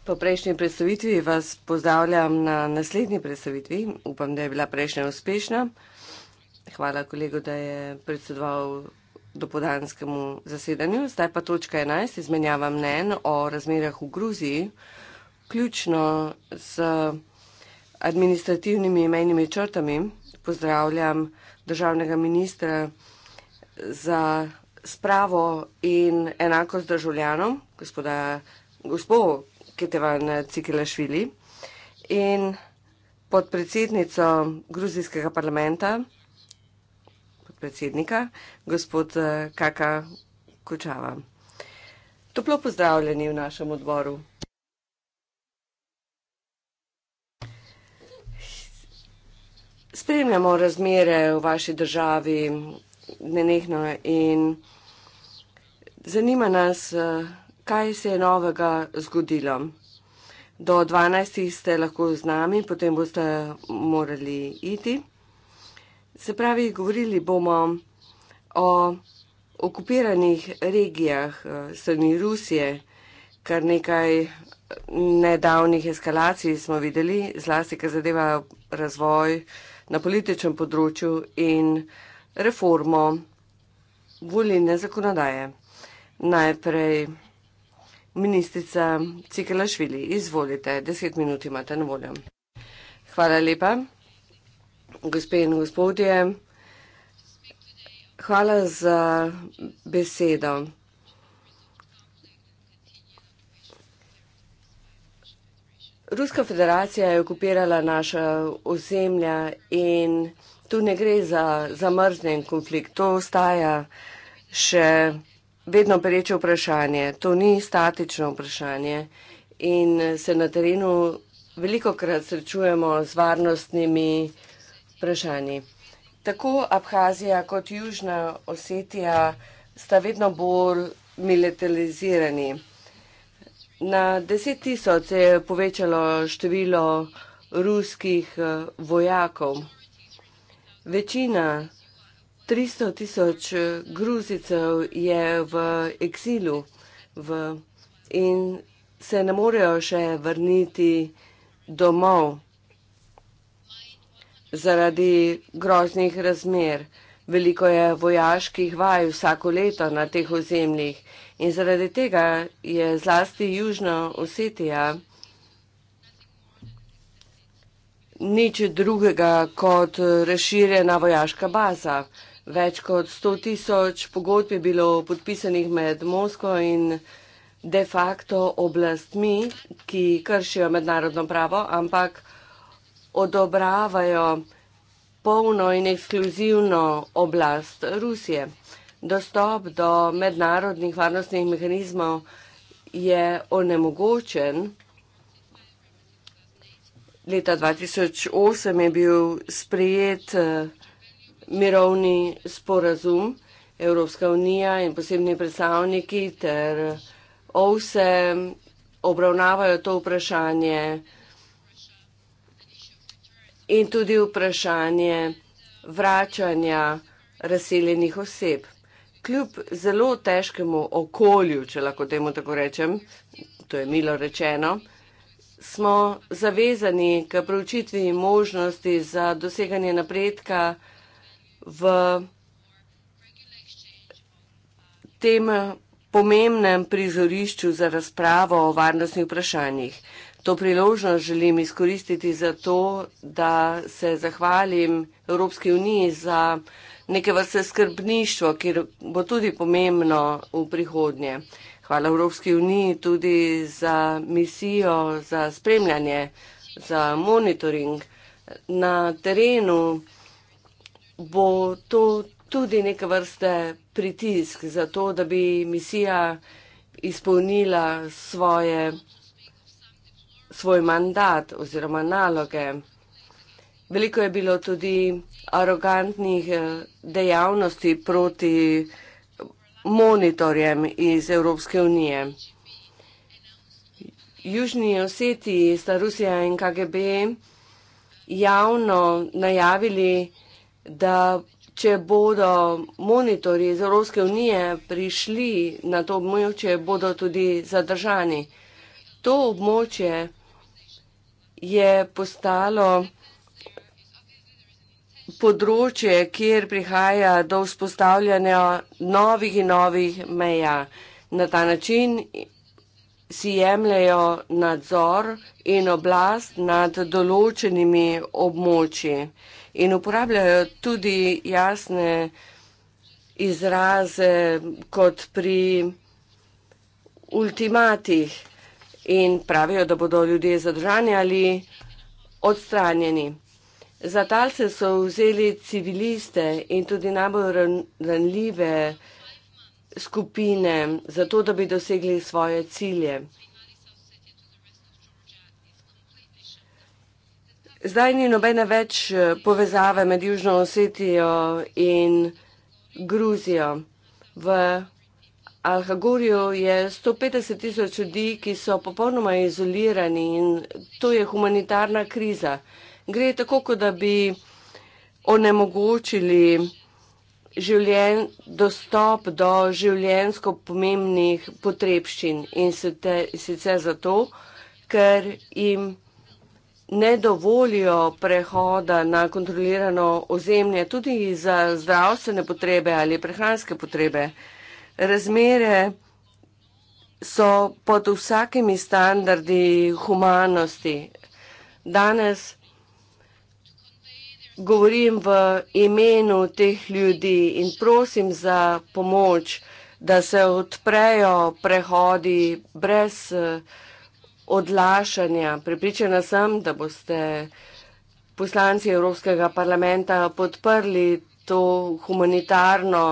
Po prejšnji predstavitvi vas pozdravljam na naslednji predstavitvi. Upam, da je bila prejšnja uspešna. Hvala kolegu, da je predsedoval dopodanskemu zasedanju. Zdaj pa točka 11, izmenjava mnen o razmerah v Gruziji, ključno z administrativnimi imenimi črtami. Pozdravljam državnega ministra za spravo in enakost državljanom, gospoda. Gospod Ketevan Cikilašvili in podpredsednico gruzijskega parlamenta, podpredsednika, gospod eh, Kaka Kučava. Toplo pozdravljeni v našem odboru. Spremljamo razmere v vaši državi nenehno in zanima nas, uh, kaj se je novega zgodilo. Do 12. ste lahko z nami, potem boste morali iti. Se pravi, govorili bomo o okupiranih regijah eh, strani Rusije, kar nekaj nedavnih eskalacij smo videli, zlasti, kar zadeva razvoj na političnem področju in reformo voljene zakonodaje. Najprej Ministrica Cikela Švili, izvolite, deset minut imate na voljo. Hvala lepa, gospe in gospodje. Hvala za besedo. Ruska federacija je okupirala naša ozemlja in tu ne gre za zamrznen konflikt. To ostaja še vedno pereče vprašanje. To ni statično vprašanje in eh, se na terenu veliko krat srečujemo z varnostnimi vprašanji. Tako Abhazija kot Južna Osetija sta vedno bolj militarizirani. Na deset tisoč je povečalo število ruskih eh, vojakov. Večina 300 tisoč gruzicev je v eksilu v, in se ne morejo še vrniti domov zaradi groznih razmer. Veliko je vojaških vaj vsako leto na teh ozemljih in zaradi tega je zlasti Južna Osetija nič drugega kot razširjena vojaška baza. Več kot 100 tisoč pogodb je bilo podpisanih med Moskvo in de facto oblastmi, ki kršijo mednarodno pravo, ampak odobravajo polno in ekskluzivno oblast Rusije. Dostop do mednarodnih varnostnih mehanizmov je onemogočen. Leta 2008 je bil sprejet eh, mirovni sporazum Evropska unija in posebni predstavniki ter OVSE obravnavajo to vprašanje in tudi vprašanje vračanja razseljenih oseb. Kljub zelo težkemu okolju, če lahko temu tako rečem, to je milo rečeno, smo zavezani k preučitvi možnosti za doseganje napredka v tem pomembnem prizorišču za razpravo o varnostnih vprašanjih. To priložnost želim izkoristiti za to, da se zahvalim Evropski uniji za neke vrste skrbništvo, ki bo tudi pomembno v prihodnje. Hvala Evropski uniji tudi za misijo, za spremljanje, za monitoring na terenu bo to tudi neke vrste pritisk za to, da bi misija izpolnila svoje, svoj mandat oziroma naloge. Veliko je bilo tudi arogantnih eh, dejavnosti proti monitorjem iz Evropske unije. Južni Osetiji sta Rusija in KGB javno najavili, da bodo da če bodo monitori iz Evropske unije prišli na to območje, bodo tudi zadržani. To območje je postalo področje, kjer prihaja do vzpostavljanja novih in novih meja. Na ta način si jemljajo nadzor in oblast nad določenimi območji in uporabljajo tudi jasne izraze kot pri ultimatih in pravijo, da bodo ljudje zadržani ali odstranjeni. Za talce so vzeli civiliste in tudi najbolj ranljive skupine, zato da bi dosegli svoje cilje. Zdaj ni nobene več eh, povezave med Južno Osetijo in Gruzijo. V Alhagorju je 150 tisoč ljudi, ki so popolnoma izolirani in to je humanitarna kriza. Gre tako, kot da bi onemogočili življen, dostop do življensko pomembnih potrebščin in sicer zato, ker jim ne dovolijo prehoda na kontrolirano ozemlje, tudi za zdravstvene potrebe ali prehranske potrebe. Razmere so pod vsakimi standardi humanosti. Danes govorim v imenu teh ljudi in prosim za pomoč, da se odprejo prehodi brez vsega eh, odlašanja. Pripričana sem, da boste poslanci Evropskega parlamenta podprli to humanitarno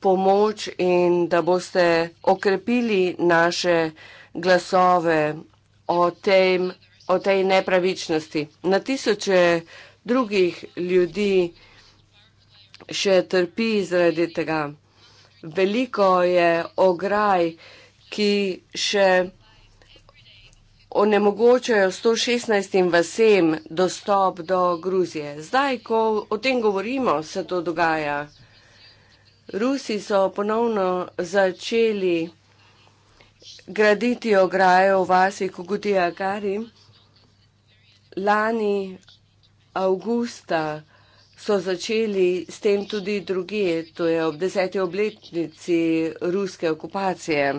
pomoč in da boste okrepili naše glasove o tej, o tej nepravičnosti. Na tisoče drugih ljudi še trpi zaradi tega. Veliko je ograj, ki še onemogočajo 116 vasem dostop do Gruzije. Zdaj, ko o tem govorimo, se to dogaja. Rusi so ponovno začeli graditi ograje v vasi Kogutija Kari. Lani avgusta so začeli s tem tudi drugi, to je ob deseti obletnici ruske okupacije.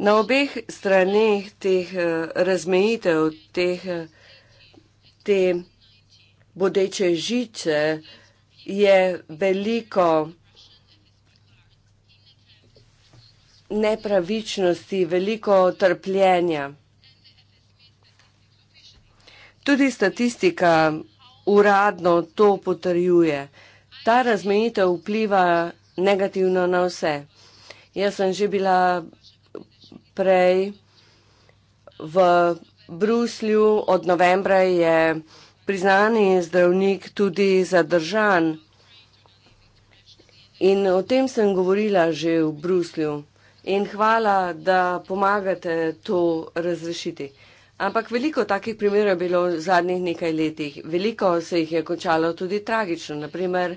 Na obeh straneh teh eh, razmejitev, teh, eh, te bodeče žice je veliko nepravičnosti, veliko trpljenja. Tudi statistika uradno to potrjuje. Ta razmejitev vpliva negativno na vse. Jaz sem že bila prej v Bruslju, od novembra je priznani zdravnik tudi zadržan. In o tem sem govorila že v Bruslju. In hvala, da pomagate to razrešiti. Ampak veliko takih primerov je bilo v zadnjih nekaj letih. Veliko se jih je končalo tudi tragično. Naprimer,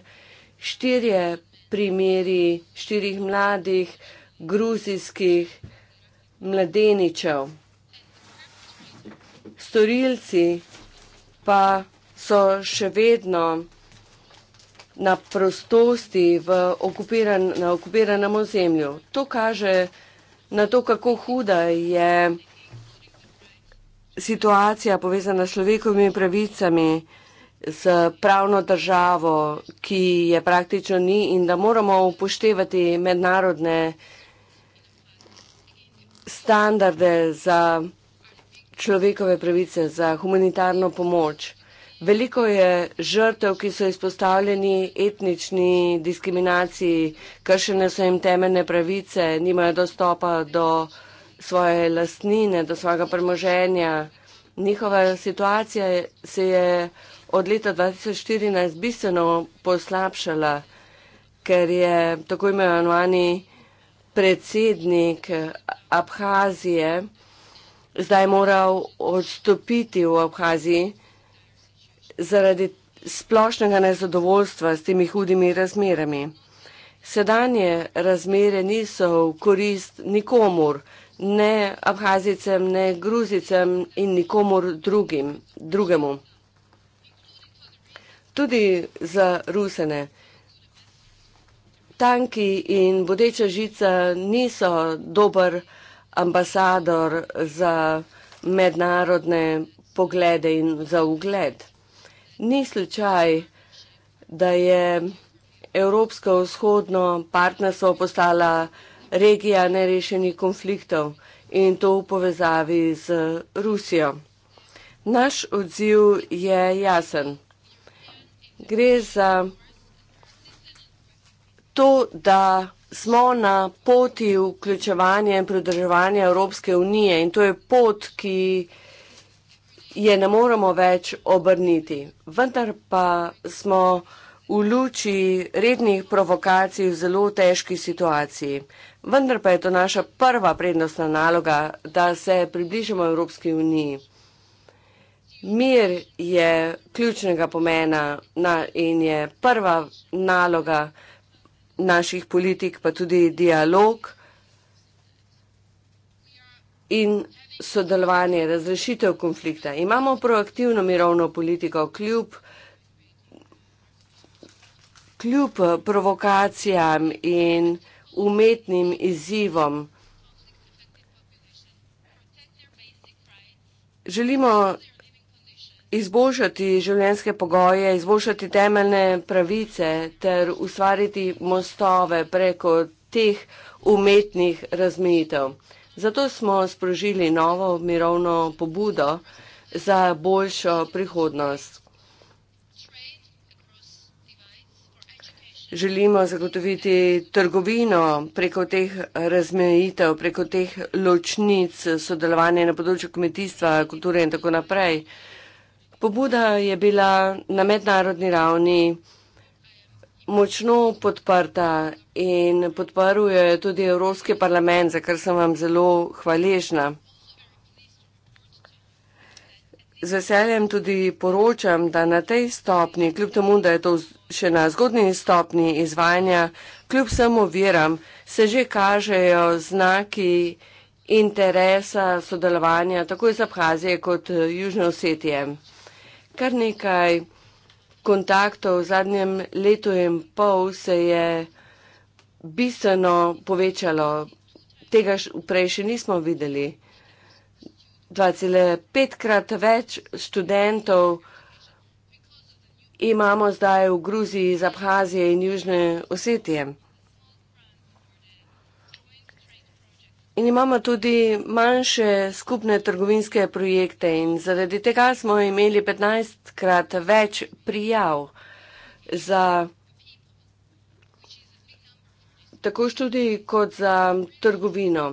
štirje primeri štirih mladih gruzijskih mladeničev. Storilci pa so še vedno na prostosti v okupiran, na okupiranem ozemlju. To kaže na to, kako huda je situacija povezana s človekovimi pravicami, s pravno državo, ki je praktično ni in da moramo upoštevati mednarodne standarde za človekove pravice, za humanitarno pomoč. Veliko je žrtev, ki so izpostavljeni etnični diskriminaciji, kršene so jim temeljne pravice, nimajo dostopa do svoje lastnine, do svojega premoženja. Njihova situacija se je od leta 2014 bistveno poslabšala, ker je tako imenovani predsednik Abhazije zdaj moral odstopiti v Abhaziji zaradi splošnega nezadovoljstva s temi hudimi razmerami. Sedanje razmere niso v korist nikomur, ne Abhazicem, ne Gruzicem in nikomur drugim, drugemu. Tudi za Rusene tanki in bodeča žica niso dober ambasador za mednarodne poglede in za ugled. Ni slučaj, da je Evropsko vzhodno partnerstvo postala regija nerešenih konfliktov in to v povezavi z Rusijo. Naš odziv je jasen. Gre za to, da smo na poti vključevanja in pridrževanja Evropske unije in to je pot, ki je ne moremo več obrniti. Vendar pa smo v luči rednih provokacij v zelo težki situaciji. Vendar pa je to naša prva prednostna naloga, da se približamo Evropski uniji. Mir je ključnega pomena in je prva naloga, da se približamo Evropski uniji naših politik, pa tudi dialog in sodelovanje, razrešitev konflikta. Imamo proaktivno mirovno politiko kljub kljub provokacijam in umetnim izzivom. Želimo izboljšati življenjske pogoje, izboljšati temeljne pravice ter ustvariti mostove preko teh umetnih razmejitev. Zato smo sprožili novo mirovno pobudo za boljšo prihodnost. Želimo zagotoviti trgovino preko teh razmejitev, preko teh ločnic, sodelovanje na področju kmetijstva, kulture in tako naprej. Pobuda je bila na mednarodni ravni močno podprta in podprl jo je tudi Evropski parlament, za kar sem vam zelo hvaležna. Z veseljem tudi poročam, da na tej stopni, kljub temu, da je to še na zgodni stopni izvajanja, kljub vsem oviram, se že kažejo znaki interesa sodelovanja tako iz Abhazije kot Južne Osetije kar nekaj kontaktov v zadnjem letu in pol se je bistveno povečalo. Tega prej še nismo videli. 2,5 krat več študentov imamo zdaj v Gruziji, Zabhazije in Južne Osetije. In imamo tudi manjše skupne trgovinske projekte in zaradi tega smo imeli 15 krat več prijav za tako študij kot za trgovino.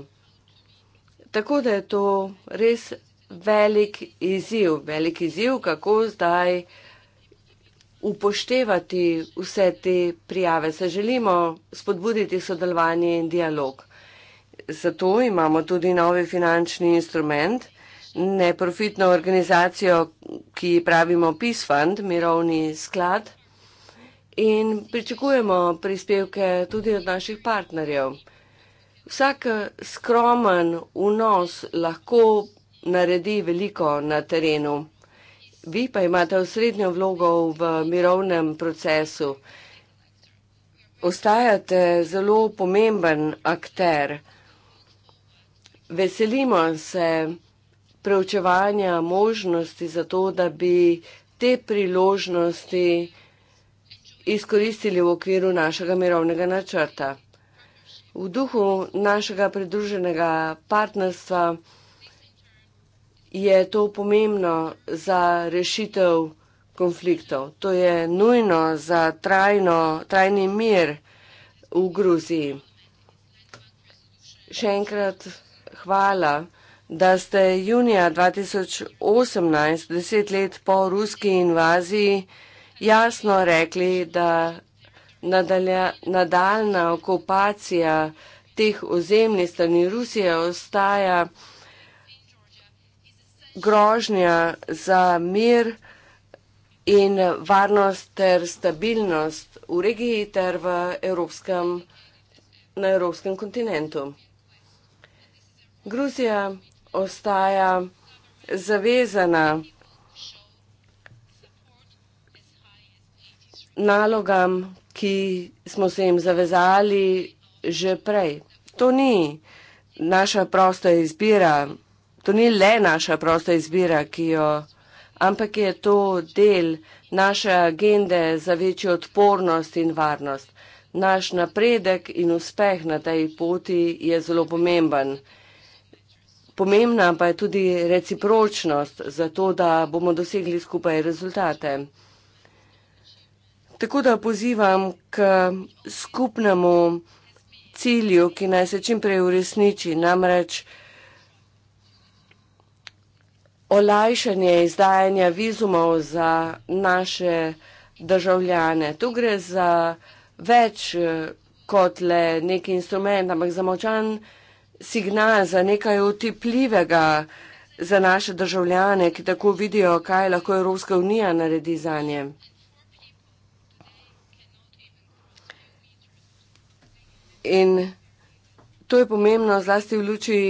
Tako da je to res velik izziv, velik izziv, kako zdaj upoštevati vse te prijave. Se želimo spodbuditi sodelovanje in dialog zato imamo tudi novi finančni instrument, neprofitno organizacijo, ki pravimo Peace Fund, mirovni sklad. In pričakujemo prispevke tudi od naših partnerjev. Vsak eh, skromen vnos lahko naredi veliko na terenu. Vi pa imate osrednjo vlogo v mirovnem procesu. Ostajate zelo pomemben akter veselimo se preučevanja možnosti za to, da bi te priložnosti izkoristili v okviru našega mirovnega načrta. V duhu našega pridruženega partnerstva je to pomembno za rešitev konfliktov. To je nujno za trajno, trajni mir v Gruziji. Še enkrat hvala, da ste junija 2018, deset let po ruski invaziji, jasno rekli, da nadalja, nadaljna okupacija teh ozemlji strani Rusije ostaja grožnja za mir in varnost ter stabilnost v regiji ter v evropskem, na evropskem kontinentu. Gruzija ostaja zavezana nalogam, ki smo se jim zavezali že prej. To ni naša prosta izbira, to ni le naša prosta izbira, ki jo, ampak je to del naše agende za večjo odpornost in varnost. Naš napredek in uspeh na tej poti je zelo pomemben. Pomembna pa je tudi recipročnost za to, da bomo dosegli skupaj rezultate. Tako da pozivam k skupnemu cilju, ki naj se čim prej uresniči, namreč olajšanje izdajanja vizumov za naše državljane. Tu gre za več eh, kot le neki instrument, ampak za močan instrument signal za nekaj otepljivega za naše državljane, ki tako vidijo, kaj lahko Evropska unija naredi za nje. In to je pomembno zlasti v luči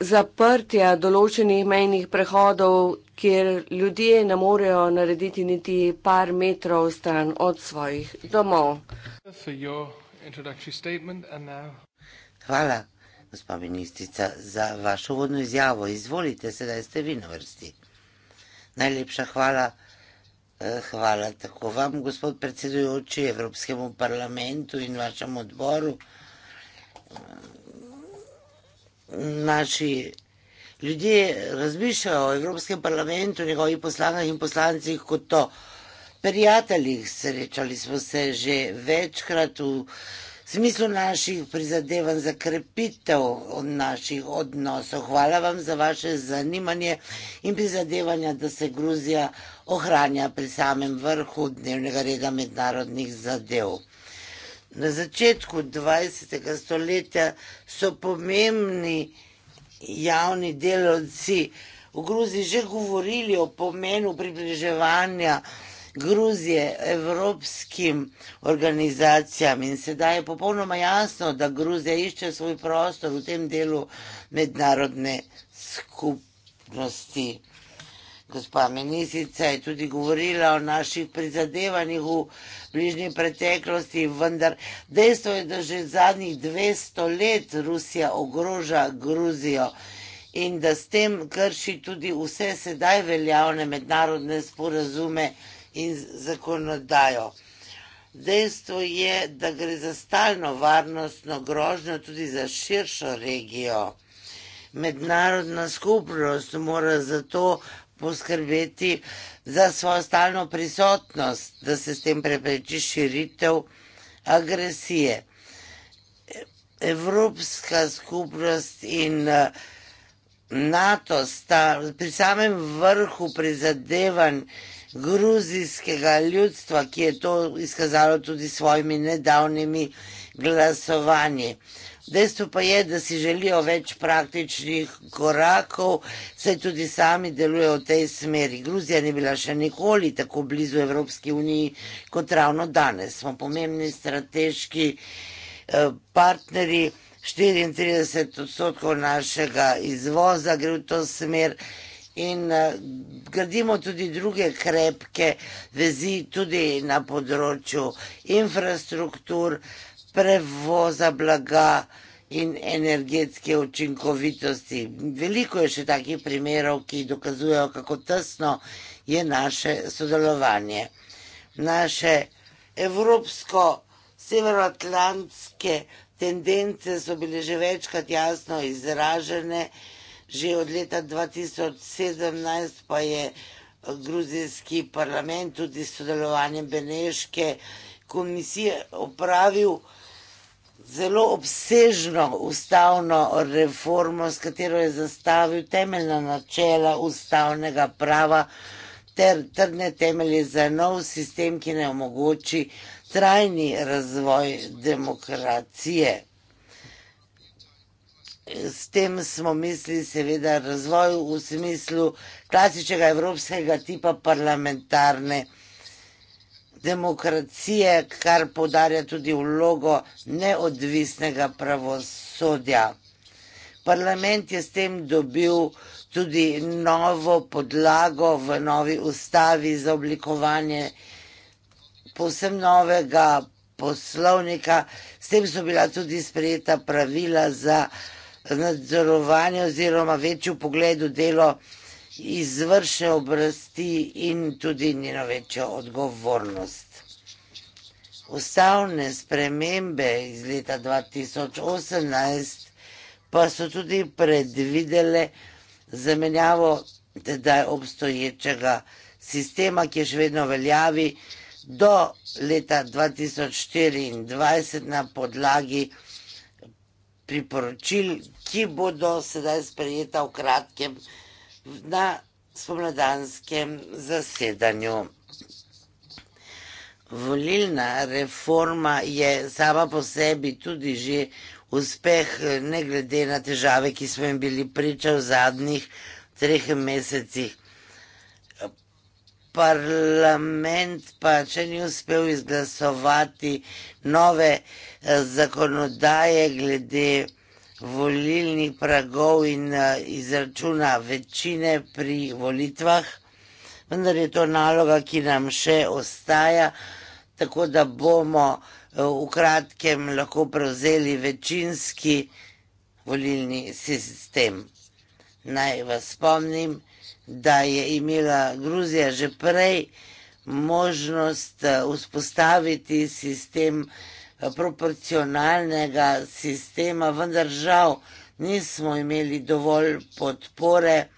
zaprtja določenih mejnih prehodov, kjer ljudje ne morejo narediti niti par metrov stran od svojih domov. Hvala, gospa ministrica, za vašo vodno izjavo. Izvolite, sedaj ste vi na vrsti. Najlepša hvala. Eh, hvala tako vam, gospod predsedujoči Evropskemu parlamentu in vašem odboru. Naši ljudje razmišljajo o Evropskem parlamentu, njegovih poslankah in poslancih kot to, prijateljih, srečali smo se že večkrat v smislu naših prizadevanj za krepitev naših odnosov. Hvala vam za vaše zanimanje in prizadevanja, da se Gruzija ohranja pri samem vrhu dnevnega reda mednarodnih zadev. Na začetku 20. stoletja so pomembni javni delavci v Gruziji že govorili o pomenu približevanja Gruzije evropskim organizacijam in sedaj je popolnoma jasno, da Gruzija išče svoj prostor v tem delu mednarodne skupnosti. Gospa ministrica je tudi govorila o naših prizadevanjih v bližnji preteklosti, vendar dejstvo je, da že zadnjih 200 let Rusija ogroža Gruzijo in da s tem krši tudi vse sedaj veljavne mednarodne sporazume in zakonodajo. Dejstvo je, da gre za stalno varnostno grožnjo tudi za širšo regijo. Mednarodna skupnost mora zato poskrbeti za svojo stalno prisotnost, da se s tem prepreči širitev agresije. Evropska skupnost in eh, NATO sta pri samem vrhu prizadevanj gruzijskega ljudstva, ki je to izkazalo tudi s svojimi nedavnimi glasovanji. Dejstvo pa je, da si želijo več praktičnih korakov, saj tudi sami delujejo v tej smeri. Gruzija ni bila še nikoli tako blizu Evropski uniji kot ravno danes. Smo pomembni strateški eh, partneri, 34 odstotkov našega izvoza gre v to smer in eh, gradimo tudi druge krepke vezi, tudi na področju infrastruktur, prevoza blaga in energetske učinkovitosti. Veliko je še takih primerov, ki dokazujejo, kako tesno je naše sodelovanje. Naše evropsko-severoatlantske tendence so bile že večkrat jasno izražene že od leta 2017 pa je eh, gruzijski parlament tudi s sodelovanjem Beneške komisije opravil zelo obsežno ustavno reformo, s katero je zastavil temeljna načela ustavnega prava ter trdne temelje za nov sistem, ki ne omogoči trajni razvoj demokracije. S tem smo mislili seveda razvoj v smislu klasičnega evropskega tipa parlamentarne demokracije, kar podarja tudi vlogo neodvisnega pravosodja. Parlament je s tem dobil tudi novo podlago v novi ustavi za oblikovanje posem novega poslovnika. S tem so bila tudi sprejeta pravila za nadzorovanje oziroma večji pogled v delo izvršne oblasti in tudi njeno večjo odgovornost. Ustavne spremembe iz leta 2018 pa so tudi predvidele zamenjavo tedaj obstoječega sistema, ki je še vedno veljavi do leta 2024 na podlagi priporočil, ki bodo sedaj sprejeta v kratkem na spomladanskem zasedanju. Volilna reforma je sama po sebi tudi že uspeh, ne glede na težave, ki smo jim bili priča v zadnjih treh mesecih parlament pa še ni uspel izglasovati nove eh, zakonodaje glede volilnih pragov in eh, izračuna večine pri volitvah. Vendar je to naloga, ki nam še ostaja, tako da bomo eh, v kratkem lahko prevzeli večinski volilni sistem. Naj vas spomnim, da je imela Gruzija že prej možnost eh, vzpostaviti sistem eh, proporcionalnega sistema, vendar žal nismo imeli dovolj podpore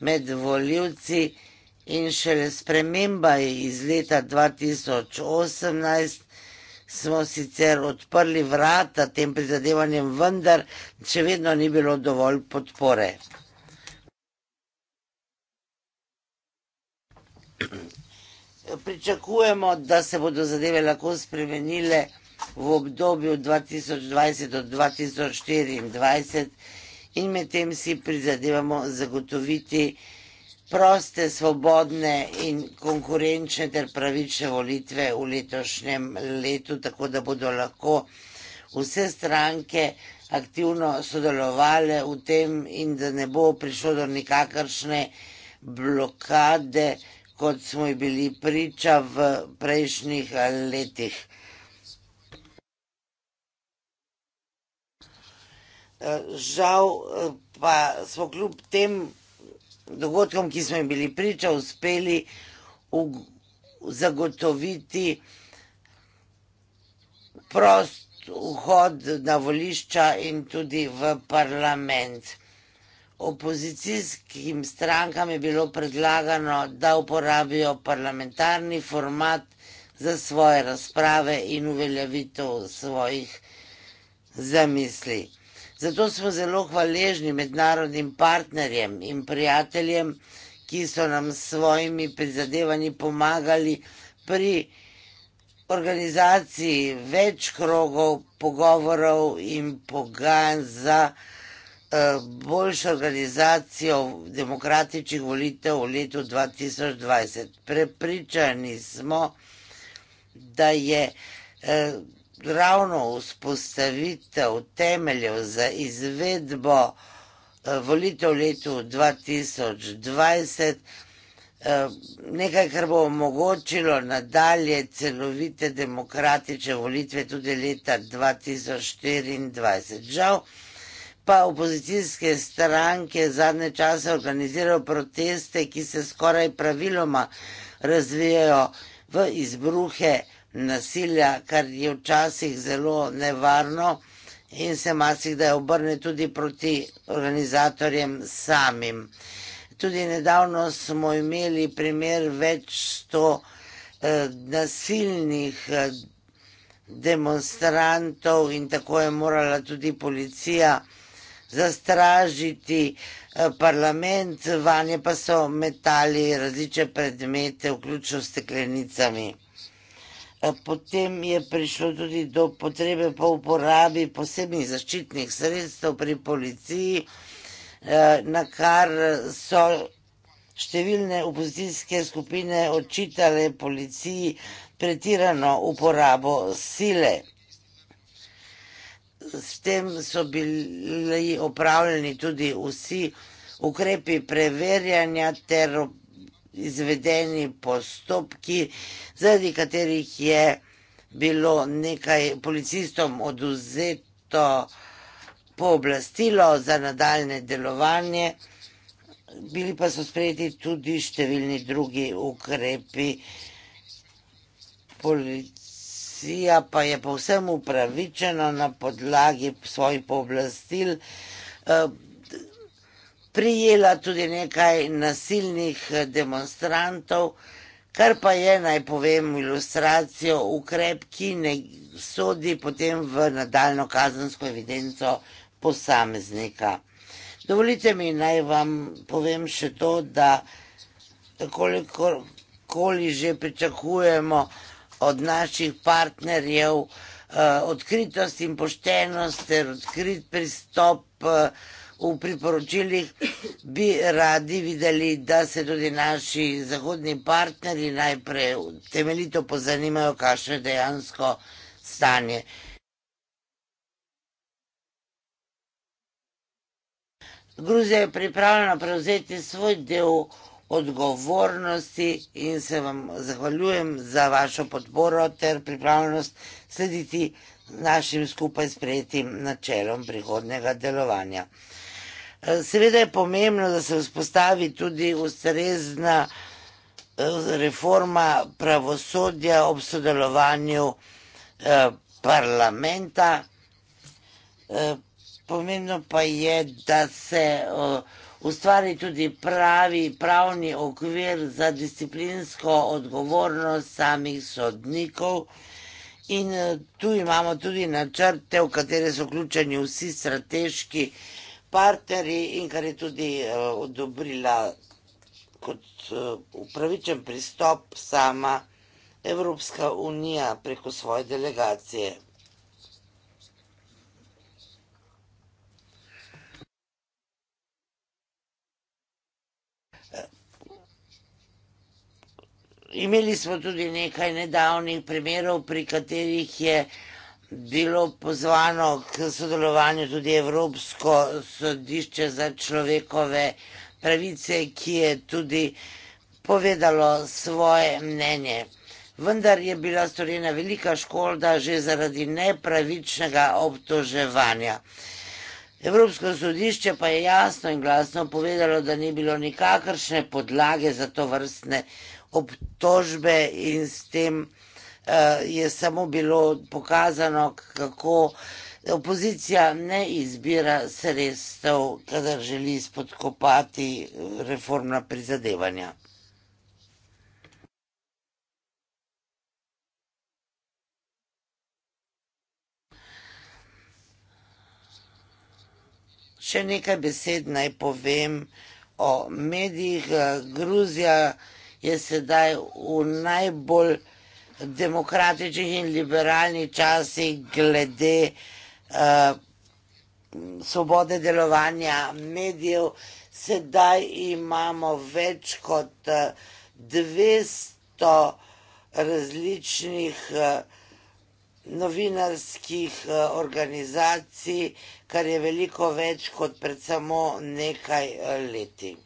med voljivci in šele sprememba je iz leta 2018 smo sicer odprli vrata tem prizadevanjem, vendar še vedno ni bilo dovolj podpore. Pričakujemo, da se bodo zadeve lahko spremenile v obdobju 2020 do 2024 in medtem si prizadevamo zagotoviti proste, svobodne in konkurenčne ter pravične volitve v letošnjem letu, tako da bodo lahko vse stranke aktivno sodelovali v tem in da ne bo prišlo do nikakršne blokade, kot smo ji bili priča v prejšnjih letih. E, žal e, pa smo kljub tem dogodkom, ki smo jim bili priča, uspeli zagotoviti prost vhod na volišča in tudi v parlament. Opozicijskim strankam je bilo predlagano, da uporabijo parlamentarni format za svoje razprave in uveljavitev svojih zamisli. Zato smo zelo hvaležni mednarodnim partnerjem in prijateljem, ki so nam s svojimi prizadevanji pomagali pri organizaciji več krogov, pogovorov in pogajanj za. Eh, boljšo organizacijo demokratičnih volitev v letu 2020. Prepričani smo, da je eh, ravno vzpostavitev temeljev za izvedbo eh, volitev v letu 2020 nekaj, kar bo omogočilo nadalje celovite demokratične volitve tudi leta 2024. Žal, pa opozicijske stranke zadnje čase organizirajo proteste, ki se skoraj praviloma razvijajo v izbruhe nasilja, kar je včasih zelo nevarno in se masih da je obrne tudi proti organizatorjem samim. Tudi nedavno smo imeli primer več sto eh, nasilnih eh, demonstrantov in tako je morala tudi policija zastražiti eh, parlament, vanje pa so metali različne predmete, vključno s steklenicami. Eh, potem je prišlo tudi do potrebe po uporabi posebnih zaščitnih sredstev pri policiji, eh, na kar so številne opozicijske skupine očitale policiji pretirano uporabo sile. S tem so bili opravljeni tudi vsi ukrepi preverjanja ter izvedeni postopki, zaradi katerih je bilo nekaj policistom oduzeto pooblastilo za nadaljne delovanje, bili pa so sprejeti tudi številni drugi ukrepi policistov policija pa je povsem upravičena na podlagi svojih pooblastil eh, prijela tudi nekaj nasilnih eh, demonstrantov, kar pa je, naj povem, ilustracijo ukrep, ki ne sodi potem v nadaljno kazensko evidenco posameznika. Dovolite mi, naj vam povem še to, da kolikor koli že pričakujemo, od naših partnerjev eh, odkritost in poštenost ter odkrit pristop eh, v priporočilih, bi radi videli, da se tudi naši zahodni partnerji najprej temeljito pozanimajo, kakšne dejansko stanje. Gruzija je pripravljena prevzeti svoj del odgovornosti in se vam zahvaljujem za vašo podporo ter pripravljenost slediti našim skupaj sprejetim načelom prihodnega delovanja. Eh, seveda je pomembno, da se vzpostavi tudi ustrezna eh, reforma pravosodja ob sodelovanju eh, parlamenta. Pomembno pa je, da se uh, ustvari tudi pravi pravni okvir za disciplinsko odgovornost samih sodnikov. In eh, tu imamo tudi načrte, v katere so vključeni vsi strateški partnerji in kar je tudi eh, odobrila kot eh, upravičen pristop sama Evropska unija preko svoje delegacije. Imeli smo tudi nekaj nedavnih primerov, pri katerih je bilo pozvano k sodelovanju tudi Evropsko sodišče za človekove pravice, ki je tudi povedalo svoje mnenje. Vendar je bila storjena velika školda že zaradi nepravičnega obtoževanja. Evropsko sodišče pa je jasno in glasno povedalo, da ni bilo nikakršne podlage za to vrstne obtožbe in s tem eh, je samo bilo pokazano, kako opozicija ne izbira sredstev, kadar želi spodkopati reformna prizadevanja. Še nekaj besed naj povem o medijih. Gruzija je je sedaj v najbolj demokratičnih in liberalnih časih glede uh, svobode delovanja medijev. Sedaj imamo več kot uh, eh, 200 različnih uh, novinarskih uh, organizacij, kar je veliko več kot pred samo nekaj uh, leti.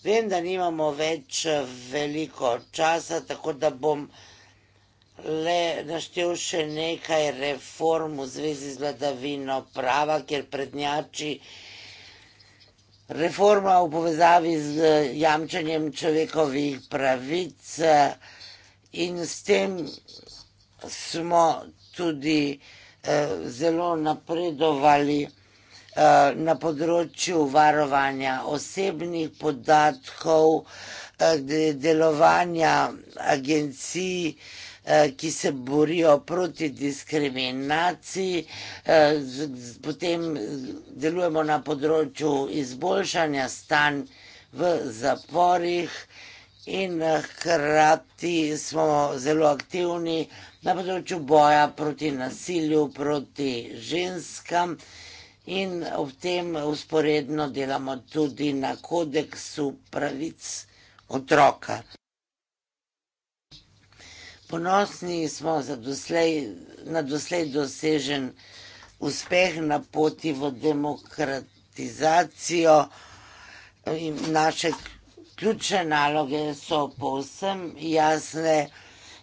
Vem, da nimamo več eh, veliko časa, tako da bom le naštel še nekaj reform v zvezi z vladavino prava, kjer prednjači reforma v povezavi z eh, jamčanjem človekovih pravic eh, in s tem smo tudi zelo napredovali. Eh, na področju varovanja osebnih podatkov, eh, delovanja agencij, eh, ki se borijo proti diskriminaciji, potem delujemo na področju izboljšanja stanj v zaporih in hkrati smo zelo aktivni na področju boja proti nasilju, proti ženskam in ob tem usporedno delamo tudi na kodeksu pravic otroka. Ponosni smo doslej, na doslej dosežen uspeh na poti v demokratizacijo in naše ključne naloge so povsem jasne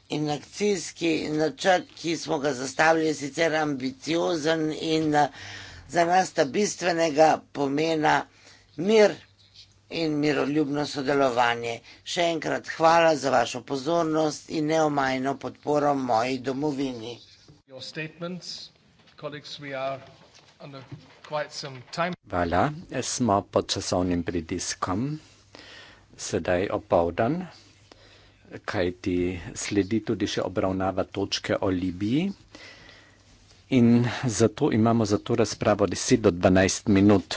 in akcijski načrt, ki smo ga zastavili, je sicer ambiciozen in uh, za nas ta bistvenega pomena mir in miroljubno sodelovanje. Še enkrat hvala za vašo pozornost in neomajno podporo moji domovini. Hvala, smo pod časovnim pritiskom, sedaj opovdan, kaj ti sledi tudi še obravnava točke o Libiji in zato imamo za to razpravo 10 do 12 minut.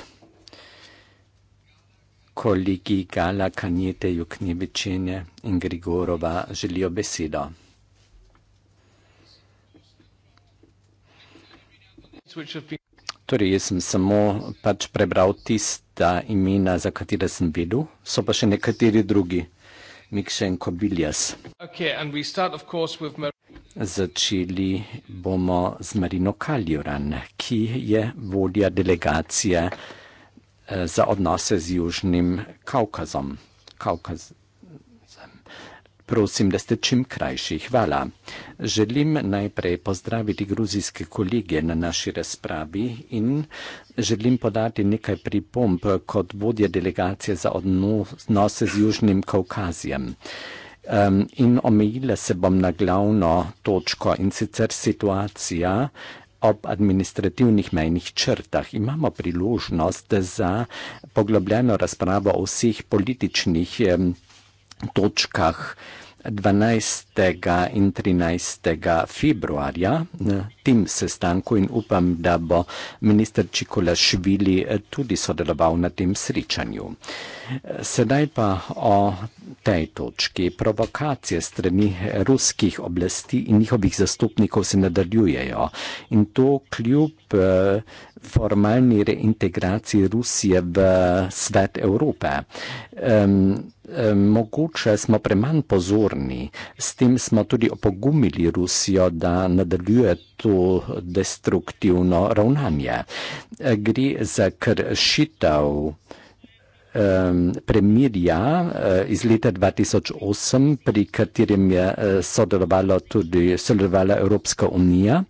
Kolegi Gala, Kanjete, Juknjevičenje in Grigorova želijo besedo. Torej, jaz sem samo pač prebral tista imena, za katera sem vedel, so pa še nekateri drugi, Mikšenko Biljas. Okay, and we start, of course, with... Začeli bomo z Marino Kaljuran, ki je vodja delegacije eh, za odnose z Južnim Kaukazom. Kaukaz. Prosim, da ste čim krajši. Hvala. Želim najprej pozdraviti gruzijske kolege na naši razpravi in želim podati nekaj pripomp kot vodja delegacije za odnose z Južnim Kaukazijem. Um, in omejila se bom na glavno točko in sicer situacija ob administrativnih mejnih črtah. Imamo priložnost za poglobljeno razpravo o vseh političnih um, točkah. 12. in 13. februarja na tem sestanku in upam, da bo minister Čikola Švili tudi sodeloval na tem srečanju. Sedaj pa o tej točki. Provokacije strani ruskih oblasti in njihovih zastopnikov se nadaljujejo in to kljub eh, formalni reintegraciji Rusije v svet Evrope. Um, Eh, mogoče smo premanj pozorni, s tem smo tudi opogumili Rusijo, da nadaljuje to destruktivno ravnanje. Eh, gre za kršitev ehm, premirja eh, iz leta 2008, pri katerem je sodelovala tudi sodelovala Evropska unija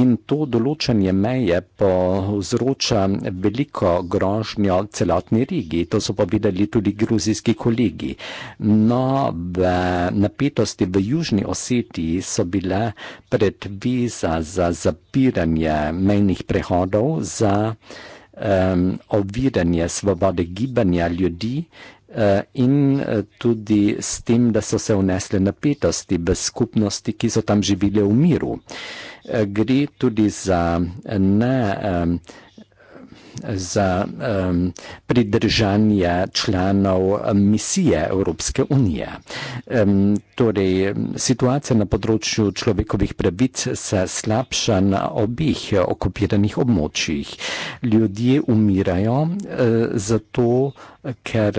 In to določanje meje povzroča veliko grožnjo celotni regiji. To so povedali tudi gruzijski kolegi. No, v napetosti v Južni Osetiji so bile predviza za zapiranje mejnih prehodov, za um, oviranje svobode gibanja ljudi. Eh, in eh, tudi s tem, da so se vnesle napetosti v skupnosti, ki so tam živele v miru. Eh, gre tudi za ne za um, pridržanje članov misije Evropske unije. Um, torej, situacija na področju človekovih pravic se slabša na obih okupiranih območjih. Ljudje umirajo uh, zato, ker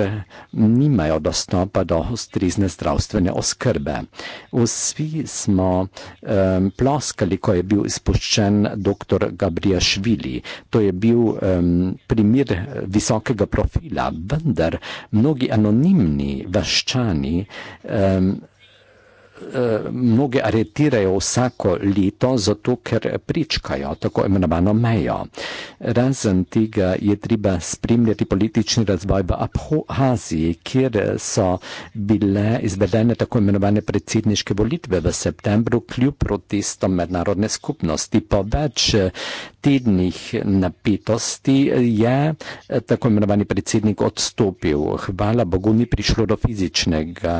nimajo dostopa do ustrezne zdravstvene oskrbe. Vsi smo um, ploskali, ko je bil izpuščen dr. Gabriel Švili. To je bil um, primer eh, visokega profila, vendar mnogi anonimni vaščani um, mnoge aretirajo vsako leto, zato ker prečkajo tako imenovano mejo. Razen tega je treba spremljati politični razvoj v Abhaziji, kjer so bile izvedene tako imenovane predsedniške volitve v septembru kljub protestom mednarodne skupnosti. Po več tednih napetosti je eh, tako imenovani predsednik odstopil. Hvala Bogu ni prišlo do fizičnega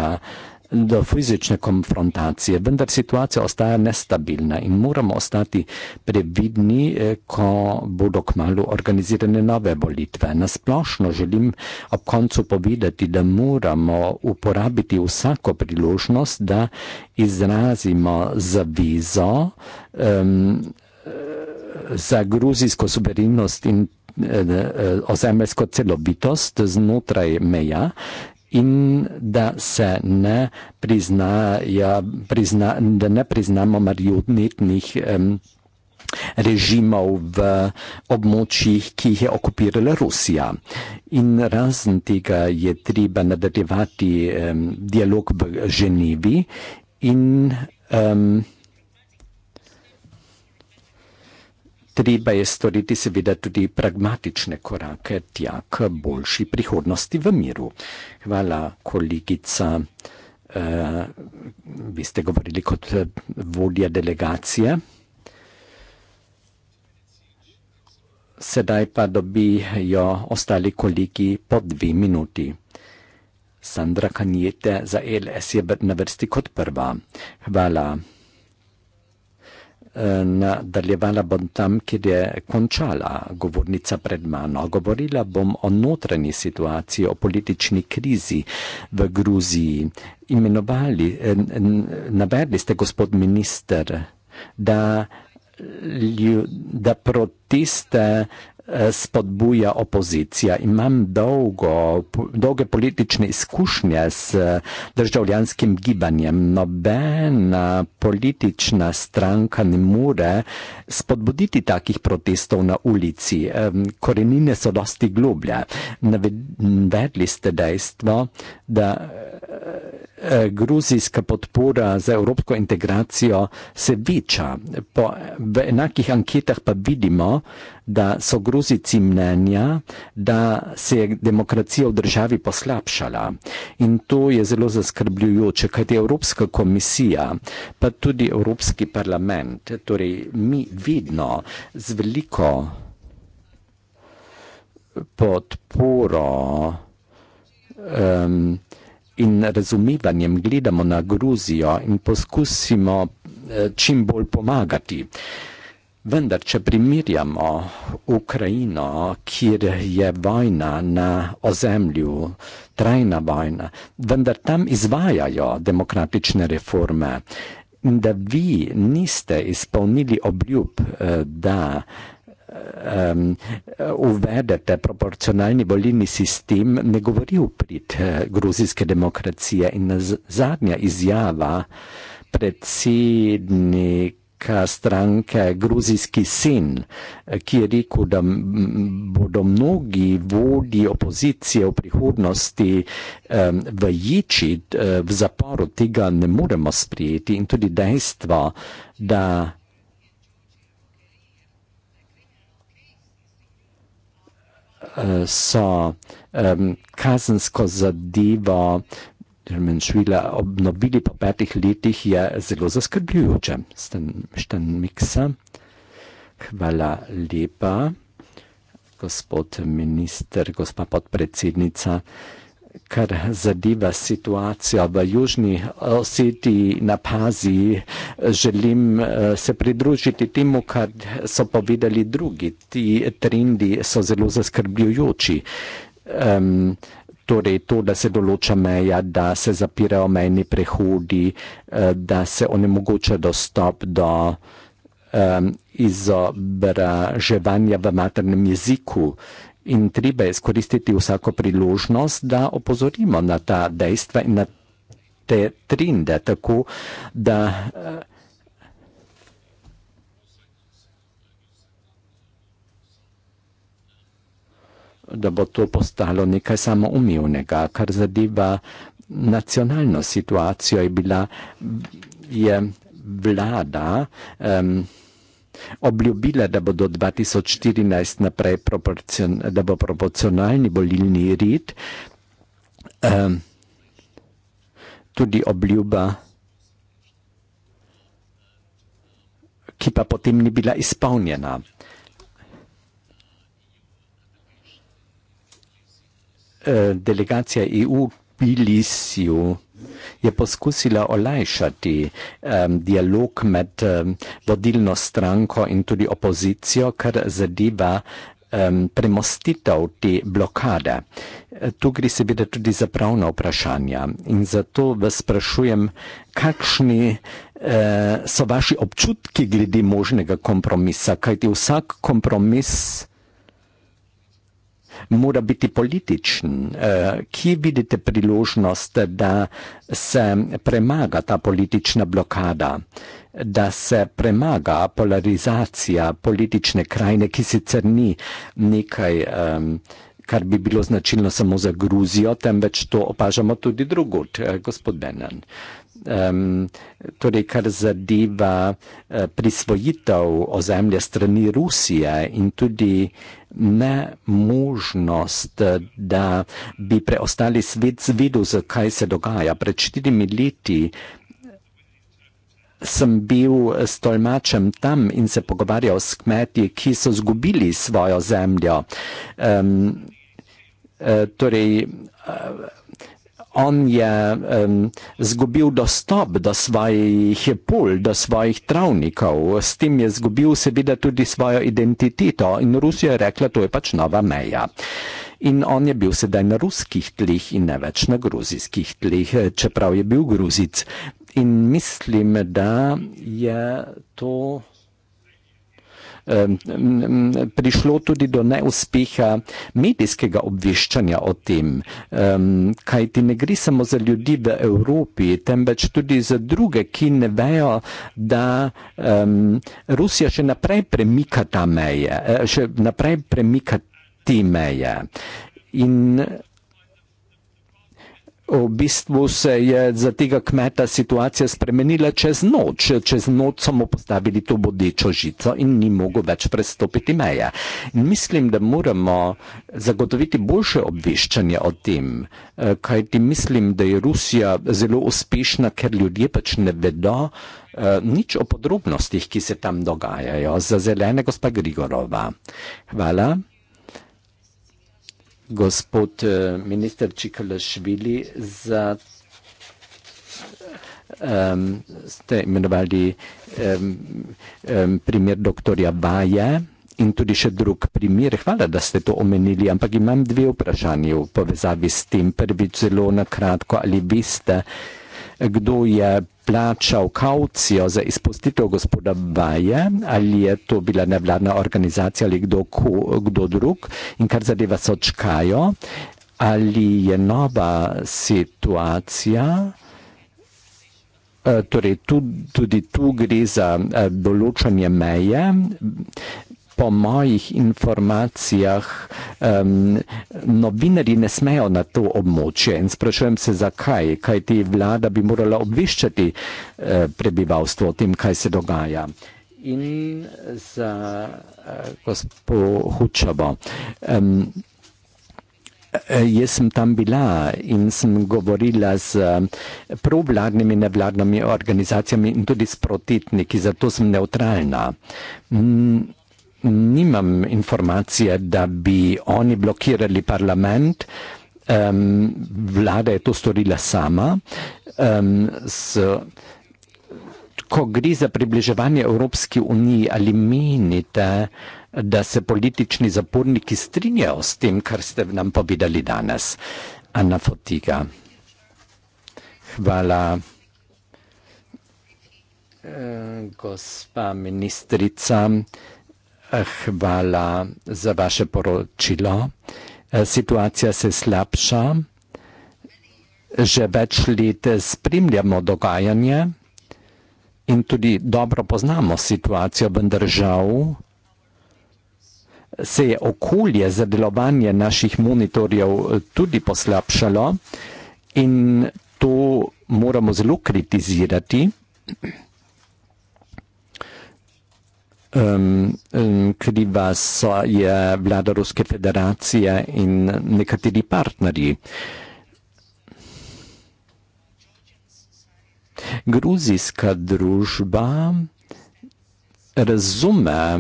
do fizične konfrontacije, vendar situacija ostaja nestabilna in moramo ostati previdni, eh, ko bodo kmalo organizirane nove volitve. Nasplošno želim ob koncu povedati, da moramo uporabiti vsako priložnost, da izrazimo zavizo um, eh, za gruzijsko suverenost in eh, ozemeljsko celobitost znotraj meja in da se ne, prizna, ja, prizna, da ne priznamo marionetnih um, režimov v območjih, ki jih je okupirala Rusija. In razen tega je treba nadaljevati um, dialog v Ženevi in um, Treba je storiti seveda tudi pragmatične korake tja k boljši prihodnosti v miru. Hvala, kolegica. Uh, vi ste govorili kot eh, vodja delegacije. Sedaj pa dobijo ostali kolegi po dve minuti. Sandra Kanjete za LS je na vrsti kot prva. Hvala nadaljevala bom tam, kjer je končala govornica pred mano. Govorila bom o notranji situaciji, o politični krizi v Gruziji. Imenovali, eh, navedli ste, gospod minister, da, da proteste Eh, spodbuja opozicija. Imam dolgo, dolge politične izkušnje s eh, državljanskim gibanjem. Nobena politična stranka ne more spodbuditi takih protestov na ulici. Korenine so dosti globlje. Navedli ste dejstvo, da eh, Eh, gruzijska podpora za evropsko integracijo se veča. Po enakih anketah pa vidimo, da so gruzici mnenja, da se je demokracija v državi poslabšala. In to je zelo zaskrbljujoče, kajti Evropska komisija, pa tudi Evropski parlament, torej mi vidno z veliko podporo um, in razumevanjem gledamo na Gruzijo in poskusimo eh, čim bolj pomagati. Vendar, če primerjamo Ukrajino, kjer je vojna na ozemlju, trajna vojna, vendar tam izvajajo demokratične reforme in da vi niste izpolnili obljub, eh, da um, ehm, uvedete proporcionalni volilni sistem, ne govori v prid eh, gruzijske demokracije. In zadnja izjava predsednik stranke Gruzijski sin, eh, ki je rekel, da bodo mnogi vodi opozicije v prihodnosti um, v ječi, eh, v zaporu tega ne moremo sprijeti in tudi dejstvo, da so um, kazensko zadevo Šmila obnovili po petih letih, je zelo zaskrbljujoče. Stan Miksa, hvala lepa, gospod minister, gospa podpredsednica kar zadeva situacijo v Južni eh, Osetiji na Paziji, želim eh, se pridružiti temu, kar so povedali drugi. Ti trendi so zelo zaskrbljujoči. Um, torej to, da se določa meja, da se zapirajo mejni prehodi, eh, da se onemogoča dostop do um, izobraževanja v maternem jeziku. In treba je skoristiti vsako priložnost, da opozorimo na ta dejstva in na te trende, tako da eh, da bo to postalo nekaj samoumevnega, kar zadeva nacionalno situacijo je bila, je vlada um, Obljubila, da, bodo 2014 naprej proporcion, da bo proporcionalni volilni rit um, ehm, tudi obljuba, ki pa potem ni bila izpolnjena. Ehm, delegacija EU v Bilisiju je poskusila olajšati um, dialog med um, vodilno stranko in tudi opozicijo, kar zadeva um, premostitev te blokade. E, tu gre seveda tudi za pravna vprašanja in zato vas sprašujem, kakšni uh, so vaši občutki glede možnega kompromisa, kajti vsak kompromis mora biti političen. Eh, kje vidite priložnost, da se premaga ta politična blokada, da se premaga polarizacija politične krajine, ki sicer ni nekaj, kar bi bilo značilno samo za Gruzijo, temveč to opažamo tudi drugot, eh, gospod Benen. Um, torej, kar zadeva uh, prisvojitev ozemlja strani Rusije in tudi uh, nemožnost, da bi preostali svet zvedel, zakaj se dogaja. Pred četirimi leti sem bil s tolmačem tam in se pogovarjal s kmeti, ki so zgubili svojo zemljo. Um, uh, torej, uh, On je um, zgubil dostop do svojih pol, do svojih travnikov, s tem je zgubil seveda tudi svojo identiteto in Rusija je rekla, to je pač nova meja. In on je bil sedaj na ruskih tleh in ne več na gruzijskih tleh, čeprav je bil gruzic. In mislim, da je to prišlo tudi do neuspeha medijskega obveščanja o tem, kaj ti ne gre samo za ljudi v Evropi, temveč tudi za druge, ki ne vejo, da Rusija še naprej premika ta meje, eh, še naprej premika te meje. In v bistvu se je za tega kmeta situacija spremenila čez noč. Čez noč so mu postavili to bodečo žico in ni mogel več prestopiti meje. Mislim, da moramo zagotoviti boljše obveščanje o tem, eh, kaj ti mislim, da je Rusija zelo uspešna, ker ljudje pač ne vedo eh, nič o podrobnostih, ki se tam dogajajo. Za zelene gospa Grigorova. Hvala gospod eh, minister Čikalašvili, za ste imenovali primer doktorja Baje in tudi še drug primer. Hvala, da ste to omenili, ampak imam dve vprašanje v povezavi s tem. Prvič zelo nakratko, ali veste, da kdo je plačal kaucijo za izpustitev gospoda Baje, ali je to bila nevladna organizacija ali kdo, kdo drug. In kar zadeva sočkajo, ali je nova situacija. Eh, torej, tudi tu gre za eh, določanje meje, po mojih informacijah um, novinari ne smejo na to območje in sprašujem se zakaj, kaj ti vlada bi morala obviščati uh, eh, prebivalstvo o tem, kaj se dogaja. In za uh, gospo Hučavo. Um, Jaz sem tam bila in sem govorila z provladnimi nevladnimi organizacijami in tudi s protitniki, zato sem neutralna. Mm nimam informacije, da bi oni blokirali parlament. Um, vlada je to storila sama. Um, s, ko gre za približevanje Evropski uniji, ali menite, da se politični zaporniki strinjajo s tem, kar ste nam povedali danes? Ana Fotiga. Hvala. Gospa ministrica. Eh, hvala za vaše poročilo. Eh, situacija se slabša, že več let spremljamo dogajanje in tudi dobro poznamo situacijo, vendar žal se je okolje za delovanje naših monitorjev tudi poslabšalo in to moramo zelo kritizirati um, um, kriva so je vlada Ruske federacije in nekateri partnerji. Gruzijska družba razume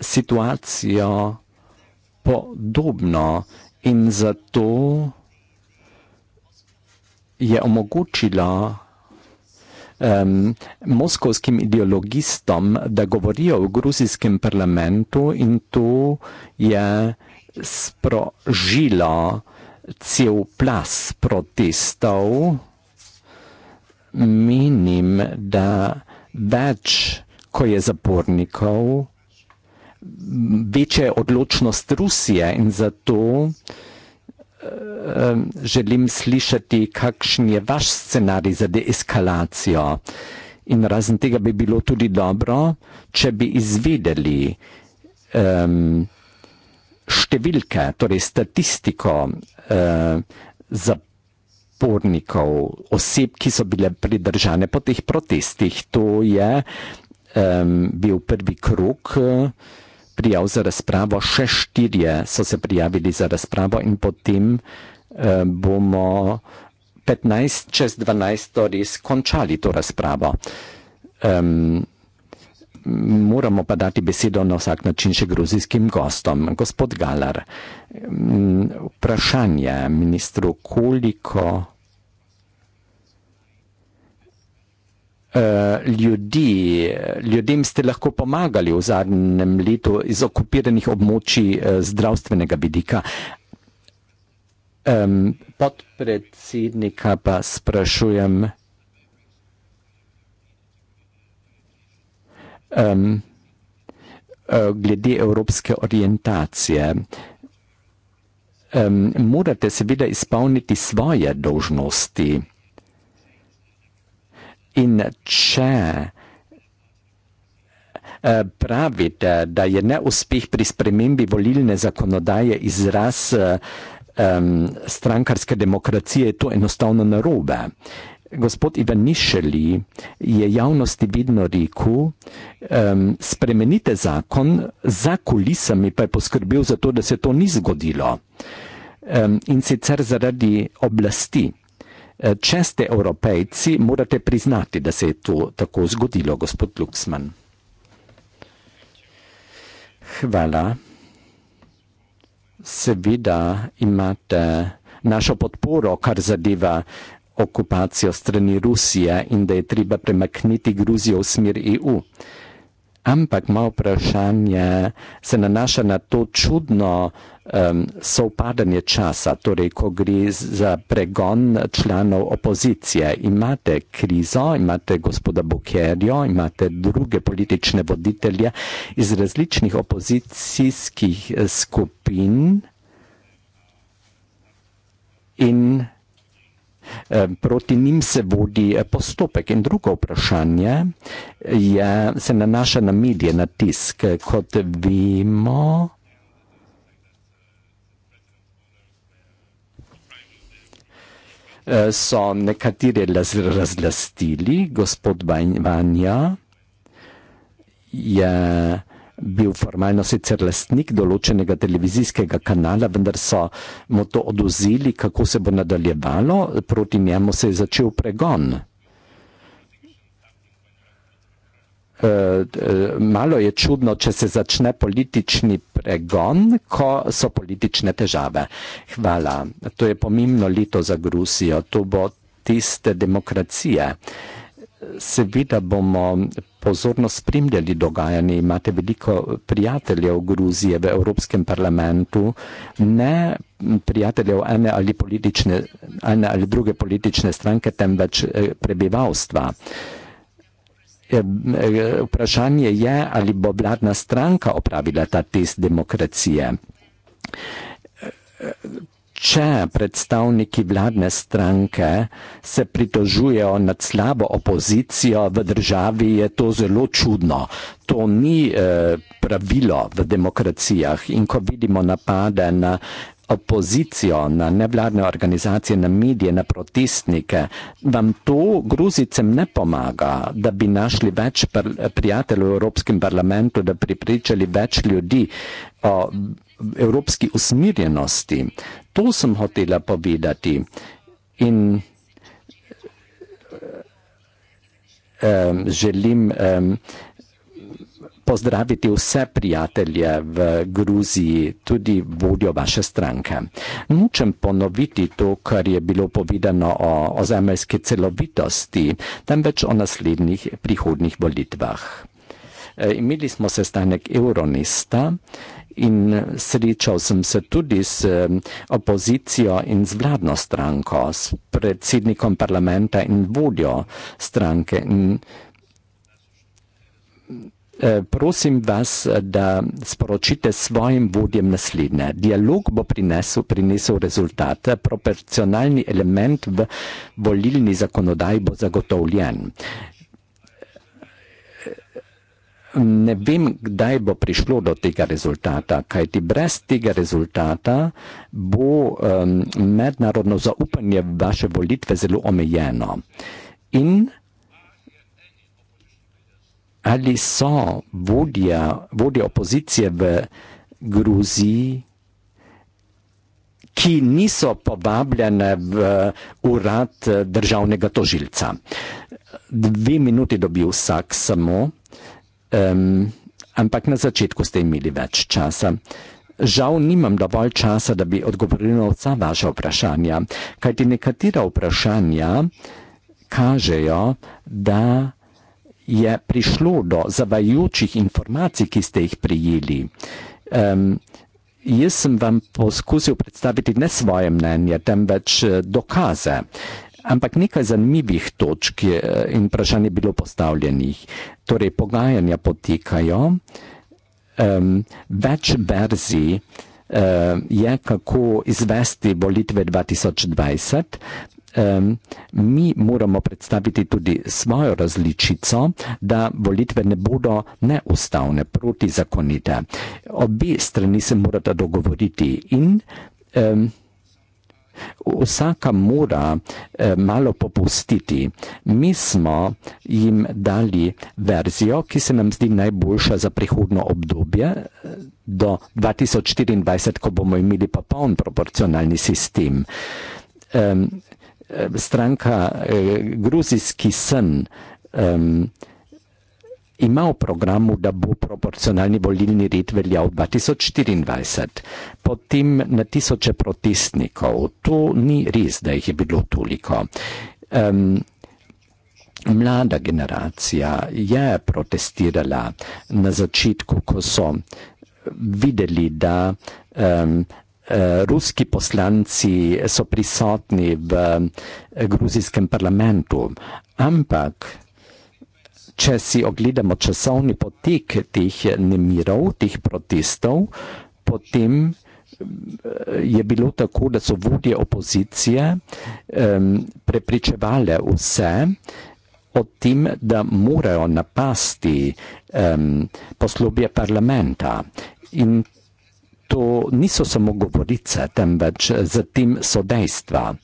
situacijo podobno in zato je omogočila um, moskovskim ideologistom, da govorijo v gruzijskem parlamentu in to je sprožilo cel plas protestov. Menim, da več, ko je zapornikov, večja je odločnost Rusije in zato Ehm, želim slišati, kakšen je vaš scenarij za deeskalacijo. In razen tega bi bilo tudi dobro, če bi izvedeli um, številke, torej statistiko uh, zapornikov, oseb, ki so bile pridržane po teh protestih. To je um, bil prvi krok. Uh, prijav za razpravo, še štirje so se prijavili za razpravo in potem eh, bomo 15 čez 12 res torej končali to razpravo. Um, moramo pa dati besedo na vsak način še gruzijskim gostom. Gospod Galar, um, vprašanje ministru, koliko. Eh, ljudi. Eh, ljudem ste lahko pomagali v zadnjem letu iz okupiranih območij eh, zdravstvenega vidika. Um, podpredsednika pa sprašujem. Um, glede evropske orientacije. Um, morate seveda izpolniti svoje dožnosti. In če eh, pravite, eh, da je neuspeh pri spremembi volilne zakonodaje izraz um, strankarske demokracije, je to enostavno narobe. Gospod Ivan Nišeli je javnosti vidno rekel, um, spremenite zakon, za kulisami pa je poskrbel za to, da se to ni zgodilo um, in sicer zaradi oblasti. Eh, če ste evropejci, morate priznati, da se je to tako zgodilo, gospod Luksman. Hvala. Seveda imate našo podporo, kar zadeva okupacijo strani Rusije in da je treba premakniti Gruzijo v smer EU. Ampak moje vprašanje se nanaša na to čudno uh, um, sovpadanje časa, torej ko gre za pregon članov opozicije. Imate krizo, imate gospoda Bukerjo, imate druge politične voditelje iz različnih opozicijskih eh, skupin in Proti njim se vodi eh, postopek. In drugo vprašanje je, se nanaša na medije, na tisk. Kot vemo, Eh, so nekatere raz, razlastili, gospod Vanja je bil formalno sicer lastnik določenega televizijskega kanala, vendar so mu to oduzili, kako se bo nadaljevalo, proti njemu se je začel pregon. Eh, eh, malo je čudno, če se začne politični pregon, ko so politične težave. Hvala. To je pomembno leto za Grusijo. To bo tiste demokracije. Seveda bomo pozorno spremljali dogajanje. Imate veliko prijateljev Gruzije v Evropskem parlamentu, ne prijateljev ene ali, ene ali druge politične stranke, temveč eh, prebivalstva. E, vprašanje je, ali bo vladna stranka opravila ta test demokracije. E, če predstavniki vladne stranke se pritožujejo nad slabo opozicijo v državi, je to zelo čudno. To ni eh, pravilo v demokracijah in ko vidimo napade na opozicijo, na nevladne organizacije, na medije, na protestnike, vam to Gruzicem ne pomaga, da bi našli več prijateljev v Evropskem parlamentu, da pripričali več ljudi o evropski usmirjenosti. To sem hotela povedati. In eh, želim. Eh, pozdraviti vse prijatelje v Gruziji, tudi vodjo vaše stranke. Nočem ponoviti to, kar je bilo povedano o ozemeljski celovitosti, temveč o naslednjih prihodnih volitvah. E, imeli smo sestanek Euronista in srečal sem se tudi s opozicijo in z vladno stranko, s predsednikom parlamenta in vodjo stranke. In Eh, prosim vas, eh, da sporočite svojim vodjem naslednje. Dialog bo prinesel, prinesel rezultat, proporcionalni element v volilni zakonodaj bo zagotovljen. Ne vem, kdaj bo prišlo do tega rezultata, kajti brez tega rezultata bo um, mednarodno zaupanje v vaše volitve zelo omejeno. In ali so vodja, vodja opozicije v Gruziji, ki niso povabljene v urad državnega tožilca. Dve minuti dobi vsak samo, um, ampak na začetku ste imeli več časa. Žal nimam dovolj časa, da bi odgovoril na vsa vaša vprašanja, kajti nekatera vprašanja kažejo, da je prišlo do zavajajočih informacij, ki ste jih prijeli. Um, jaz sem vam poskusil predstaviti ne svoje mnenje, temveč eh, dokaze. Ampak nekaj zanimivih točk eh, in vprašanj je bilo postavljenih. Torej, pogajanja potekajo, um, več verzij um, je, kako izvesti volitve 2020, um, mi moramo predstaviti tudi svojo različico, da volitve ne bodo neustavne, protizakonite. Obe strani se morata dogovoriti in um, Vsaka mora eh, malo popustiti. Mi smo jim dali verzijo, ki se nam zdi najboljša za prihodno obdobje e, do 2024, ko bomo imeli popoln proporcionalni sistem. Eh, Eh, stranka eh, Gruzijski sen um, ima v programu, da bo proporcionalni volilni red veljal 2024, potem na tisoče protestnikov. To ni res, da jih je bilo toliko. Um, mlada generacija je protestirala na začetku, ko so videli, da um, Eh, ruski poslanci so prisotni v eh, gruzijskem parlamentu, ampak če si ogledamo časovni potek teh eh, nemirov, teh protestov, potem je bilo tako, da so vodje opozicije um, prepričevali vse o tem, da morajo napasti um, poslobje parlamenta. In to niso samo govorice, temveč za tem so dejstva.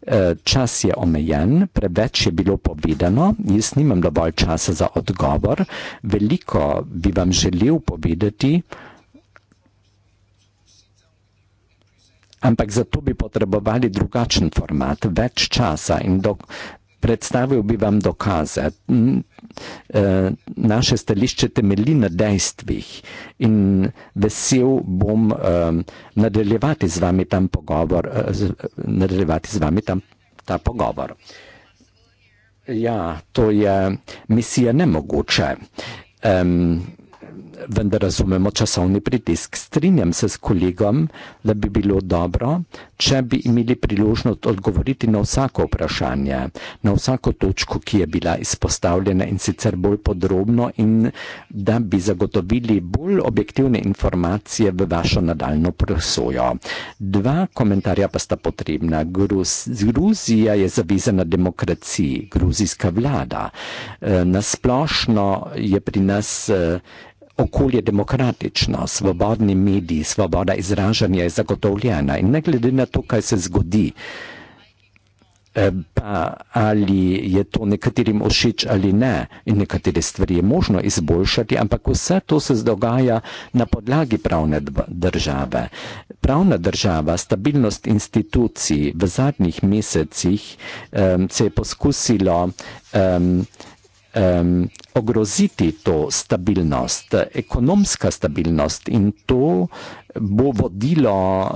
E, čas je omejen, preveč je bilo povedano, jaz nimam dovolj časa za odgovor, veliko bi vam želel povedati, ampak zato bi potrebovali drugačen format, več časa in dok, Predstavil bi vam dokaze. Mm, eh, naše stališče temelji na dejstvih in vesel bom eh, nadaljevati z vami tam pogovor. Eh, nadaljevati z vami tam ta pogovor. Ja, to je misija nemogoče. Um, vendar razumemo časovni pritisk. Strinjam se s kolegom, da bi bilo dobro, če bi imeli priložnost odgovoriti na vsako vprašanje, na vsako točko, ki je bila izpostavljena in sicer bolj podrobno in da bi zagotovili bolj objektivne informacije v vašo nadaljno presojo. Dva komentarja pa sta potrebna. Gruz, Gruzija je zavezana demokraciji, gruzijska vlada. Eh, Nasplošno je pri nas eh, okolje demokratično, svobodni mediji, svoboda izražanja je zagotovljena in ne glede na to, kaj se zgodi, eh, pa ali je to nekaterim ošič ali ne in nekatere stvari je možno izboljšati, ampak vse to se dogaja na podlagi pravne države. Pravna država, stabilnost institucij v zadnjih mesecih um, se je poskusilo um, um, ogroziti to stabilnost, ekonomska stabilnost in to bo vodilo uh,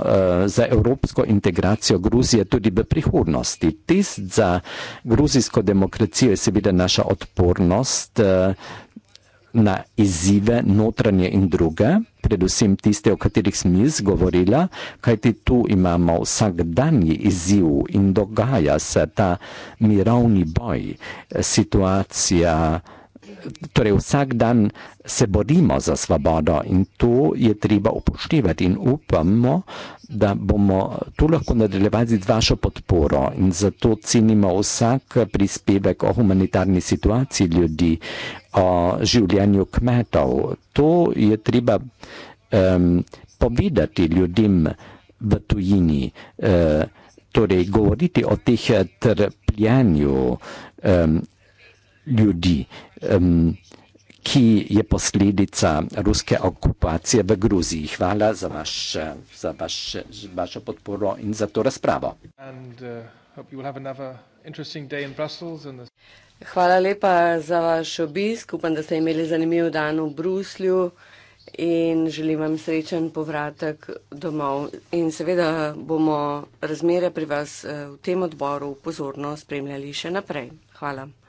za evropsko integracijo Gruzije tudi v prihodnosti. Test za gruzijsko demokracijo je seveda naša odpornost. Uh, na izzive notranje in druge, predvsem tiste, o katerih sem jaz govorila, kajti tu imamo vsakdanji izziv in dogaja se ta mirovni boj, situacija torej vsak dan se borimo za svobodo in to je treba upoštevati in upamo, da bomo to lahko nadaljevali z vašo podporo in zato cenimo vsak prispevek o humanitarni situaciji ljudi, o življenju kmetov. To je treba um, povedati ljudem v tujini, uh, torej govoriti o teh trpljenju um, ljudi um, ki je posledica ruske okupacije v Gruziji. Hvala za, vaš, za vaš, vašo podporo in za to razpravo. And, uh, Hvala lepa za vaš obisk. Upam, da ste imeli zanimiv dan v Bruslju in želim vam srečen povratek domov. In seveda bomo razmere pri vas eh, v tem odboru pozorno spremljali še naprej. Hvala.